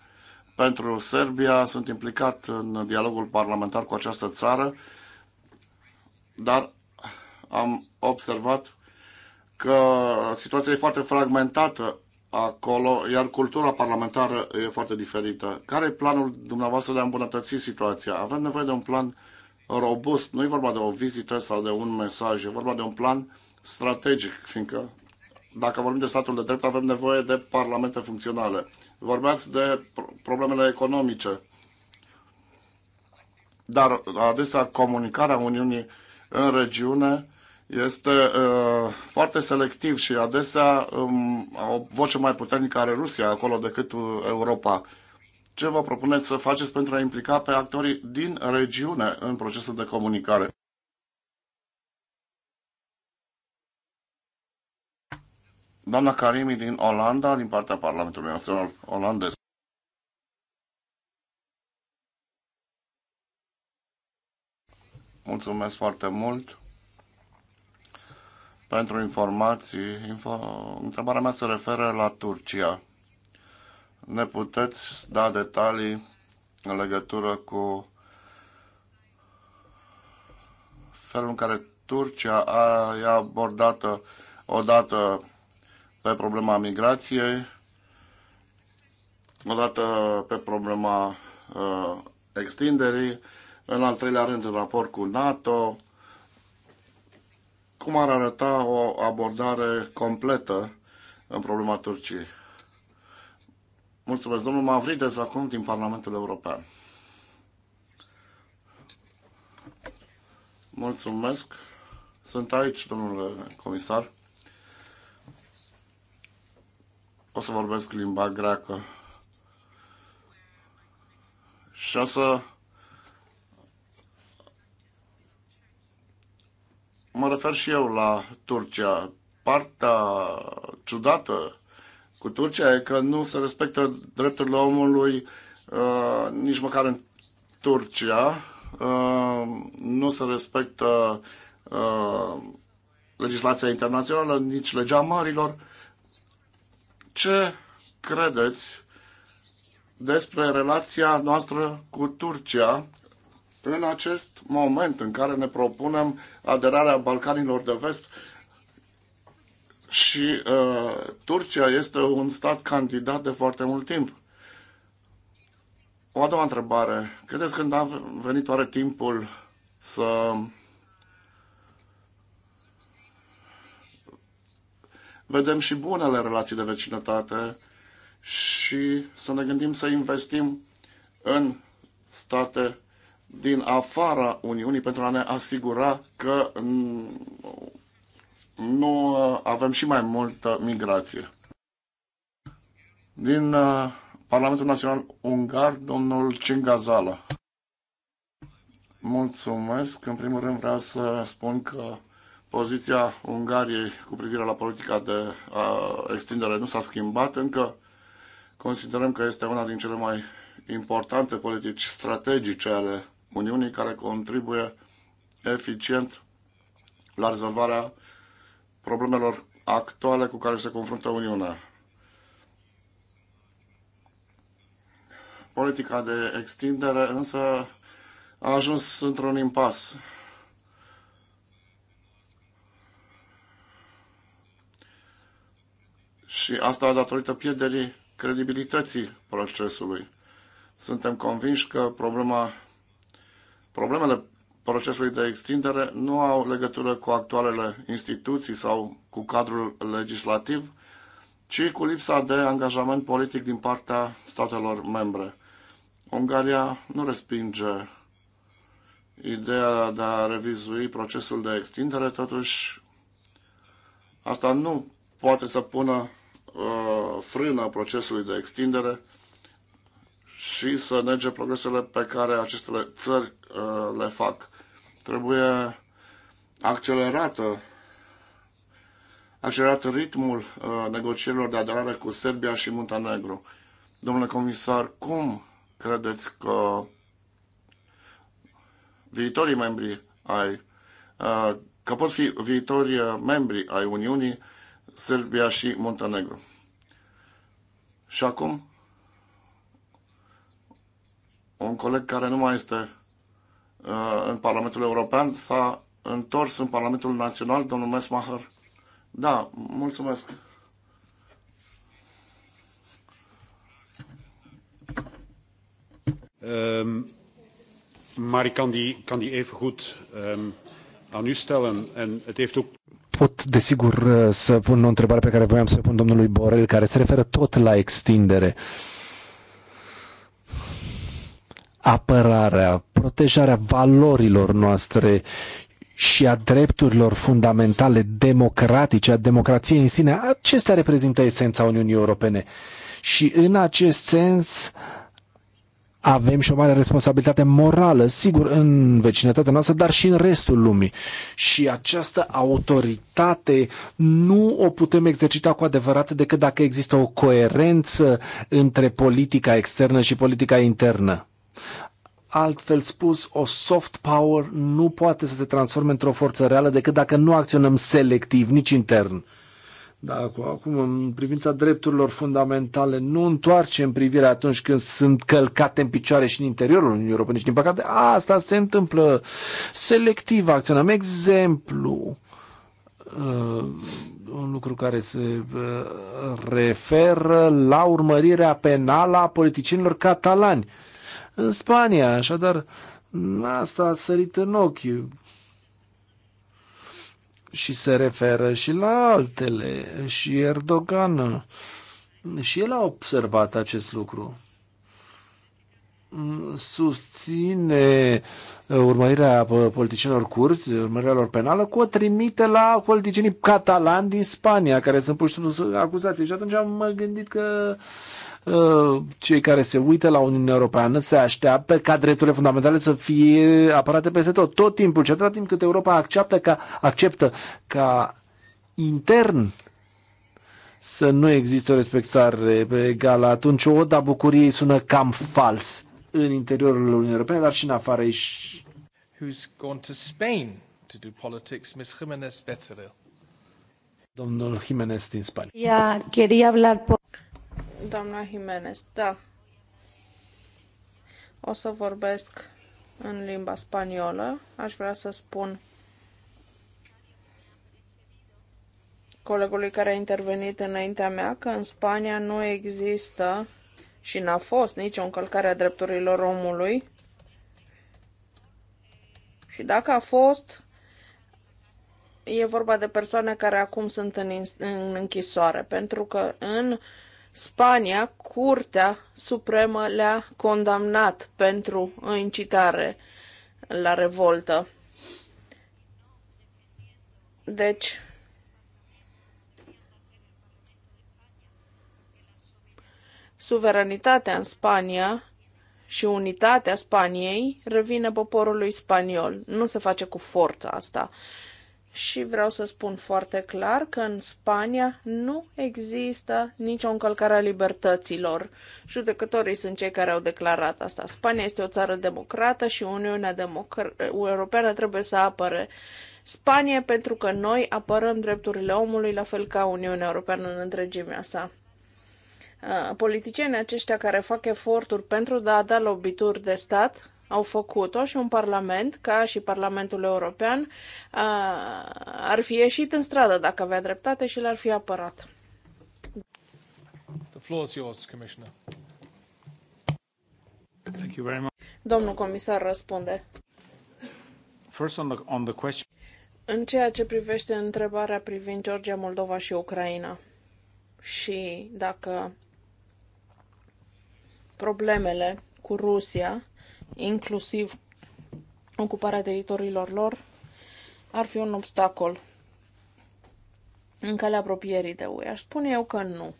pentru Serbia, sunt implicat în dialogul parlamentar cu această țară, dar am observat că situația e foarte fragmentată acolo, iar cultura parlamentară e foarte diferită. Care e planul dumneavoastră de a îmbunătăți situația? Avem nevoie de un plan robust. Nu e vorba de o vizită sau de un mesaj, e vorba de un plan strategic, fiindcă dacă vorbim de statul de drept, avem nevoie de parlamente funcționale. Vorbeați de problemele economice, dar adesea comunicarea Uniunii în regiune este uh, foarte selectiv și adesea um, o voce mai puternică are Rusia acolo decât uh, Europa ce vă propuneți să faceți pentru a implica pe actorii din regiune în procesul de comunicare? Doamna Karimi din Olanda, din partea Parlamentului Național Olandez. Mulțumesc foarte mult pentru informații. Info... Întrebarea mea se referă la Turcia ne puteți da detalii în legătură cu felul în care Turcia a, abordat odată pe problema migrației, odată pe problema uh, extinderii, în al treilea rând în raport cu NATO, cum ar arăta o abordare completă în problema Turciei. Mulțumesc. Domnul Mavrides, acum din Parlamentul European. Mulțumesc. Sunt aici, domnule comisar. O să vorbesc limba greacă. Și o să mă refer și eu la Turcia. Partea ciudată cu Turcia e că nu se respectă drepturile omului uh, nici măcar în Turcia, uh, nu se respectă uh, legislația internațională, nici legea mărilor. Ce credeți despre relația noastră cu Turcia în acest moment în care ne propunem aderarea Balcanilor de Vest și uh, Turcia este un stat candidat de foarte mult timp. O a doua întrebare. Credeți când a venit oare timpul să vedem și bunele relații de vecinătate și să ne gândim să investim în state din afara Uniunii pentru a ne asigura că mm, nu uh, avem și mai multă migrație. Din uh, Parlamentul Național Ungar, domnul Cingazala. Mulțumesc. În primul rând vreau să spun că poziția Ungariei cu privire la politica de uh, extindere nu s-a schimbat. Încă considerăm că este una din cele mai importante politici strategice ale Uniunii care contribuie eficient la rezolvarea problemelor actuale cu care se confruntă Uniunea. Politica de extindere însă a ajuns într-un impas. Și asta datorită pierderii credibilității procesului. Suntem convinși că problema, problemele procesului de extindere nu au legătură cu actualele instituții sau cu cadrul legislativ, ci cu lipsa de angajament politic din partea statelor membre. Ungaria nu respinge ideea de a revizui procesul de extindere, totuși asta nu poate să pună uh, frână procesului de extindere și să nege progresele pe care aceste țări uh, le fac. Trebuie accelerată accelerat ritmul uh, negocierilor de aderare cu Serbia și Muntenegru. Domnule comisar, cum credeți că viitorii membri ai uh, că pot fi viitori uh, membri ai Uniunii Serbia și Muntenegru. Și acum un coleg care nu mai este Uh, în Parlamentul European, s-a întors în Parlamentul Național, domnul Mesmacher. Da, mulțumesc. Um, maar ik kan die, kan die even goed um, aan u stellen. En het heeft ook pot, desigur, eh, să pun o întrebare pe care voiam să pun domnului Borel, care se referă tot la extindere. Uh, apărarea, protejarea valorilor noastre și a drepturilor fundamentale democratice, a democrației în sine, acestea reprezintă esența Uniunii Europene. Și în acest sens avem și o mare responsabilitate morală, sigur, în vecinătatea noastră, dar și în restul lumii. Și această autoritate nu o putem exercita cu adevărat decât dacă există o coerență între politica externă și politica internă. Altfel spus, o soft power nu poate să se transforme într-o forță reală decât dacă nu acționăm selectiv, nici intern. Da, acum, în privința drepturilor fundamentale, nu întoarce în privire atunci când sunt călcate în picioare și în interiorul Uniunii Europene. Și, din păcate, asta se întâmplă selectiv. Acționăm. Exemplu, uh, un lucru care se uh, referă la urmărirea penală a politicienilor catalani. Uh, în Spania. Așadar, asta a sărit în ochi și se referă și la altele, și Erdogan. Și el a observat acest lucru. Susține urmărirea politicienilor curți, urmărirea lor penală, cu o trimite la politicienii catalani din Spania, care sunt puși sub acuzație. Și atunci am gândit că Uh, cei care se uită la Uniunea Europeană se așteaptă ca drepturile fundamentale să fie apărate peste tot, tot timpul ce atâta timp cât Europa acceptă ca, acceptă ca intern să nu există o respectare egală, atunci o oda bucuriei sună cam fals în interiorul Uniunii Europene, dar și în afară. Who's gone to Spain to do politics, Ms. Jimenez Domnul Jimenez din Spania. Yeah, quería hablar por Doamna Jimenez, da. O să vorbesc în limba spaniolă. Aș vrea să spun colegului care a intervenit înaintea mea că în Spania nu există și n-a fost nicio încălcare a drepturilor omului. Și dacă a fost, e vorba de persoane care acum sunt în, în închisoare, pentru că în Spania, Curtea Supremă le-a condamnat pentru incitare la revoltă. Deci, suveranitatea în Spania și unitatea Spaniei revine poporului spaniol. Nu se face cu forța asta și vreau să spun foarte clar că în Spania nu există nicio încălcare a libertăților. Judecătorii sunt cei care au declarat asta. Spania este o țară democrată și Uniunea Democr- Europeană trebuie să apere Spania pentru că noi apărăm drepturile omului la fel ca Uniunea Europeană în întregimea sa uh, politicienii aceștia care fac eforturi pentru da, a da lobituri de stat au făcut-o și un parlament, ca și Parlamentul European, ar fi ieșit în stradă dacă avea dreptate și l-ar fi apărat. The floor is yours, Commissioner. Thank you very much. Domnul comisar răspunde. First on the, on the question... În ceea ce privește întrebarea privind Georgia, Moldova și Ucraina și dacă problemele cu Rusia inclusiv ocuparea teritoriilor lor, ar fi un obstacol în calea apropierii de UE. Aș spune eu că nu.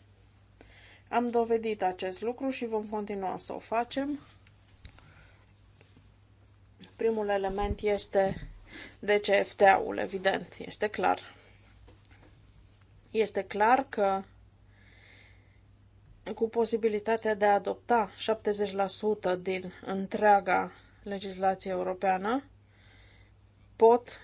Am dovedit acest lucru și vom continua să o facem. Primul element este de ce ul evident, este clar. Este clar că cu posibilitatea de a adopta 70% din întreaga legislație europeană, pot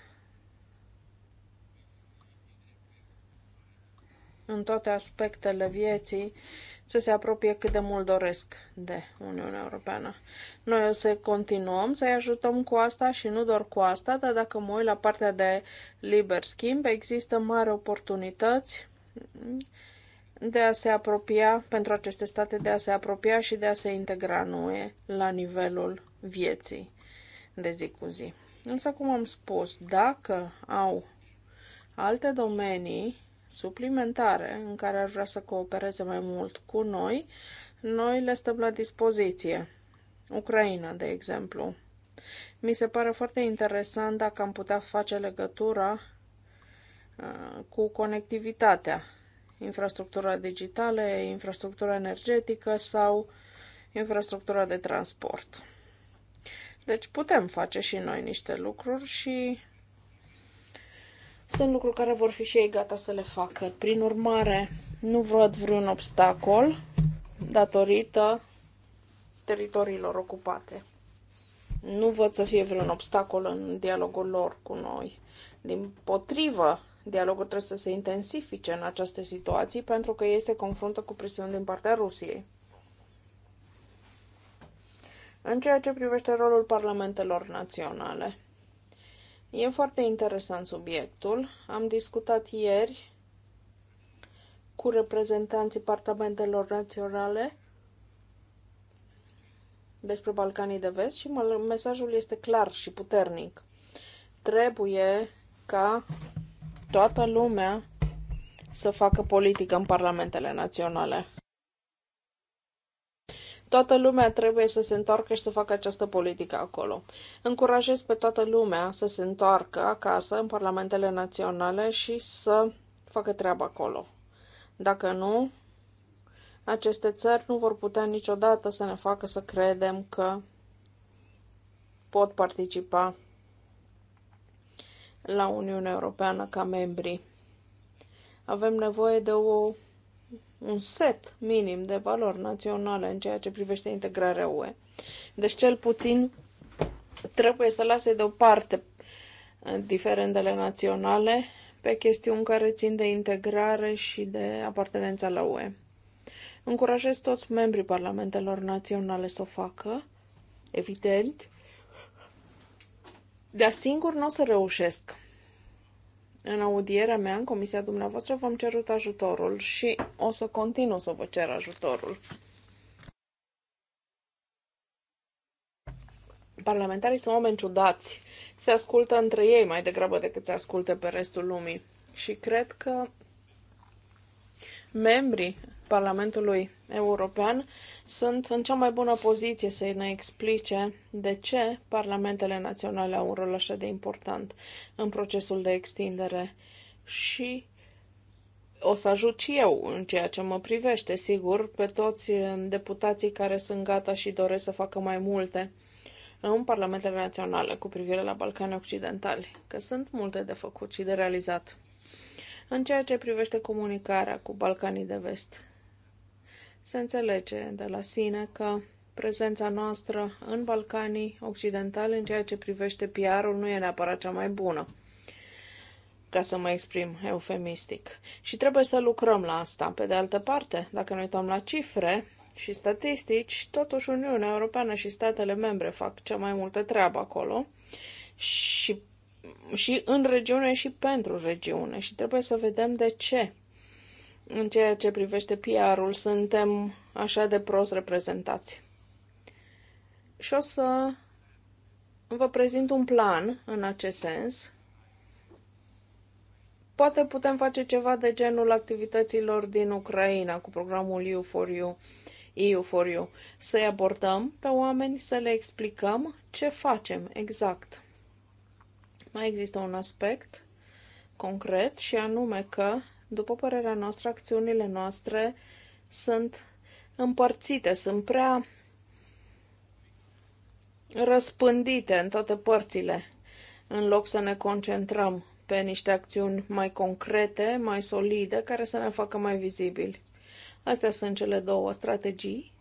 în toate aspectele vieții să se apropie cât de mult doresc de Uniunea Europeană. Noi o să continuăm să-i ajutăm cu asta și nu doar cu asta, dar dacă mă uit la partea de liber schimb, există mari oportunități de a se apropia, pentru aceste state de a se apropia și de a se integra în UE la nivelul vieții de zi cu zi. Însă, cum am spus, dacă au alte domenii suplimentare în care ar vrea să coopereze mai mult cu noi, noi le stăm la dispoziție. Ucraina, de exemplu. Mi se pare foarte interesant dacă am putea face legătura uh, cu conectivitatea infrastructura digitală, infrastructura energetică sau infrastructura de transport. Deci putem face și noi niște lucruri și sunt lucruri care vor fi și ei gata să le facă. Prin urmare, nu văd vreun obstacol datorită teritoriilor ocupate. Nu văd să fie vreun obstacol în dialogul lor cu noi. Din potrivă, Dialogul trebuie să se intensifice în aceste situații pentru că ei se confruntă cu presiuni din partea Rusiei. În ceea ce privește rolul parlamentelor naționale, e foarte interesant subiectul. Am discutat ieri cu reprezentanții parlamentelor naționale despre Balcanii de Vest și mesajul este clar și puternic. Trebuie ca toată lumea să facă politică în parlamentele naționale. Toată lumea trebuie să se întoarcă și să facă această politică acolo. Încurajez pe toată lumea să se întoarcă acasă, în parlamentele naționale și să facă treaba acolo. Dacă nu, aceste țări nu vor putea niciodată să ne facă să credem că pot participa la Uniunea Europeană ca membri. Avem nevoie de o, un set minim de valori naționale în ceea ce privește integrarea UE. Deci cel puțin trebuie să lase deoparte eh, diferendele naționale pe chestiuni care țin de integrare și de apartenența la UE. Încurajez toți membrii parlamentelor naționale să o facă, evident, dar singur nu o să reușesc. În audierea mea, în comisia dumneavoastră, v-am cerut ajutorul și o să continu să vă cer ajutorul. Parlamentarii sunt oameni ciudați. Se ascultă între ei mai degrabă decât se ascultă pe restul lumii. Și cred că membrii Parlamentului European sunt în cea mai bună poziție să ne explice de ce parlamentele naționale au un rol așa de important în procesul de extindere și o să ajut și eu în ceea ce mă privește, sigur, pe toți deputații care sunt gata și doresc să facă mai multe în parlamentele naționale cu privire la Balcanii Occidentali, că sunt multe de făcut și de realizat. În ceea ce privește comunicarea cu Balcanii de Vest, se înțelege de la sine că prezența noastră în Balcanii Occidentali în ceea ce privește PR-ul nu e neapărat cea mai bună, ca să mă exprim eufemistic. Și trebuie să lucrăm la asta. Pe de altă parte, dacă ne uităm la cifre și statistici, totuși Uniunea Europeană și statele membre fac cea mai multă treabă acolo și, și în regiune și pentru regiune. Și trebuie să vedem de ce în ceea ce privește PR-ul, suntem așa de prost reprezentați. Și o să vă prezint un plan în acest sens. Poate putem face ceva de genul activităților din Ucraina cu programul eu for you eu for you Să-i abordăm pe oameni, să le explicăm ce facem exact. Mai există un aspect concret și anume că după părerea noastră, acțiunile noastre sunt împărțite, sunt prea răspândite în toate părțile, în loc să ne concentrăm pe niște acțiuni mai concrete, mai solide, care să ne facă mai vizibili. Astea sunt cele două strategii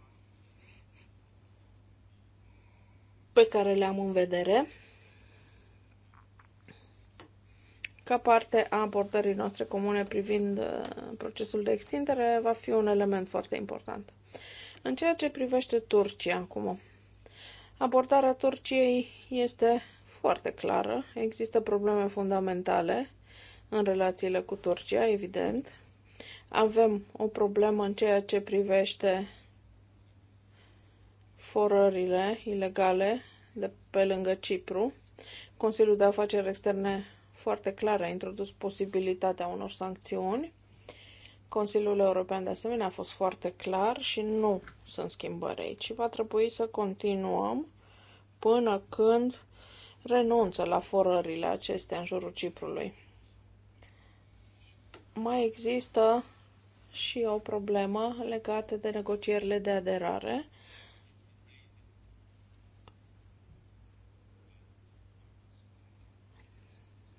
pe care le am în vedere ca parte a abordării noastre comune privind uh, procesul de extindere, va fi un element foarte important. În ceea ce privește Turcia acum, abordarea Turciei este foarte clară. Există probleme fundamentale în relațiile cu Turcia, evident. Avem o problemă în ceea ce privește forările ilegale de pe lângă Cipru. Consiliul de Afaceri Externe foarte clar a introdus posibilitatea unor sancțiuni. Consiliul European de asemenea a fost foarte clar și nu sunt schimbări aici. Va trebui să continuăm până când renunță la forările acestea în jurul Ciprului. Mai există și o problemă legată de negocierile de aderare.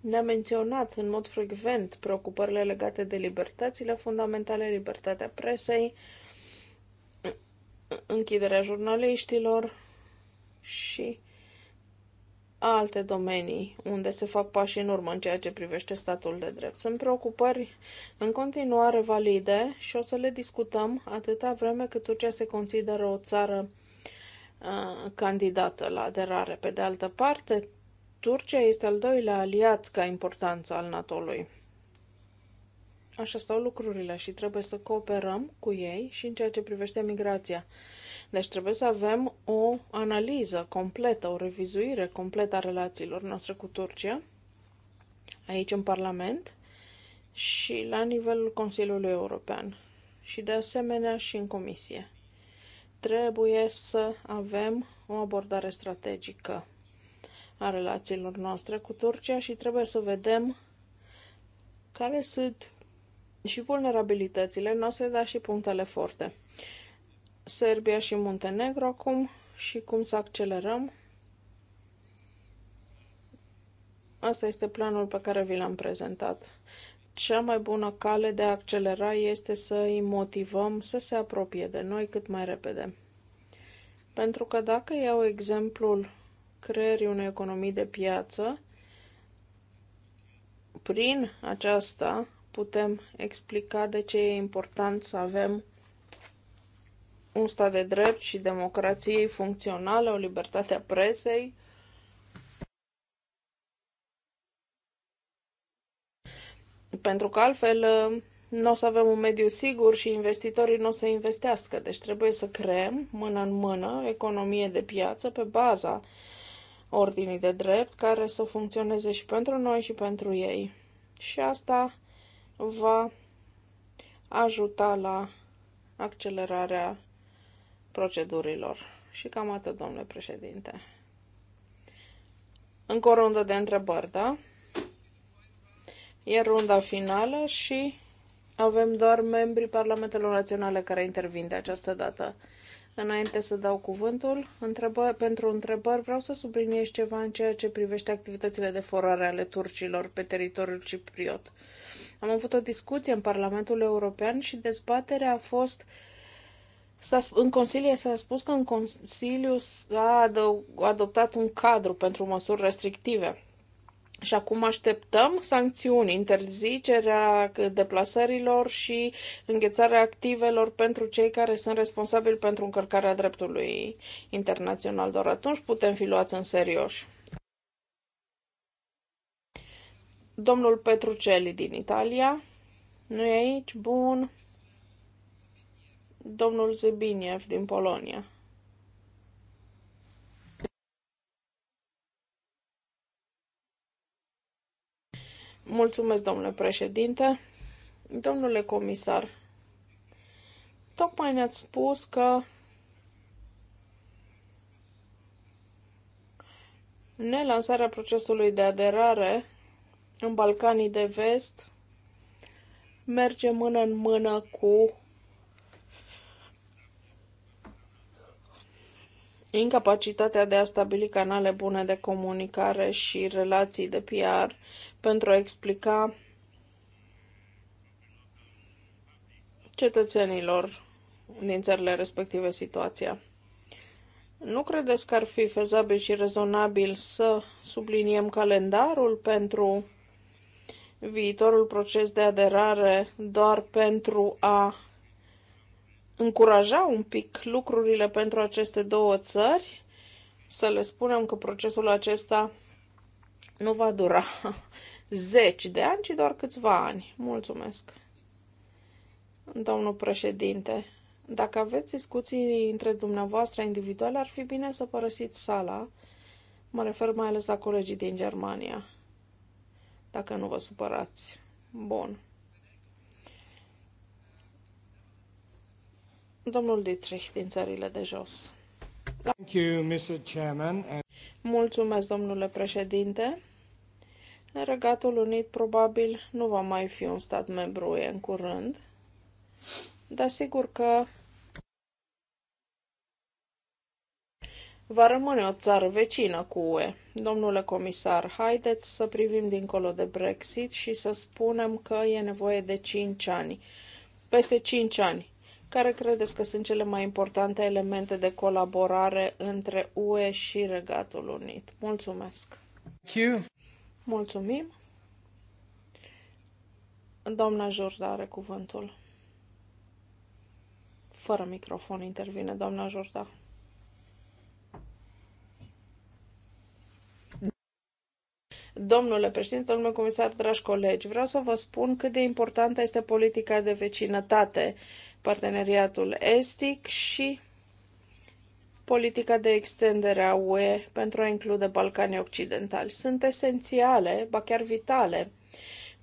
ne-a menționat în mod frecvent preocupările legate de libertățile fundamentale, libertatea presei, închiderea jurnaliștilor și alte domenii unde se fac pași în urmă în ceea ce privește statul de drept. Sunt preocupări în continuare valide și o să le discutăm atâta vreme cât Turcia se consideră o țară uh, candidată la aderare. Pe de altă parte, Turcia este al doilea aliat ca importanță al NATO-ului. Așa stau lucrurile și trebuie să cooperăm cu ei și în ceea ce privește migrația. Deci trebuie să avem o analiză completă, o revizuire completă a relațiilor noastre cu Turcia, aici în Parlament și la nivelul Consiliului European și de asemenea și în Comisie. Trebuie să avem o abordare strategică a relațiilor noastre cu Turcia și trebuie să vedem care sunt și vulnerabilitățile noastre, dar și punctele forte. Serbia și Muntenegro acum și cum să accelerăm. Asta este planul pe care vi l-am prezentat. Cea mai bună cale de a accelera este să îi motivăm să se apropie de noi cât mai repede. Pentru că dacă iau exemplul creării unei economii de piață. Prin aceasta putem explica de ce e important să avem un stat de drept și democrației funcționale, o libertate a presei, pentru că altfel nu o să avem un mediu sigur și investitorii nu o să investească. Deci trebuie să creăm mână în mână economie de piață pe baza ordinii de drept care să funcționeze și pentru noi și pentru ei. Și asta va ajuta la accelerarea procedurilor. Și cam atât, domnule președinte. Încă o rundă de întrebări, da? E runda finală și avem doar membrii Parlamentelor Naționale care intervin de această dată. Înainte să dau cuvântul, întrebă, pentru întrebări vreau să subliniez ceva în ceea ce privește activitățile de forare ale turcilor pe teritoriul cipriot. Am avut o discuție în Parlamentul European și dezbaterea a fost S-a, în Consiliu s-a spus că în Consiliu s-a adoptat un cadru pentru măsuri restrictive și acum așteptăm sancțiuni, interzicerea deplasărilor și înghețarea activelor pentru cei care sunt responsabili pentru încălcarea dreptului internațional. Doar atunci putem fi luați în serios. Domnul Petruceli din Italia. Nu e aici? Bun. Domnul Zebiniev din Polonia. Mulțumesc, domnule președinte. Domnule comisar, tocmai ne-ați spus că nelansarea procesului de aderare în Balcanii de Vest merge mână în mână cu Incapacitatea de a stabili canale bune de comunicare și relații de PR pentru a explica cetățenilor din țările respective situația. Nu credeți că ar fi fezabil și rezonabil să subliniem calendarul pentru viitorul proces de aderare doar pentru a încuraja un pic lucrurile pentru aceste două țări, să le spunem că procesul acesta nu va dura *laughs* zeci de ani, ci doar câțiva ani. Mulțumesc! Domnul președinte, dacă aveți discuții între dumneavoastră individuale, ar fi bine să părăsiți sala. Mă refer mai ales la colegii din Germania. Dacă nu vă supărați. Bun. Domnul Dietrich din țările de jos. Thank you, Mr. Chairman. Mulțumesc, domnule președinte. Regatul Unit probabil nu va mai fi un stat membru în curând, dar sigur că va rămâne o țară vecină cu UE. Domnule comisar, haideți să privim dincolo de Brexit și să spunem că e nevoie de 5 ani. Peste 5 ani care credeți că sunt cele mai importante elemente de colaborare între UE și Regatul Unit? Mulțumesc! you. Mulțumim! Doamna Jorda are cuvântul. Fără microfon intervine doamna Jorda. Domnule președinte, domnule comisar, dragi colegi, vreau să vă spun cât de importantă este politica de vecinătate parteneriatul estic și politica de extindere a UE pentru a include Balcanii Occidentali. Sunt esențiale, ba chiar vitale,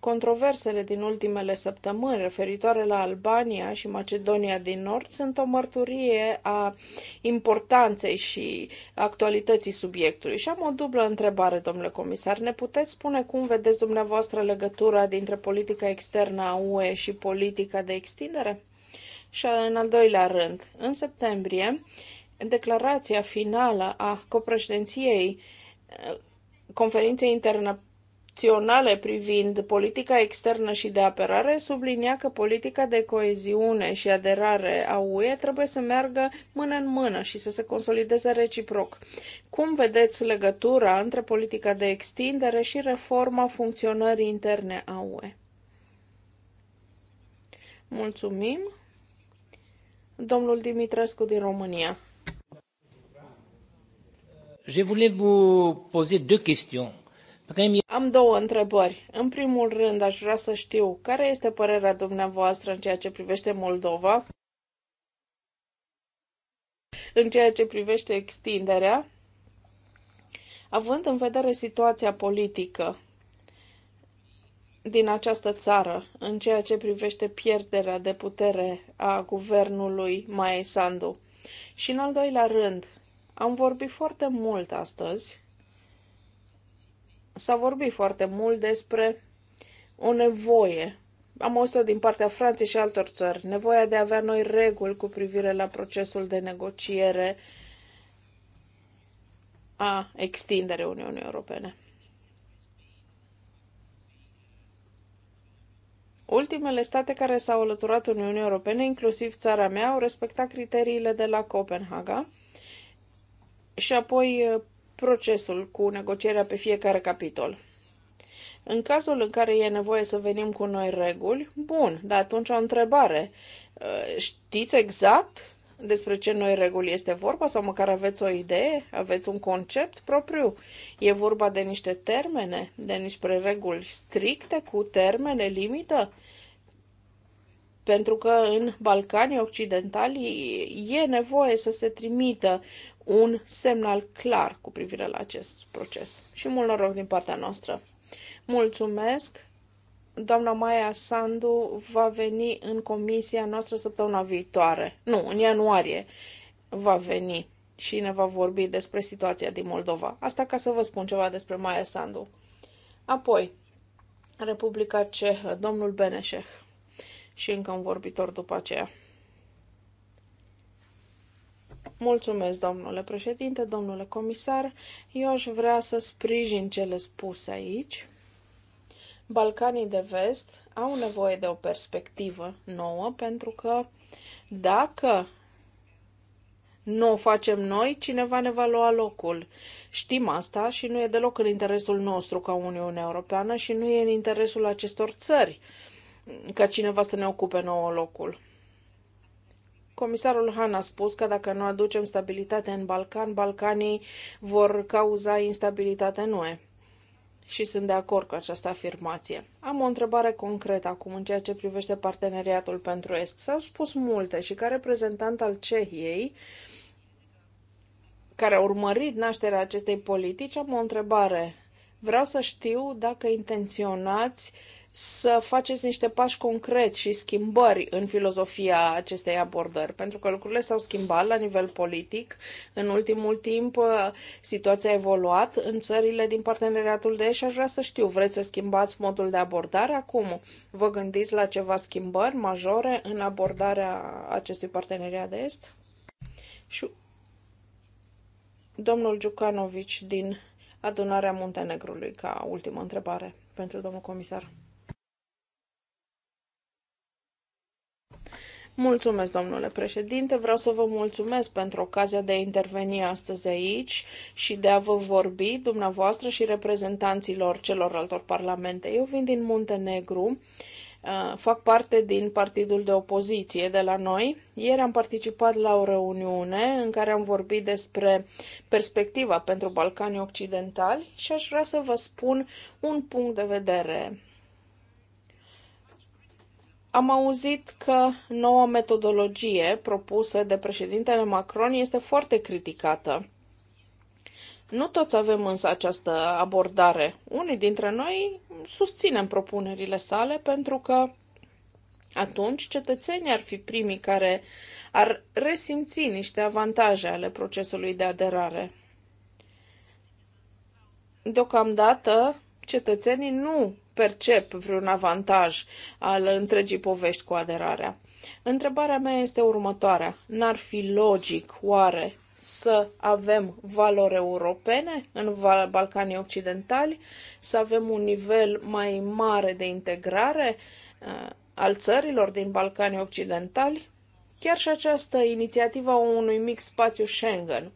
Controversele din ultimele săptămâni referitoare la Albania și Macedonia din Nord sunt o mărturie a importanței și actualității subiectului. Și am o dublă întrebare, domnule comisar. Ne puteți spune cum vedeți dumneavoastră legătura dintre politica externă a UE și politica de extindere? Și în al doilea rând, în septembrie, declarația finală a copreședinției eh, conferinței internaționale privind politica externă și de apărare sublinia că politica de coeziune și aderare a UE trebuie să meargă mână în mână și să se consolideze reciproc. Cum vedeți legătura între politica de extindere și reforma funcționării interne a UE? Mulțumim! domnul Dimitrescu din România. Je voulais vous poser deux questions. Am două întrebări. În primul rând, aș vrea să știu care este părerea dumneavoastră în ceea ce privește Moldova, în ceea ce privește extinderea, având în vedere situația politică din această țară în ceea ce privește pierderea de putere a guvernului Mae Sandu. Și în al doilea rând, am vorbit foarte mult astăzi, s-a vorbit foarte mult despre o nevoie am auzit din partea Franței și altor țări, nevoia de a avea noi reguli cu privire la procesul de negociere a extinderei Uniunii Europene. Ultimele state care s-au alăturat Uniunii Europene, inclusiv țara mea, au respectat criteriile de la Copenhaga și apoi procesul cu negocierea pe fiecare capitol. În cazul în care e nevoie să venim cu noi reguli, bun, dar atunci o întrebare. Știți exact despre ce noi reguli este vorba sau măcar aveți o idee, aveți un concept propriu. E vorba de niște termene, de niște reguli stricte cu termene limită. Pentru că în Balcanii Occidentali e nevoie să se trimită un semnal clar cu privire la acest proces. Și mult noroc din partea noastră. Mulțumesc! doamna Maia Sandu va veni în comisia noastră săptămâna viitoare. Nu, în ianuarie va veni și ne va vorbi despre situația din Moldova. Asta ca să vă spun ceva despre Maia Sandu. Apoi, Republica Cehă, domnul Beneșeh și încă un vorbitor după aceea. Mulțumesc, domnule președinte, domnule comisar. Eu aș vrea să sprijin cele spuse aici Balcanii de vest au nevoie de o perspectivă nouă, pentru că dacă nu o facem noi, cineva ne va lua locul. Știm asta și nu e deloc în interesul nostru ca Uniunea Europeană și nu e în interesul acestor țări ca cineva să ne ocupe nouă locul. Comisarul Han a spus că dacă nu aducem stabilitate în Balcan, Balcanii vor cauza instabilitate în UE și sunt de acord cu această afirmație. Am o întrebare concretă acum în ceea ce privește parteneriatul pentru Est. S-au spus multe și ca reprezentant al Cehiei, care a urmărit nașterea acestei politici, am o întrebare. Vreau să știu dacă intenționați uh, să faceți niște pași concreți și schimbări în filozofia acestei abordări, pentru că lucrurile s-au schimbat la nivel politic. În ultimul timp, uh, situația a evoluat în țările din parteneriatul de și aș vrea să știu, vreți să schimbați modul de abordare acum? Vă gândiți la ceva schimbări majore în abordarea acestui parteneriat de est? Și domnul Giucanovici din adunarea Muntenegrului ca ultimă întrebare pentru domnul comisar. Mulțumesc, domnule președinte. Vreau să vă mulțumesc pentru ocazia de a interveni astăzi aici și de a vă vorbi, dumneavoastră și reprezentanților celorlaltor parlamente. Eu vin din Muntenegru, uh, fac parte din partidul de opoziție de la noi. Ieri am participat la o reuniune în care am vorbit despre perspectiva pentru Balcanii Occidentali și aș vrea să vă spun un punct de vedere am auzit că noua metodologie propusă de președintele Macron este foarte criticată. Nu toți avem însă această abordare. Unii dintre noi susținem propunerile sale pentru că atunci cetățenii ar fi primii care ar resimți niște avantaje ale procesului de aderare. Deocamdată, cetățenii nu percep vreun avantaj al întregii povești cu aderarea. Întrebarea mea este următoarea. N-ar fi logic, oare, să avem valori europene în Balcanii Occidentali, să avem un nivel mai mare de integrare uh, al țărilor din Balcanii Occidentali? Chiar și această inițiativă a unui mic spațiu Schengen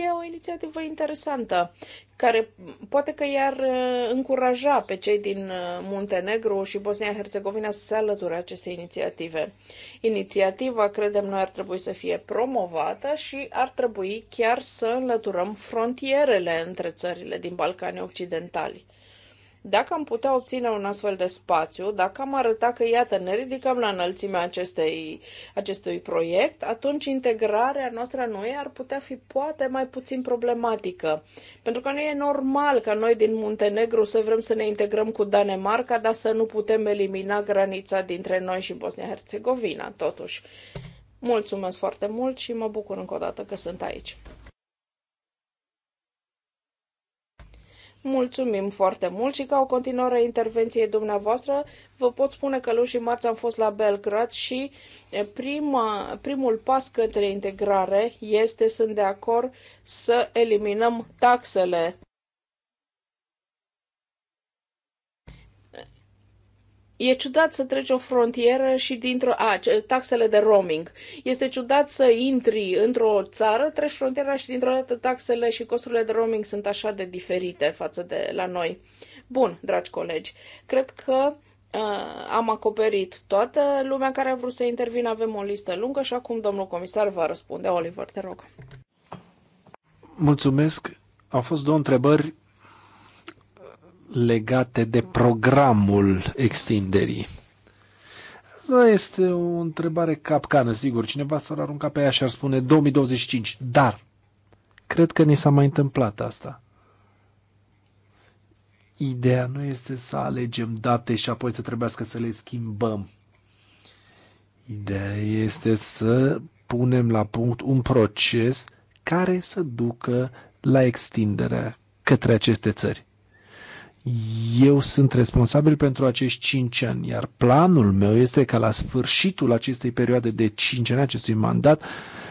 E o inițiativă interesantă, care poate că i-ar uh, încuraja pe cei din uh, Muntenegru și Bosnia-Herzegovina să se alăture aceste inițiative. Inițiativa, credem noi, ar trebui să fie promovată și ar trebui chiar să înlăturăm frontierele între țările din Balcanii Occidentali. Dacă am putea obține un astfel de spațiu, dacă am arăta că, iată, ne ridicăm la înălțimea acestei, acestui proiect, atunci integrarea noastră a noi ar putea fi poate mai puțin problematică. Pentru că nu e normal ca noi din Muntenegru să vrem să ne integrăm cu Danemarca, dar să nu putem elimina granița dintre noi și Bosnia-Herzegovina, totuși. Mulțumesc foarte mult și mă bucur încă o dată că sunt aici. Mulțumim foarte mult și ca o continuare a intervenției dumneavoastră, vă pot spune că luni și Marți am fost la Belgrad și prima, primul pas către integrare este, sunt de acord, să eliminăm taxele E ciudat să treci o frontieră și dintr-o... A, taxele de roaming. Este ciudat să intri într-o țară, treci frontiera și dintr-o dată taxele și costurile de roaming sunt așa de diferite față de la noi. Bun, dragi colegi, cred că uh, am acoperit toată lumea care a vrut să intervină. Avem o listă lungă și acum domnul comisar va răspunde. Oliver, te rog. Mulțumesc. Au fost două întrebări legate de programul extinderii. Asta este o întrebare capcană, sigur. Cineva s-ar arunca pe ea și ar spune 2025, dar cred că ni s-a mai întâmplat asta. Ideea nu este să alegem date și apoi să trebuiască să le schimbăm. Ideea este să punem la punct un proces care să ducă la extinderea către aceste țări. Eu sunt responsabil pentru acești 5 ani, iar planul meu este ca la sfârșitul acestei perioade de 5 ani, acestui mandat,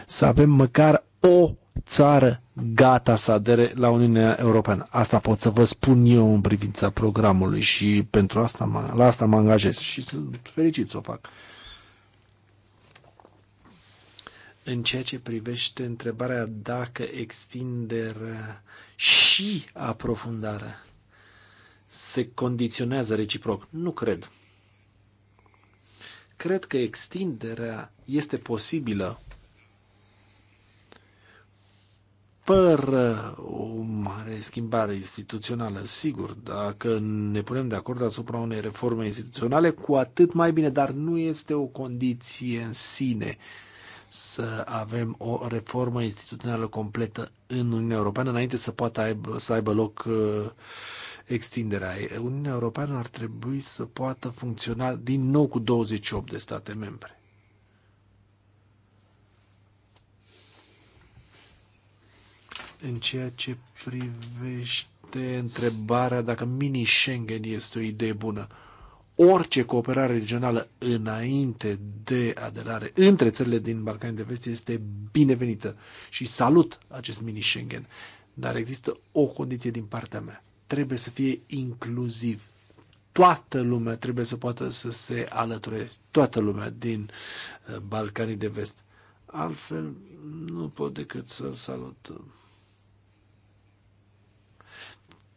să avem măcar o țară gata să adere la Uniunea Europeană. Asta pot să vă spun eu în privința programului și pentru asta la asta mă angajez și sunt fericit să o fac. În ceea ce privește întrebarea dacă extinderea și aprofundarea se condiționează reciproc. Nu cred. Cred că extinderea este posibilă fără o mare schimbare instituțională, sigur, dacă ne punem de acord asupra unei reforme instituționale, cu atât mai bine, dar nu este o condiție în sine să avem o reformă instituțională completă în Uniunea Europeană înainte să poată aibă, să aibă loc uh, extinderea. Uniunea Europeană ar trebui să poată funcționa din nou cu 28 de state membre. În ceea ce privește întrebarea dacă mini-Schengen este o idee bună, orice cooperare regională înainte de aderare între țările din Balcanii de Vest este binevenită și salut acest mini-Schengen. Dar există o condiție din partea mea trebuie să fie inclusiv. Toată lumea trebuie să poată să se alăture, toată lumea din uh, Balcanii de Vest. Altfel, nu pot decât să salut. Uh,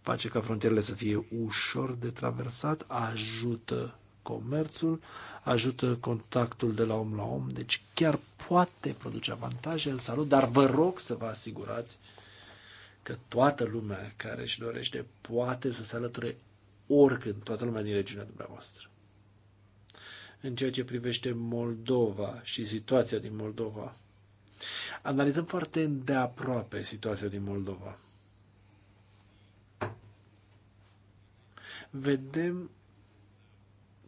face ca frontierele să fie ușor de traversat, ajută comerțul, ajută contactul de la om la om, deci chiar poate produce avantaje, îl salut, dar vă rog să vă asigurați uh, că toată lumea care își dorește poate să se alăture oricând, toată lumea din regiunea dumneavoastră. În ceea ce privește Moldova și situația din Moldova, analizăm foarte îndeaproape situația din Moldova. Vedem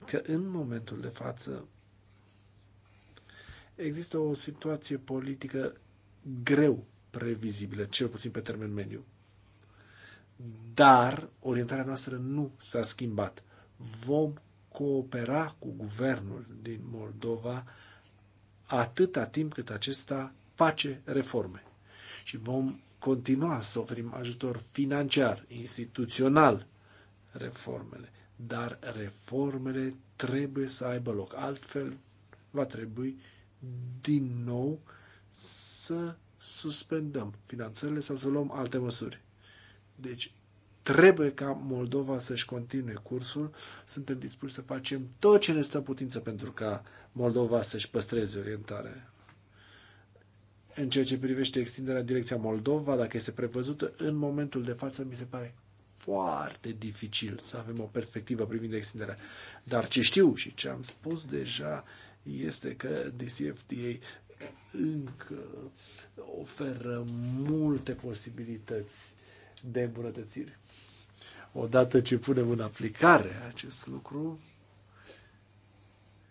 că în momentul de față există o situație politică greu previzibile, cel puțin pe termen mediu. Dar orientarea noastră nu s-a schimbat. Vom coopera cu guvernul din Moldova atâta timp cât acesta face reforme. Și vom continua să oferim ajutor financiar, instituțional, reformele. Dar reformele trebuie să aibă loc. Altfel, va trebui din nou să suspendăm finanțările sau să luăm alte măsuri. Deci, trebuie ca Moldova să-și continue cursul. Suntem dispuși să facem tot ce ne stă putință pentru ca Moldova să-și păstreze orientare. În ceea ce privește extinderea direcția Moldova, dacă este prevăzută, în momentul de față mi se pare foarte dificil să avem o perspectivă privind extinderea. Dar ce știu și ce am spus deja este că DCFTA încă oferă multe posibilități de îmbunătățiri. Odată ce punem în aplicare acest lucru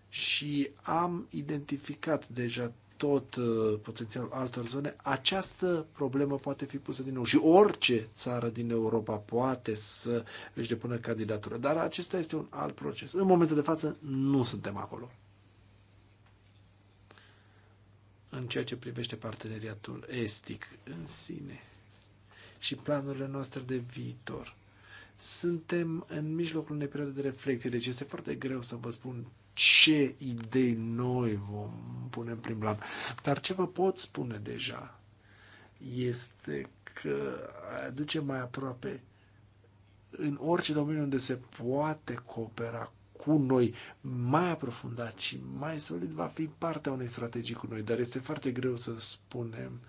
și am identificat deja tot uh, potențialul altor zone, această problemă poate fi pusă din nou și orice țară din Europa poate să își depună candidatură. Dar acesta este un alt proces. În momentul de față nu suntem acolo. în ceea ce privește parteneriatul estic în sine și planurile noastre de viitor. Suntem în mijlocul unei perioade de reflexie, deci este foarte greu să vă spun ce idei noi vom pune în prim plan. Dar ce vă pot spune deja este că aduce mai aproape în orice domeniu unde se poate coopera cu noi, mai aprofundat și mai solid, va fi partea unei strategii cu noi, dar este foarte greu să spunem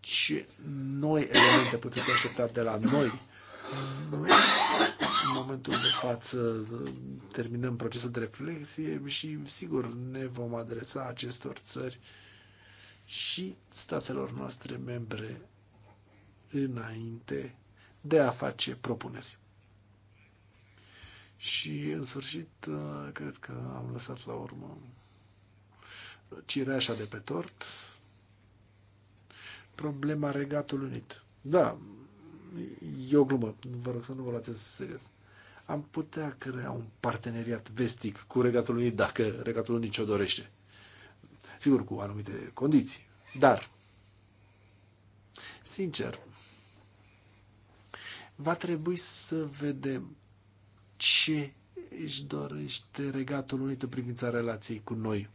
ce noi elemente puteți aștepta de la noi. Noi, în momentul de față, terminăm procesul de reflexie și, sigur, ne vom adresa acestor țări și statelor noastre membre înainte de a face propuneri. Și, în sfârșit, uh, cred că am lăsat la urmă cireașa de pe tort, problema Regatului Unit. Da, e o glumă, vă rog să nu vă luați serios. Am putea crea un parteneriat vestic cu Regatul Unit dacă Regatul Unit ce-o dorește. Sigur, cu anumite condiții. Dar, sincer, va trebui să vedem ce își dorește Regatul Unit în privința relației cu noi.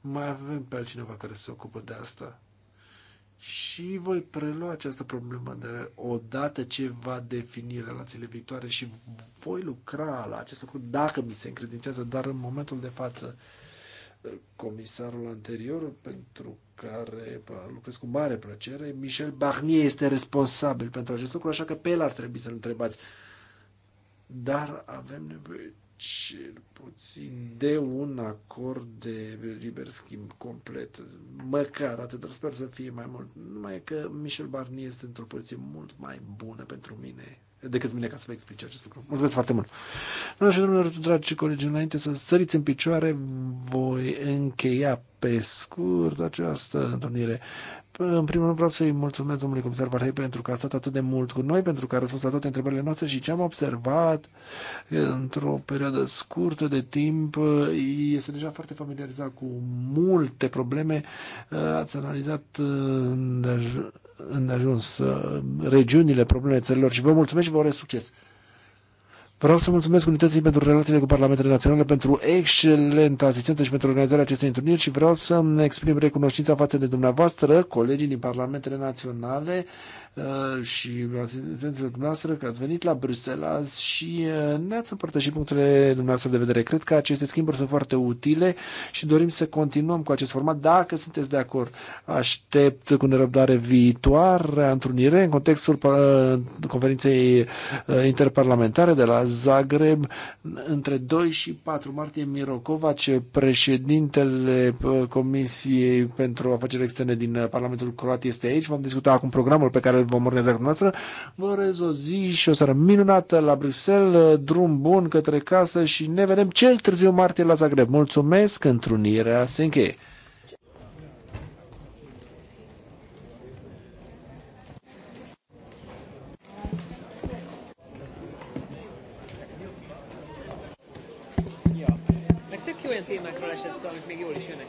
Mai avem pe altcineva care se ocupă de asta. Și voi prelua această problemă de odată ce va defini relațiile viitoare și voi lucra la acest lucru dacă mi se încredințează, dar în momentul de față comisarul anterior pentru care lucrez cu mare plăcere, Michel Barnier este responsabil pentru acest lucru, așa că pe el ar trebui să-l întrebați dar avem nevoie cel puțin de un acord de liber schimb complet, măcar atât, dar sper să fie mai mult. Numai că Michel Barnier este într-o poziție mult mai bună pentru mine decât mine ca să vă explice acest lucru. Mulțumesc foarte mult! Doamne și domnilor, dragi colegi, înainte să săriți în picioare, voi încheia pe scurt această întâlnire. În primul rând vreau să-i mulțumesc domnului comisar Varhei pentru că a stat atât de mult cu noi, pentru că a răspuns la toate întrebările noastre și ce am observat într-o perioadă scurtă de timp este deja foarte familiarizat cu multe probleme. Ați analizat uh, în ajuns uh, regiunile, problemele țărilor și vă mulțumesc și vă urez succes! Vreau să mulțumesc Unității pentru relațiile cu Parlamentele Naționale, pentru excelentă asistență și pentru organizarea acestei întâlniri și vreau să exprim recunoștința față de dumneavoastră, colegii din Parlamentele Naționale uh, și asistența dumneavoastră că ați venit la Bruxelles și uh, ne-ați împărtășit punctele dumneavoastră de vedere. Cred că aceste schimburi sunt foarte utile și dorim să continuăm cu acest format dacă sunteți de acord. Aștept cu nerăbdare viitoare întrunire în contextul uh, conferinței interparlamentare de la Zagreb. Între 2 și 4 martie, Mirocovace, președintele uh, Comisiei pentru Afaceri Externe din uh, Parlamentul Croat, este aici. Vom discuta acum programul pe care îl vom organiza cu noastră. Vă urez o zi și o seară minunată la Bruxelles, uh, drum bun către casă și ne vedem cel târziu martie la Zagreb. Mulțumesc, întrunirea se încheie. esett szó, amit még jól is jönnek.